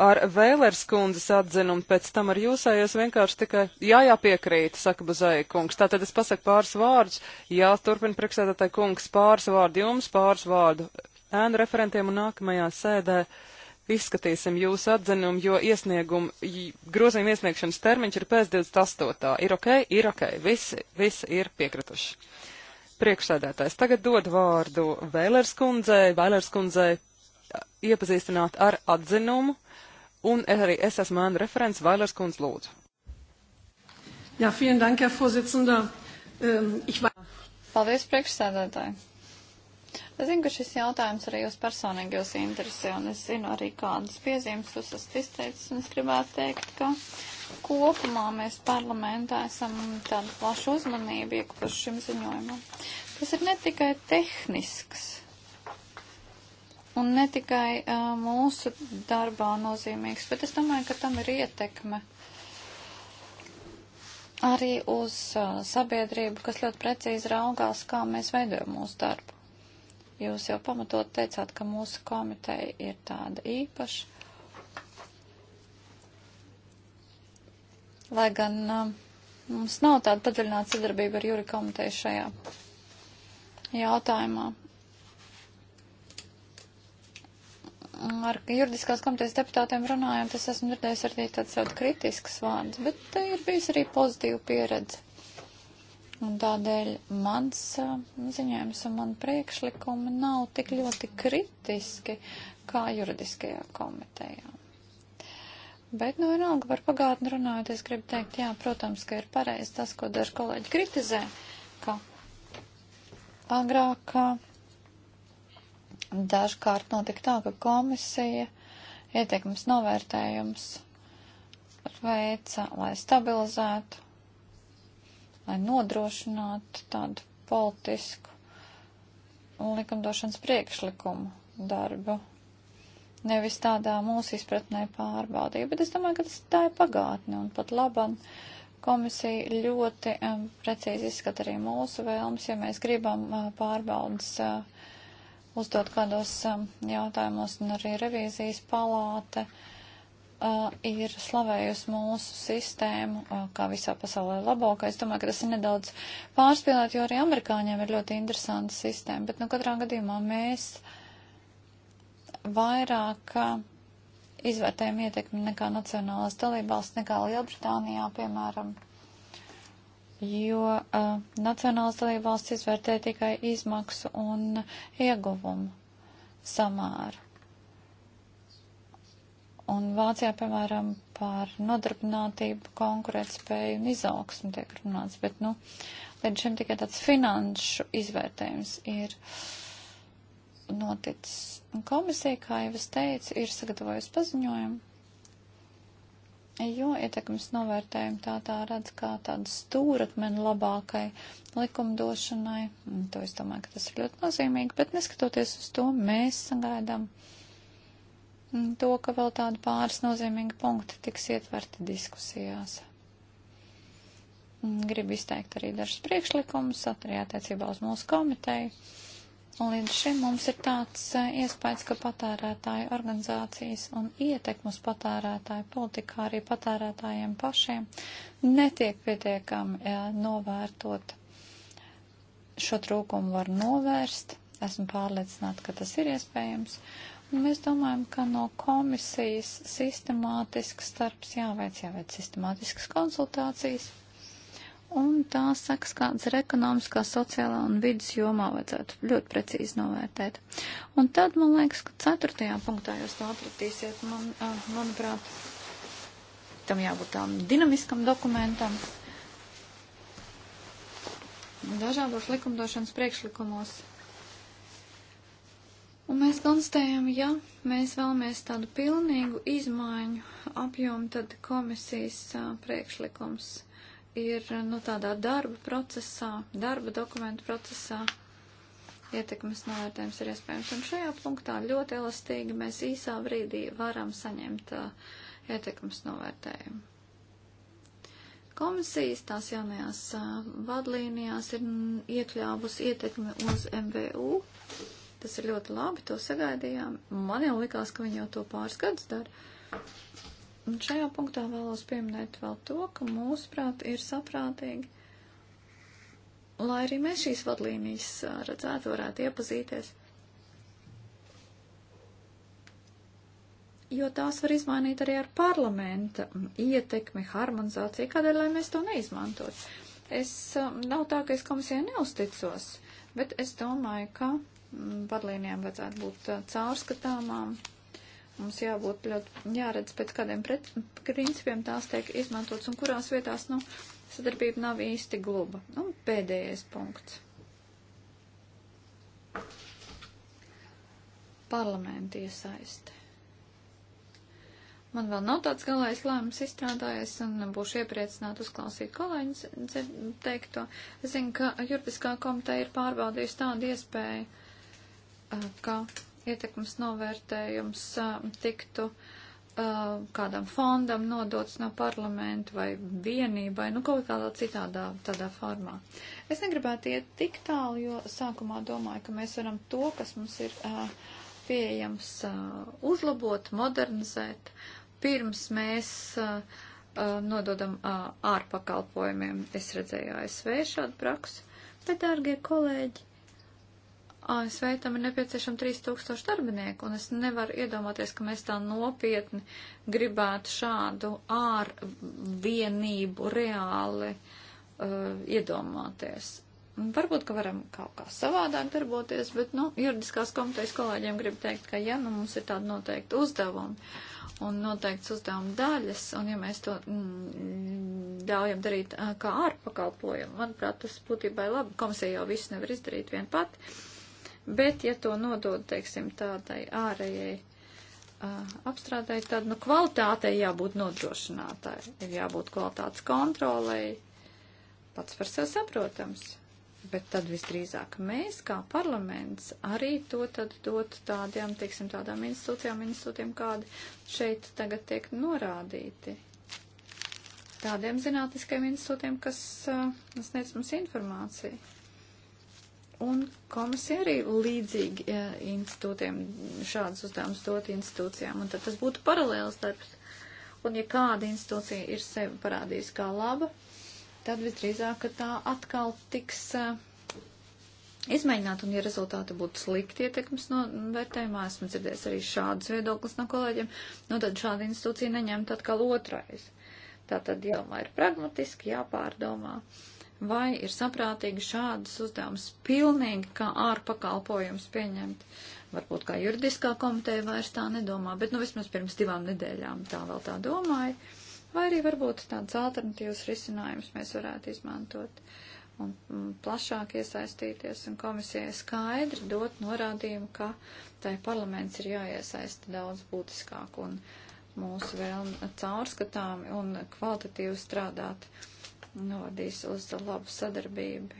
Ar Vēlers kundzes atzinumu pēc tam ar jūsējos vienkārši tikai jā, jā piekrīt, saka Bazēja kungs. Tātad es pasaku pāris vārdus. Jā, turpina priekšsēdētāja kungs pāris vārdu jums, pāris vārdu ēnu referentiem un nākamajā sēdē izskatīsim jūsu atzinumu, jo iesniegumu, grozījuma iesniegšanas termiņš ir pēc 28. Ir ok, ir ok, visi, visi ir piekrituši. Priekšsēdētājs tagad dod vārdu Vēlers kundzei, Vēlers kundzei iepazīstināt ar atzinumu, un arī es esmu Anna referents, Vēlers kundz lūdzu. Jā, ja, vielen dank, Herr Vorsitzender. Um, ich... Paldies, priekšsēdētāji. Es zinu, ka šis jautājums arī jūs personīgi jūs interesē, un es zinu arī, kādas piezīmes jūs esat izteicis, un es gribētu teikt, ka kopumā mēs parlamentā esam tādu plašu uzmanību iekupuši šim ziņojumam. Tas ir ne tikai tehnisks, un ne tikai uh, mūsu darbā nozīmīgs, bet es domāju, ka tam ir ietekme arī uz uh, sabiedrību, kas ļoti precīzi raugās, kā mēs veidojam mūsu darbu. Jūs jau pamatot teicāt, ka mūsu komiteja ir tāda īpaša. Lai gan uh, mums nav tāda padziļināta sadarbība ar jūri komiteju šajā jautājumā. ar juridiskās komitejas deputātiem runājot, es esmu dzirdējis arī tāds ļoti kritisks vārds, bet te ir bijis arī pozitīva pieredze. Un tādēļ mans ziņojums un man priekšlikumi nav tik ļoti kritiski kā juridiskajā komitejā. Bet, nu, vienalga par pagātni runājot, es gribu teikt, jā, protams, ka ir pareizi tas, ko daži kolēģi kritizē, ka agrāk dažkārt notika tā, ka komisija ietekmes novērtējums veica, lai stabilizētu lai nodrošinātu tādu politisku likumdošanas priekšlikumu darbu. Nevis tādā mūsu izpratnē pārbaudīja, bet es domāju, ka tas tā ir pagātne un pat laban. Komisija ļoti um, precīzi izskata arī mūsu vēlmes, ja mēs gribam uh, pārbaudas uh, uzdot kādos um, jautājumos, un arī revīzijas palāte uh, uh, ir slavējusi mūsu sistēmu, uh, kā visā pasaulē labāko. Es domāju, ka tas ir nedaudz pārspīlēt, jo arī amerikāņiem ir ļoti interesanta sistēma, bet nu katrā gadījumā mēs vairāk uh, izvērtējam ietekmi nekā nacionālās dalībvalsts, nekā Lielbritānijā, piemēram, jo uh, nacionālās dalībvalsts izvērtē tikai izmaksu un ieguvumu samāru Un Vācijā, piemēram, par nodarbinātību, konkurētspēju un izaugsmu tiek runāts, bet, nu, līdz šim tikai tāds finanšu izvērtējums ir noticis. Un komisija, kā jau es teicu, ir sagatavojusi paziņojumu, jo ietekmes novērtējumu tā tā redz kā tādu stūrakmeni labākai likumdošanai. Un to es domāju, ka tas ir ļoti nozīmīgi, bet neskatoties uz to, mēs sagaidām. Uh, to, ka vēl tādi pāris nozīmīgi punkti tiks ietverti diskusijās. Gribu izteikt arī dažus priekšlikumus, arī attiecībā uz mūsu komiteju. Un līdz šim mums ir tāds eh, iespējas, ka patērētāju organizācijas un ietekmus patērētāju politikā arī patērētājiem pašiem netiek pietiekami jā, eh, novērtot. Šo trūkumu var novērst. Esmu pārliecināta, ka tas ir iespējams. Nu, mēs domājam, ka no komisijas sistemātisks starps jāveic, jāveic sistemātiskas konsultācijas. Un tā saks, kādas ir ekonomiskā, sociālā un vidas jomā vajadzētu ļoti precīzi novērtēt. Un tad, man liekas, ka ceturtajā punktā jūs to apratīsiet, man, manuprāt, tam jābūt tām dinamiskam dokumentam. Dažādos likumdošanas priekšlikumos Un mēs konstatējam, ja mēs vēlamies tādu pilnīgu izmaiņu apjomu, tad komisijas priekšlikums ir nu, tādā darba procesā, darba dokumentu procesā. Ietekmes novērtējums ir iespējams. Un šajā punktā ļoti elastīgi mēs īsā brīdī varam saņemt uh, ietekmes novērtējumu. Komisijas tās jaunajās uh, vadlīnijās ir iekļāvusi ietekme uz MVU. Uh, Tas ir ļoti labi, to sagaidījām. Man jau likās, ka viņi jau to pāris gadus dara. Un šajā punktā vēlos pieminēt vēl to, ka mūsuprāt ir saprātīgi, lai arī mēs šīs vadlīnijas redzētu, varētu iepazīties. Jo tās var izmainīt arī ar parlamenta ietekmi, harmonizāciju, kādēļ, lai mēs to neizmantot. Es, nav tā, ka es komisijai neusticos, bet es domāju, ka vadlīnijām vajadzētu būt uh, caurskatāmām. Mums jābūt ļoti jāredz, pēc kādiem pret, principiem tās tiek izmantotas un kurās vietās, nu, sadarbība nav īsti gluba. Un nu, pēdējais punkts. Parlamenta iesaisti. Man vēl nav tāds galais lēmums izstrādājies un būšu iepriecināta uzklausīt kolēģis teikto. Zinu, ka juridiskā komiteja ir pārbaudījusi tādu iespēju ka ietekmes novērtējums tiktu kādam fondam nodots no parlamenta vai vienībai, nu kaut kādā citādā tādā formā. Es negribētu iet tik tālu, jo sākumā domāju, ka mēs varam to, kas mums ir pieejams, uzlabot, modernizēt, pirms mēs nododam ārpakalpojumiem. Es redzēju ASV šādu praksu, bet, dārgie kolēģi, ASV tam ir nepieciešama 3000 darbinieku, un es nevaru iedomāties, ka mēs tā nopietni gribētu šādu ārvienību reāli uh, iedomāties. Varbūt, ka varam kaut kā savādāk darboties, bet, nu, juridiskās komitejas kolēģiem gribu teikt, ka, ja, nu, mums ir tāda noteikta uzdevuma un noteikts uzdevuma daļas, un ja mēs to mm, ļaujam darīt uh, kā ārpakalpojumu, manuprāt, tas būtībā ir labi. Komisija jau visu nevar izdarīt vien pati Bet, ja to nodod, teiksim, tādai ārējai uh, apstrādai, tad, nu, kvalitātei jābūt nodrošinātāji, ir jābūt kvalitātes kontrolei, pats par sevi saprotams. Bet tad visdrīzāk mēs, kā parlaments, arī to tad dot tādiem, teiksim, tādām institūcijām, institūtiem, kādi šeit tagad tiek norādīti. Tādiem zinātniskiem institūtiem, kas uh, sniedz mums informāciju. Un komisija arī līdzīgi ja, institūtiem šādas uzdevumus dot institūcijām, un tad tas būtu paralēls darbs. Un ja kāda institūcija ir sevi parādījusi kā laba, tad visdrīzāk, ka tā atkal tiks uh, izmēģināt, un ja rezultāti būtu slikti ietekmes novērtējumā, esmu dzirdējis arī šādus viedokļus no kolēģiem, nu tad šāda institūcija neņemt atkal otrais. Tātad jāmā ir pragmatiski, jāpārdomā, vai ir saprātīgi šādas uzdevumus pilnīgi kā ārpakalpojums pieņemt. Varbūt kā juridiskā komiteja vairs tā nedomā, bet nu vismaz pirms divām nedēļām tā vēl tā domāja. Vai arī varbūt tāds alternatīvs risinājums mēs varētu izmantot un mm, plašāk iesaistīties un komisijai skaidri dot norādījumu, ka tai parlaments ir jāiesaista daudz būtiskāk un mūsu vēlme caurskatāmi un kvalitatīvi strādāt. Uh, novadīs uz labu sadarbību,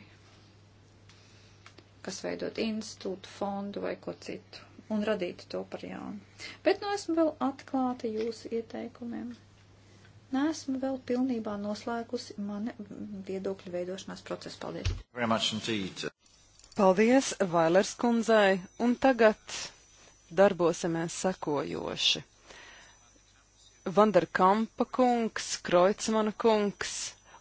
kas veidot institūtu, fondu vai ko citu, un radītu to par jaunu. Bet nu esmu vēl atklāta jūsu ieteikumiem. Nesmu vēl pilnībā noslēgusi mani viedokļu veidošanās procesu. Paldies! Paldies Vailers kundzai, un tagad darbosimies sekojoši. Vanderkampa kungs, Kreutzmana kungs,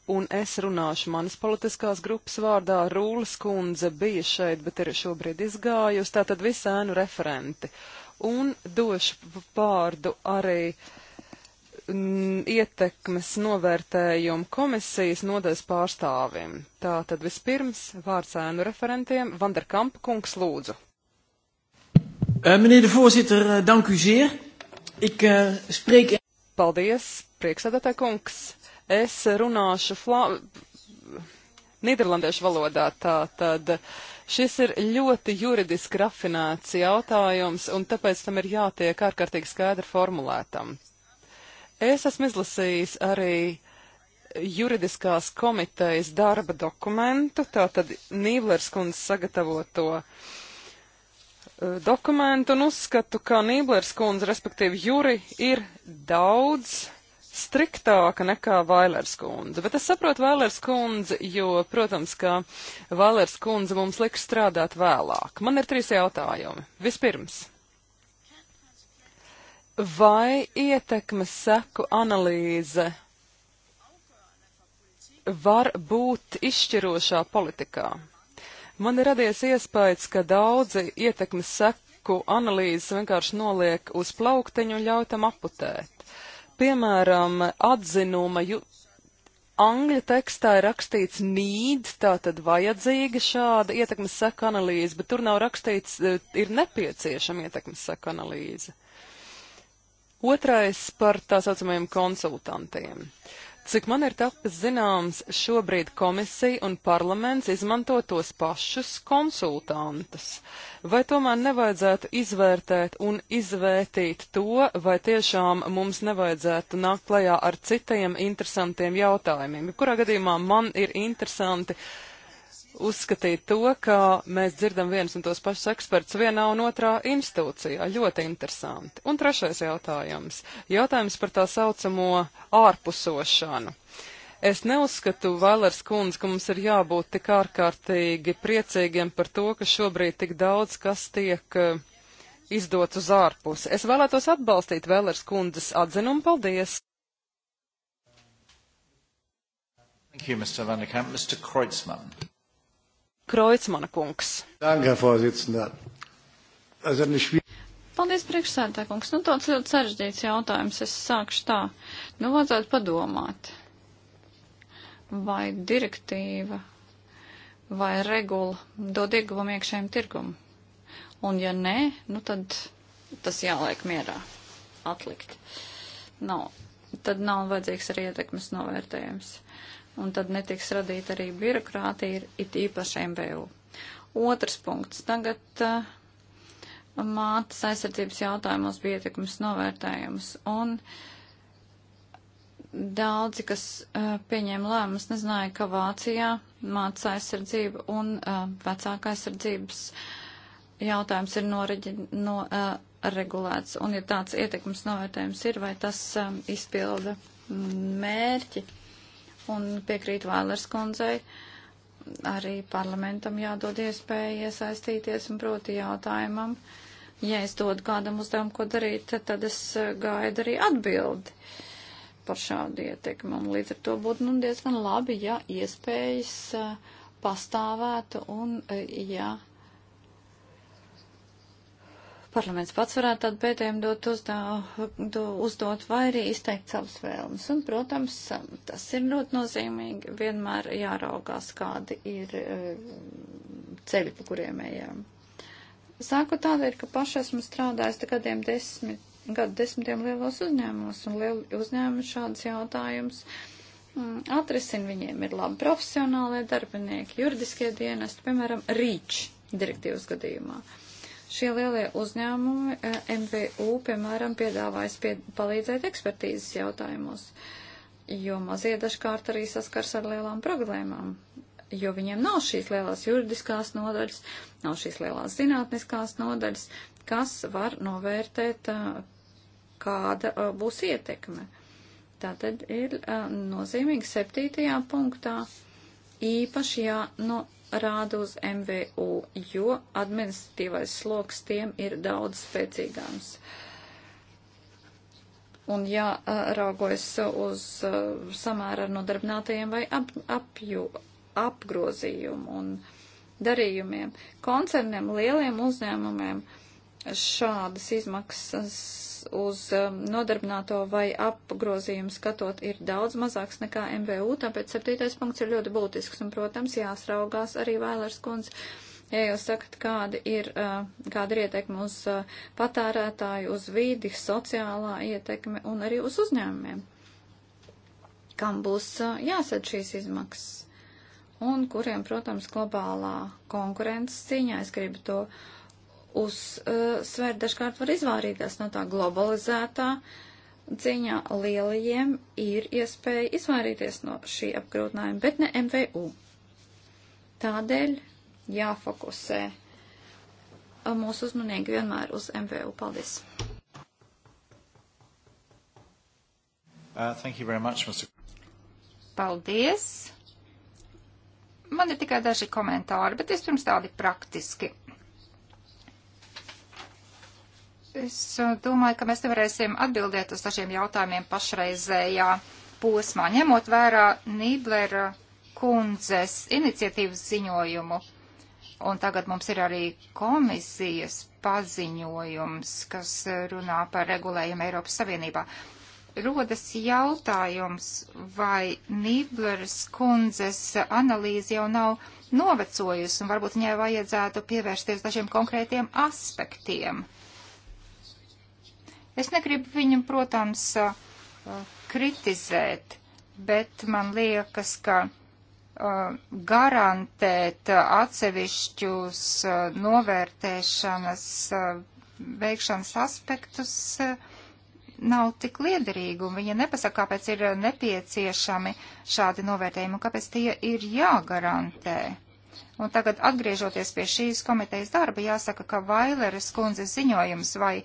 un es runāšu manas politiskās grupas vārdā. Rūlas kundze bija šeit, bet ir šobrīd izgājusi, tātad visi ēnu referenti. Un došu pārdu arī mm, ietekmes novērtējumu komisijas nodaļas pārstāvim. Tātad vispirms vārds ēnu referentiem Vanderkampa kungs lūdzu. Eh, meneer de voorzitter, eh, dank u zeer. Ik uh, spreek. Paldies, priekšsēdētāj kungs. Es runāšu flā... Nīderlandiešu valodā tā tad. Šis ir ļoti juridiski rafinēts jautājums, un tāpēc tam ir jātiek ārkārtīgi skaidri formulētam. Es esmu izlasījis arī juridiskās komitejas darba dokumentu, tātad Nīblers kundze sagatavoto uh, eh, dokumentu un uzskatu, ka Nīblers kundze, respektīvi Juri, ir daudz striktāka nekā Vailers kundze. Bet es saprotu Vailers kundzi, jo, protams, ka Vailers kundze mums liks strādāt vēlāk. Man ir trīs jautājumi. Vispirms. Vai ietekmes seku analīze var būt izšķirošā politikā? Man ir radies iespējas, ka daudzi ietekmes seku analīzes vienkārši noliek uz plaukteņu un ļauj tam aputēt piemēram, atzinuma ju... angļu tekstā ir rakstīts need, tā tad vajadzīga šāda ietekmes seka analīze, bet tur nav rakstīts, e, ir nepieciešama ietekmes seka analīze. Otrais par tā saucamajiem konsultantiem. Cik man ir tapis zināms, šobrīd komisija un parlaments izmanto tos pašus konsultantus. Vai tomēr nevajadzētu izvērtēt un izvērtīt to, vai tiešām mums nevajadzētu nākt klajā ar citiem interesantiem jautājumiem? Kurā gadījumā man ir interesanti uh, uzskatīt to, ka mēs dzirdam viens un tos pašus eksperts vienā un otrā institūcijā. Ļoti interesanti. Un trešais jautājums. Jautājums par tā saucamo ārpusošanu. Es neuzskatu, Vailers kundz, ka mums ir jābūt tik ārkārtīgi priecīgiem par to, ka šobrīd tik daudz kas tiek eh, izdots uz ārpusi. Es vēlētos atbalstīt Vailers kundzes atzinumu. Paldies! Thank you, Mr. Van de Kamp. Mr. Kreutzmann. Kreutzmana kungs. Paldies, priekšsēdētāj kungs. Nu, tāds ļoti sarežģīts jautājums. Es sākšu tā. Nu, vajadzētu padomāt, vai direktīva vai regula dod ieguvumu iekšējiem tirgumu. Un ja nē, nu tad tas jāliek mierā. Atlikt. Nav. Tad nav vajadzīgs arī ietekmes novērtējums. Uh, un tad netiks radīta arī birokrātija, it īpaši MVU. Otrs punkts. Tagad uh, mātes aizsardzības jautājumos bija ietekmes novērtējums, un daudzi, kas uh, pieņēma lēmumus, nezināja, ka Vācijā mātes aizsardzība un uh, vecāka aizsardzības jautājums ir noreģi, no, uh, regulēts, un ja tāds ietekmes novērtējums ir, vai tas uh, izpilda mm, mērķi. Uh, un piekrīt Vēlers kundzei. Arī parlamentam jādod iespēja iesaistīties un proti jautājumam. Ja es dodu kādam uzdevumu, ko darīt, tad es eh, gaidu arī atbildi par šādu ietekmi. Un līdz ar to būtu nu, diezgan labi, ja iespējas eh, pastāvētu un eh, ja parlaments pats varētu tādu pētījumu dot uzdā, do, uzdot vai arī izteikt savas vēlmes. Un, protams, tas ir ļoti nozīmīgi. Vienmēr jāraugās, kādi ir eh, ceļi, pa kuriem ejam. Sāku tādēļ, ka paši esmu strādājis te gadiem desmit, gadu desmitiem lielos uzņēmumos, un lieli uzņēmumi šādus jautājumus mm, atrisina. Viņiem ir labi profesionālie darbinieki, juridiskie dienesti, piemēram, rīč direktīvas gadījumā. Uh, Šie lielie uzņēmumi, MVU, eh, piemēram, piedāvājas pie, palīdzēt ekspertīzes jautājumos, jo mazie dažkārt arī saskars ar lielām problēmām, jo viņiem nav šīs lielās juridiskās nodaļas, nav šīs lielās zinātniskās nodaļas, kas var novērtēt, eh, kāda eh, būs ietekme. Tātad ir nozīmīgi septītajā punktā īpaši jāno. Nu, ja, rāda uz MVU, jo administratīvais sloks tiem ir daudz spēcīgāms. Un jāraugojas uz uh, samērā ar nodarbinātajiem vai ap, apju, apgrozījumu un darījumiem. Koncerniem, lieliem uzņēmumiem uh, šādas izmaksas uz um, nodarbināto vai apgrozījumu skatot ir daudz mazāks nekā MVU, tāpēc septītais punkts ir ļoti būtisks un, protams, jāsraugās arī Vailers kundze. Ja jūs sakat, uh, kāda ir, kāda ir ietekme uz uh, patērētāju, uz vīdi, sociālā ietekme un arī uz uzņēmumiem, kam būs uh, jāsad šīs izmaksas un kuriem, protams, globālā konkurences cīņā, es gribu to uh, uzsver, eh, dažkārt var izvairīties no tā globalizētā cīņā. Lielajiem ir iespēja izvairīties no šī apgrūtinājuma, bet ne MVU. Tādēļ jāfokusē eh, mūsu uzmanīgi vienmēr uz MVU. Paldies! Uh, thank you very much, Mr. Paldies! Man ir tikai daži komentāri, bet vispirms tādi praktiski. Es uh, domāju, ka mēs nevarēsim atbildēt uz dažiem jautājumiem pašreizējā posmā, ņemot vērā Nīblera kundzes iniciatīvas ziņojumu. Un tagad mums ir arī komisijas paziņojums, kas runā par regulējumu Eiropas Savienībā. Rodas jautājums, vai Nīblers kundzes analīze jau nav novecojusi un varbūt viņai vajadzētu pievērsties dažiem konkrētiem aspektiem. Uh, Es negribu viņu, protams, kritizēt, bet man liekas, ka garantēt atsevišķus novērtēšanas veikšanas aspektus nav tik liederīgi, un viņa nepasaka, kāpēc ir nepieciešami šādi novērtējumi, un kāpēc tie ir jāgarantē. Un tagad, atgriežoties pie šīs komitejas darba, jāsaka, ka Vaileres kundzes ziņojums vai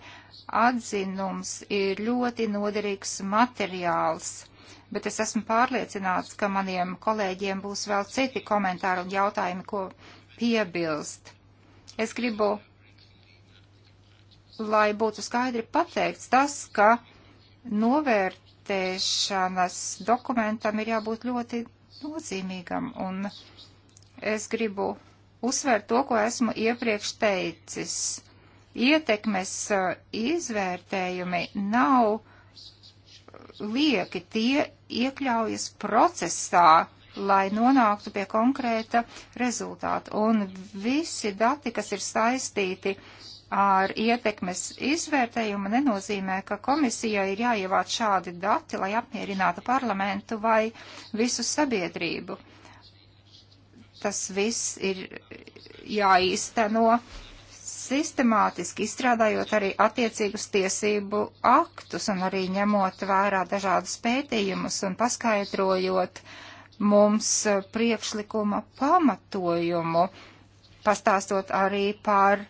atzinums ir ļoti noderīgs materiāls bet es esmu pārliecināts, ka maniem kolēģiem būs vēl citi komentāri un jautājumi, ko piebilst. Es gribu, lai būtu skaidri pateikts tas, ka novērtēšanas dokumentam ir jābūt ļoti nozīmīgam un es gribu uzsvērt to, ko esmu iepriekš teicis. Ietekmes uh, izvērtējumi nav lieki, tie iekļaujas procesā, lai nonāktu pie konkrēta rezultāta. Un visi dati, kas ir saistīti ar ietekmes izvērtējumu, nenozīmē, ka komisijai ir jāievāc šādi dati, lai apmierinātu parlamentu vai visu sabiedrību tas viss ir jāīsteno sistemātiski izstrādājot arī attiecīgus tiesību aktus un arī ņemot vērā dažādus pētījumus un paskaidrojot mums priekšlikuma pamatojumu, pastāstot arī par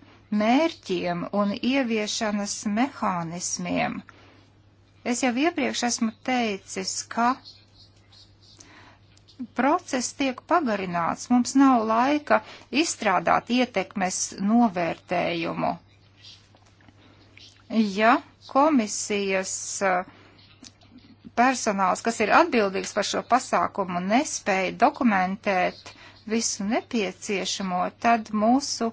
mērķiem un ieviešanas mehānismiem. Es jau iepriekš esmu teicis, ka process tiek pagarināts. Mums nav laika izstrādāt ietekmes novērtējumu. Ja komisijas eh, personāls, kas ir atbildīgs par šo pasākumu, nespēja dokumentēt visu nepieciešamo, tad mūsu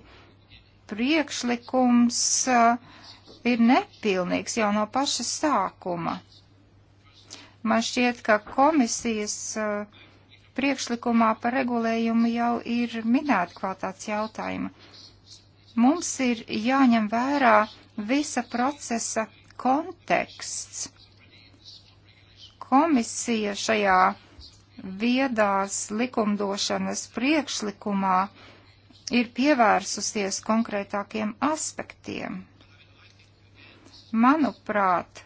priekšlikums eh, ir nepilnīgs jau no paša sākuma. Man šķiet, ka komisijas uh, priekšlikumā par regulējumu jau ir minēta kvalitātes jautājuma. Mums ir jāņem vērā visa procesa konteksts. Komisija šajā viedās likumdošanas priekšlikumā ir pievērsusies konkrētākiem aspektiem. Manuprāt,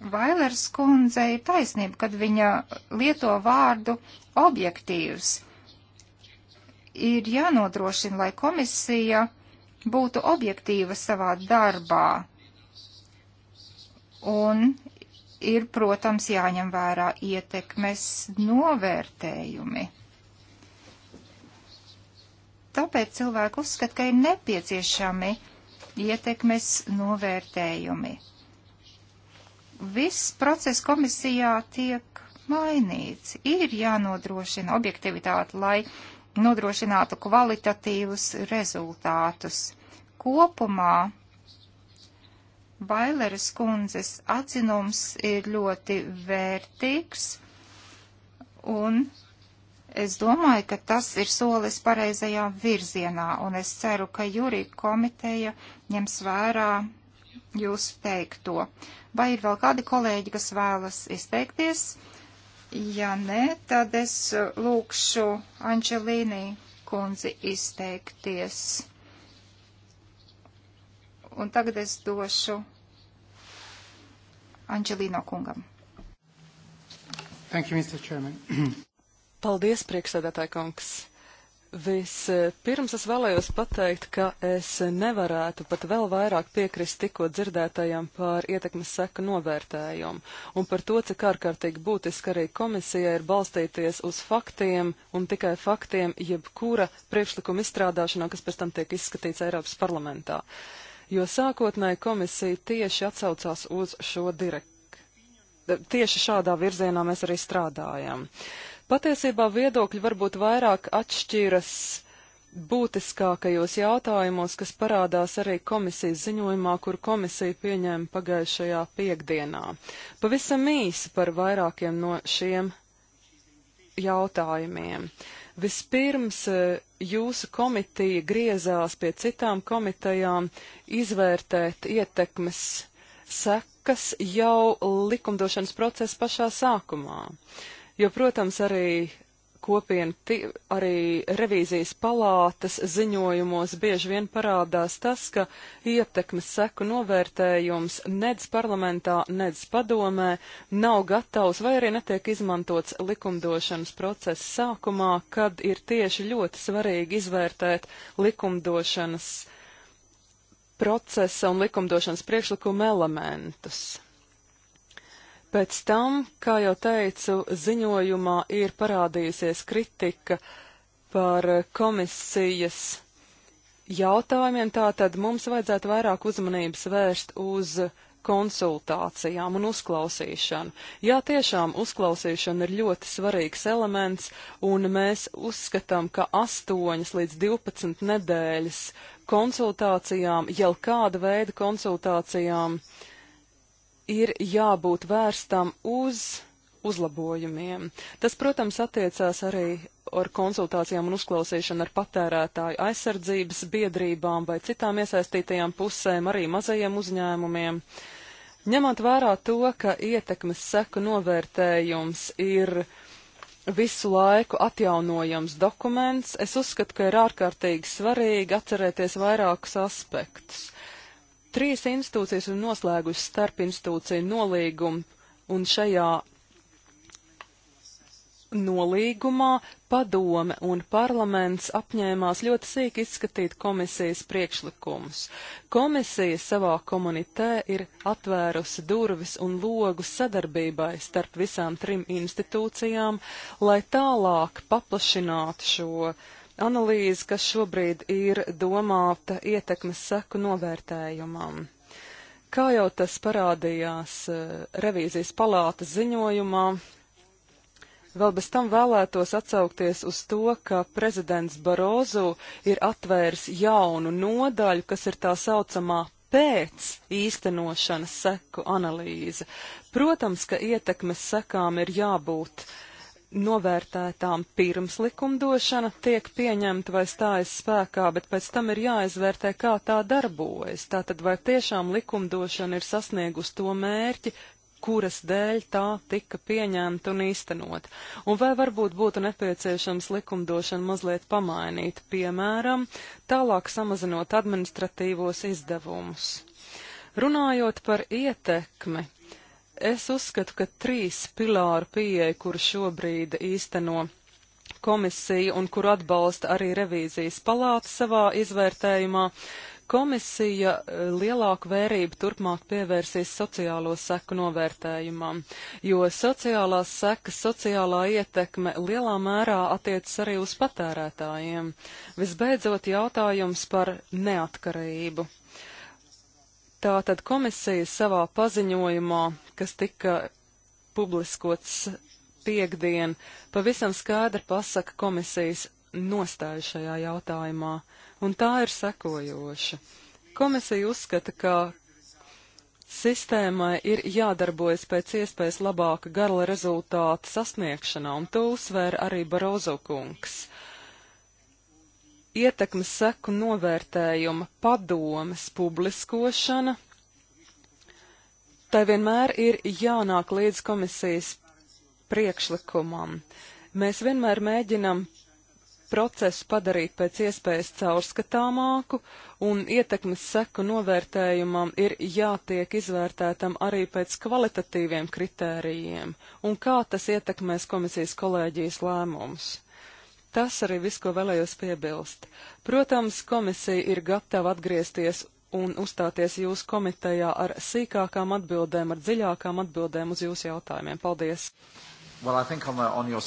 Vailers kundze ir taisnība, kad viņa lieto vārdu objektīvs. Ir jānodrošina, lai komisija būtu objektīva savā darbā. Un ir, protams, jāņem vērā ietekmes novērtējumi. Tāpēc cilvēki uzskata, ka ir nepieciešami ietekmes novērtējumi viss process komisijā tiek mainīts. Ir jānodrošina objektivitāte, lai nodrošinātu kvalitatīvus rezultātus. Kopumā Baileres kundzes atzinums ir ļoti vērtīgs, un es domāju, ka tas ir solis pareizajā virzienā, un es ceru, ka jūrī komiteja ņems vērā jūs teikto. Vai ir vēl kādi kolēģi, kas vēlas izteikties? Ja nē, tad es lūkšu Anģelīnī kundzi izteikties. Un tagad es došu Anģelīno kungam. Thank you, Mr. Chairman. Paldies, priekšsēdētāji kungs. Vispirms es vēlējos pateikt, ka es nevarētu pat vēl vairāk piekrist tikko dzirdētajam par ietekmes seku novērtējumu un par to, cik ārkārtīgi būtiski arī komisijai ir balstīties uz faktiem un tikai faktiem jebkura priekšlikuma izstrādāšanā, kas pēc tam tiek izskatīts Eiropas parlamentā. Jo sākotnēji komisija tieši atsaucās uz šo direktīvu. Tieši šādā virzienā mēs arī strādājam. Uh, Patiesībā viedokļi varbūt vairāk atšķiras būtiskākajos jautājumos, kas parādās arī komisijas ziņojumā, kur komisija pieņēma pagājušajā piekdienā. Pavisam īsi par vairākiem no šiem jautājumiem. Vispirms eh, jūsu komitija griezās pie citām komitejām izvērtēt ietekmes sekas jau likumdošanas procesa pašā sākumā. Uh, jo, protams, arī kopiena, arī revīzijas palātas ziņojumos bieži vien parādās tas, ka ietekmes seku novērtējums nedz parlamentā, nedz padomē nav gatavs vai arī netiek izmantots likumdošanas procesa sākumā, kad ir tieši ļoti svarīgi izvērtēt likumdošanas procesa un likumdošanas priekšlikuma elementus. Pēc tam, kā jau teicu, ziņojumā ir parādījusies kritika par komisijas jautājumiem, tātad mums vajadzētu vairāk uzmanības vērst uz konsultācijām un uzklausīšanu. Jā, tiešām uzklausīšana ir ļoti svarīgs elements, un mēs uzskatām, ka 8 līdz 12 nedēļas konsultācijām, jau kāda veida konsultācijām, uh, ir jābūt vērstam uz uzlabojumiem. Tas, protams, attiecās arī ar konsultācijām un uzklausīšanu ar patērētāju aizsardzības biedrībām vai citām iesaistītajām pusēm, arī mazajiem uzņēmumiem. Ņemot vērā to, ka ietekmes seku novērtējums ir visu laiku atjaunojams dokuments, es uzskatu, ka ir ārkārtīgi svarīgi atcerēties vairākus aspektus. Trīs institūcijas ir noslēgusi starp institūciju nolīgumu, un šajā nolīgumā padome un parlaments apņēmās ļoti sīk izskatīt komisijas priekšlikumus. Komisija savā komunitē ir atvērusi durvis un logu sadarbībai starp visām trim institūcijām, lai tālāk paplašinātu šo uh, analīze, kas šobrīd ir domāta ietekmes seku novērtējumam. Kā jau tas parādījās eh, revīzijas palātas ziņojumā, vēl bez tam vēlētos atsaukties uz to, ka prezidents Barozu ir atvērs jaunu nodaļu, kas ir tā saucamā pēc īstenošanas seku analīze. Protams, ka ietekmes sekām ir jābūt uh, novērtētām pirms likumdošana tiek pieņemta vai stājas spēkā, bet pēc tam ir jāizvērtē, kā tā darbojas. Tātad vai tiešām likumdošana ir sasniegusi to mērķi, kuras dēļ tā tika pieņemta un īstenot. Un vai varbūt būtu nepieciešams likumdošanu mazliet pamainīt, piemēram, tālāk samazinot administratīvos izdevumus. Runājot par ietekmi, Es uzskatu, ka trīs pilāru pieeja, kur šobrīd īsteno komisija un kur atbalsta arī revīzijas palāta savā izvērtējumā, komisija eh, lielāku vērību turpmāk pievērsīs sociālo seku novērtējumam, jo sociālās sekas, sociālā ietekme lielā mērā attiecas arī uz patērētājiem. Visbeidzot, jautājums par neatkarību. Tātad komisija savā paziņojumā, kas tika publiskots piekdien, pavisam skaidri pasaka komisijas nostāju šajā jautājumā, un tā ir sekojoša. Komisija uzskata, ka sistēmai ir jādarbojas pēc iespējas labāka garla rezultāta sasniegšanā, un to uzsvēra arī Barozo kungs. Uh, ietekmes seku novērtējuma padomes publiskošana, tai vienmēr ir jānāk līdz komisijas priekšlikumam. Mēs vienmēr mēģinam procesu padarīt pēc iespējas caurskatāmāku, un ietekmes seku novērtējumam ir jātiek izvērtētam arī pēc kvalitatīviem kritērijiem, un kā tas ietekmēs komisijas kolēģijas lēmumus. Tas arī viss, ko vēlējos piebilst. Protams, komisija ir gatava atgriezties un uzstāties jūsu komitejā ar sīkākām atbildēm, ar dziļākām atbildēm uz jūsu jautājumiem. Paldies! Well, on the, on your...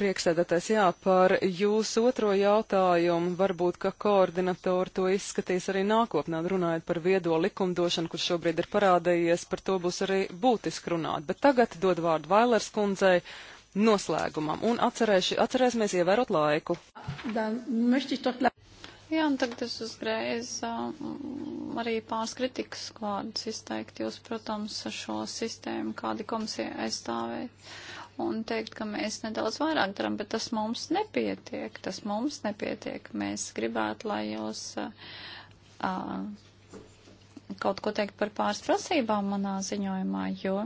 Prieksēdētais, jā, par jūsu otro jautājumu varbūt, ka koordinatori to izskatīs arī nākotnē, runājot par viedo likumdošanu, kur šobrīd ir parādījies, par to būs arī būtiski runāt. Bet tagad dod vārdu Vailers kundzei, noslēgumam un atcerēsimies ievērot laiku. Jā, un tagad es uzreiz arī pāris kritikas vārdus izteikt. Jūs, protams, šo sistēmu, kādi komisija aizstāvēt, un teikt, ka mēs nedaudz vairāk daram, bet tas mums nepietiek. Tas mums nepietiek. Mēs gribētu, lai jūs uh, kaut ko teikt par pāris prasībām manā ziņojumā, jo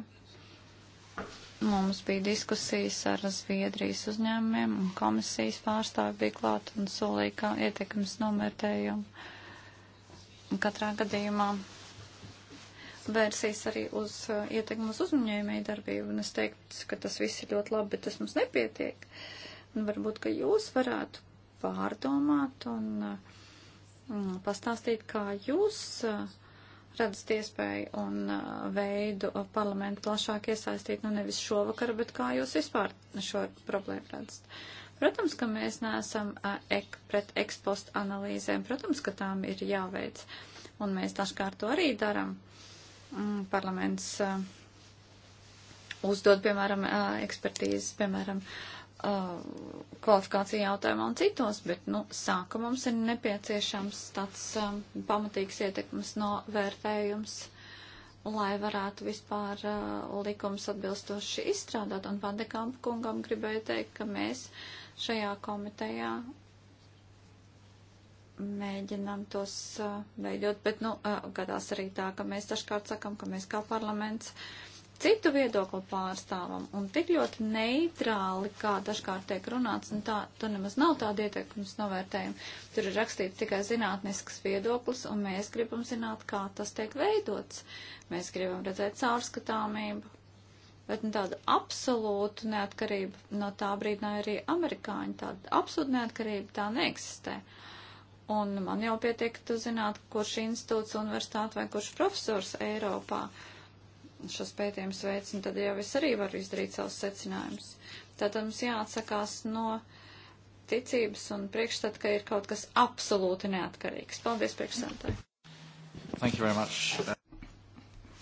Mums bija diskusijas ar Zviedrijas uzņēmumiem un komisijas pārstāvi bija klāt un solīja, kā ietekmes novērtējumu. Katrā gadījumā vērsīs arī uz uh, ietekmu uz uzņēmēju darbību. Un es teiktu, ka tas viss ir ļoti labi, bet tas mums nepietiek. Un varbūt, ka jūs varētu pārdomāt un, uh, un pastāstīt, kā jūs uh, redzat iespēju un uh, veidu parlamentu plašāk iesaistīt, nu nevis šovakar, bet kā jūs vispār šo problēmu redzat? Protams, ka mēs neesam uh, ek, pret ekspost analīzēm, protams, ka tām ir jāveic, un mēs dažkārt to arī daram. Mm, parlaments uh, uzdod, piemēram, ekspertīzes, piemēram, uh, uh, kvalifikācija jautājumā un citos, bet, nu, sāka mums ir nepieciešams tāds um, pamatīgs ietekmes novērtējums, lai varētu vispār uh, likums atbilstoši izstrādāt. Un Vandekampa kungam gribēju teikt, ka mēs šajā komitejā mēģinam tos uh, veidot, bet, nu, uh, gadās arī tā, ka mēs dažkārt sakam, ka mēs kā parlaments. Uh, citu viedokli pārstāvam un tik ļoti neitrāli, kā dažkārt tiek runāts, un tā, tur nemaz nav tāda ieteikums novērtējuma. Tur ir rakstīts tikai zinātnisks viedoklis, un mēs gribam zināt, kā tas tiek veidots. Mēs gribam redzēt caurskatāmību, bet nu, tāda absolūta neatkarība no tā brīdī nav arī amerikāņi. Tāda absolūta neatkarība tā neeksistē. Un man jau pietiek, tu zināt, kurš institūts, universitāte vai kurš profesors Eiropā. Uh, šos pētījumus veids, un tad jau es arī varu izdarīt savus secinājumus. Tātad mums jāatsakās no ticības un priekšstat, ka ir kaut kas absolūti neatkarīgs. Paldies priekšsētāji. Thank you very much.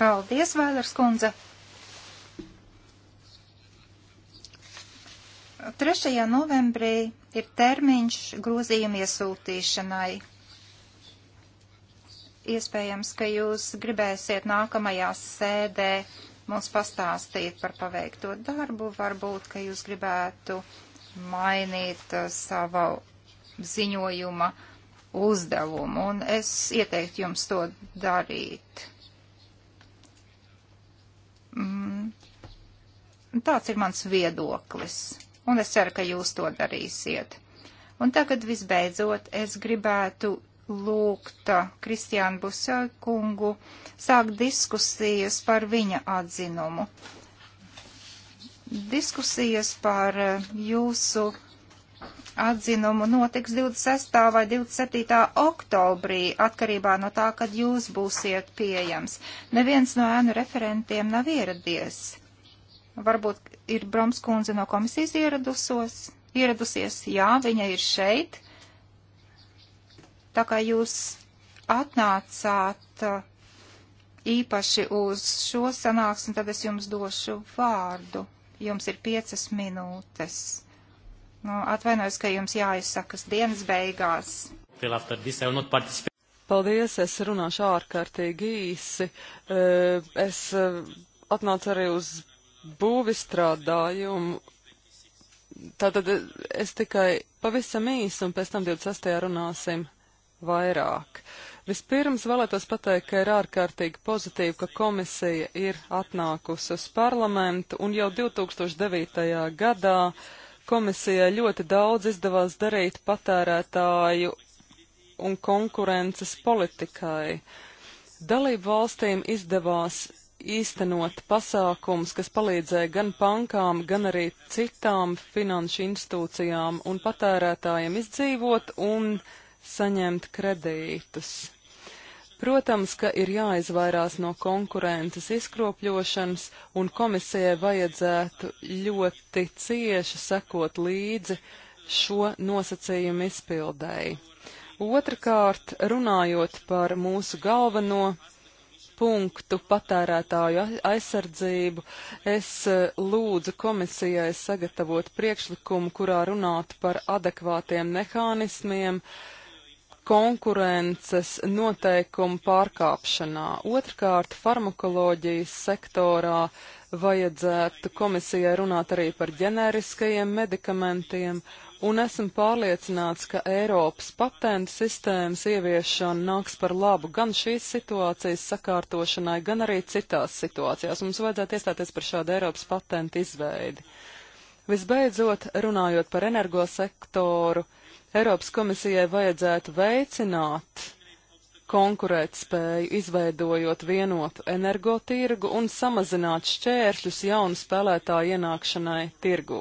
Paldies, Vailers kundze. 3. novembrī ir termiņš grozījuma iesūtīšanai. Iespējams, ka jūs gribēsiet nākamajā sēdē mums pastāstīt par paveikto darbu. Varbūt, ka jūs gribētu mainīt uh, savu ziņojuma uzdevumu, un es ieteiktu jums to darīt. Mm. Tāds ir mans viedoklis, un es ceru, ka jūs to darīsiet. Un tagad visbeidzot es gribētu lūgta Kristiānu Busekungu sākt diskusijas par viņa atzinumu. Diskusijas par eh, jūsu atzinumu notiks 26. vai 27. oktobrī, atkarībā no tā, kad jūs būsiet pieejams. Neviens no ēnu referentiem nav ieradies. Varbūt ir Broms kundze no komisijas ieradusos. Ieradusies, jā, viņa ir šeit. Tā kā jūs atnācāt uh, īpaši uz šo sanāksmi, tad es jums došu vārdu. Jums ir piecas minūtes. Nu, atvainojos, ka jums jāizsakas dienas beigās. Paldies, es runāšu ārkārtīgi īsi. E, es e, atnācu arī uz būvistrādājumu. Tātad e, es tikai pavisam īsi un pēc tam 26. runāsim vairāk. Vispirms vēlētos pateikt, ka ir ārkārtīgi pozitīvi, ka komisija ir atnākusi uz parlamentu un jau 2009. gadā komisijai ļoti daudz izdevās darīt patērētāju un konkurences politikai. Dalību valstīm izdevās īstenot pasākums, kas palīdzēja gan bankām, gan arī citām finanšu institūcijām un patērētājiem izdzīvot un izdzīvot saņemt kredītus. Protams, ka ir jāizvairās no konkurences izkropļošanas, un komisijai vajadzētu ļoti cieši sekot līdzi šo nosacījumu izpildēji. Otrakārt, runājot par mūsu galveno punktu patērētāju aizsardzību, es e, lūdzu komisijai sagatavot priekšlikumu, kurā runātu par adekvātiem mehānismiem, uh, konkurences noteikumu pārkāpšanā. Otrkārt, farmakoloģijas sektorā vajadzētu komisijai runāt arī par ģenēriskajiem medikamentiem, un esmu pārliecināts, ka Eiropas patentu sistēmas ieviešana nāks par labu gan šīs situācijas sakārtošanai, gan arī citās situācijās. Mums vajadzētu iestāties par šādu Eiropas patentu izveidi. Visbeidzot, runājot par energosektoru, sektoru, Eiropas komisijai vajadzētu veicināt konkurētspēju, izveidojot vienotu energotirgu un samazināt šķēršļus jaunu spēlētāju ienākšanai tirgū.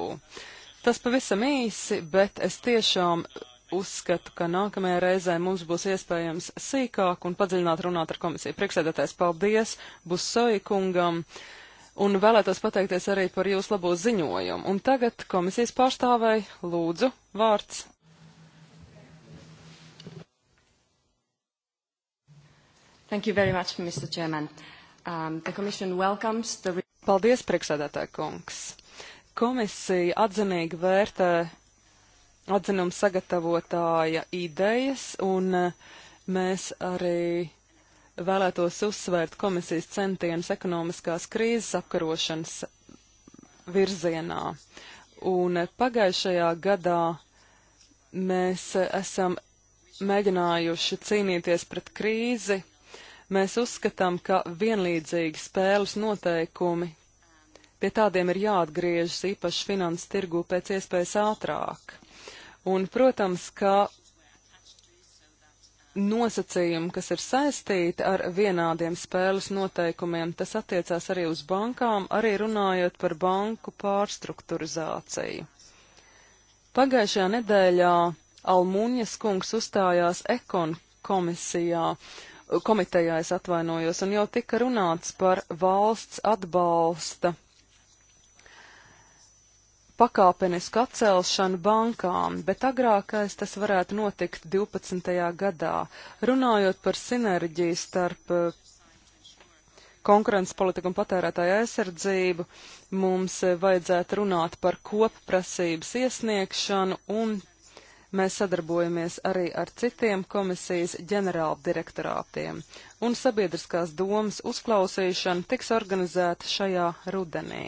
Tas pavisam īsi, bet es tiešām uzskatu, ka nākamajā reizē mums būs iespējams sīkāk un padziļināt runāt ar komisiju. Priekšsēdētājs paldies Busoji kungam un vēlētos pateikties arī par jūsu labo ziņojumu. Un tagad komisijas pārstāvēji lūdzu vārds Thank you very much, Mr. Chairman. Um, the Commission welcomes the... Paldies, priekšsēdētāja kungs. Komisija atzinīgi vērtē atzinuma sagatavotāja idejas, un uh, mēs arī vēlētos uzsvērt komisijas centienus ekonomiskās krīzes apkarošanas virzienā. Un uh, pagājušajā gadā mēs uh, esam mēģinājuši cīnīties pret krīzi Mēs uzskatām, ka vienlīdzīgi spēles noteikumi pie tādiem ir jāatgriežas īpaši finanses tirgū pēc iespējas ātrāk. Un, protams, ka nosacījumi, kas ir saistīti ar vienādiem spēles noteikumiem, tas attiecās arī uz bankām, arī runājot par banku pārstrukturizāciju. Pagājušajā nedēļā Almuņas kungs uzstājās Ekon komisijā, uh, komitejā es atvainojos, un jau tika runāts par valsts atbalsta pakāpenisku atcelšanu bankām, bet agrākais tas varētu notikt 12. gadā. Runājot par sinerģiju starp eh, konkurences politiku un patērētāju aizsardzību, mums eh, vajadzētu runāt par kopprasības iesniegšanu un Mēs sadarbojamies arī ar citiem komisijas ģenerāla direktorātiem, un sabiedriskās domas uzklausīšana tiks organizēta šajā rudenī.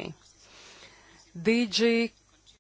DG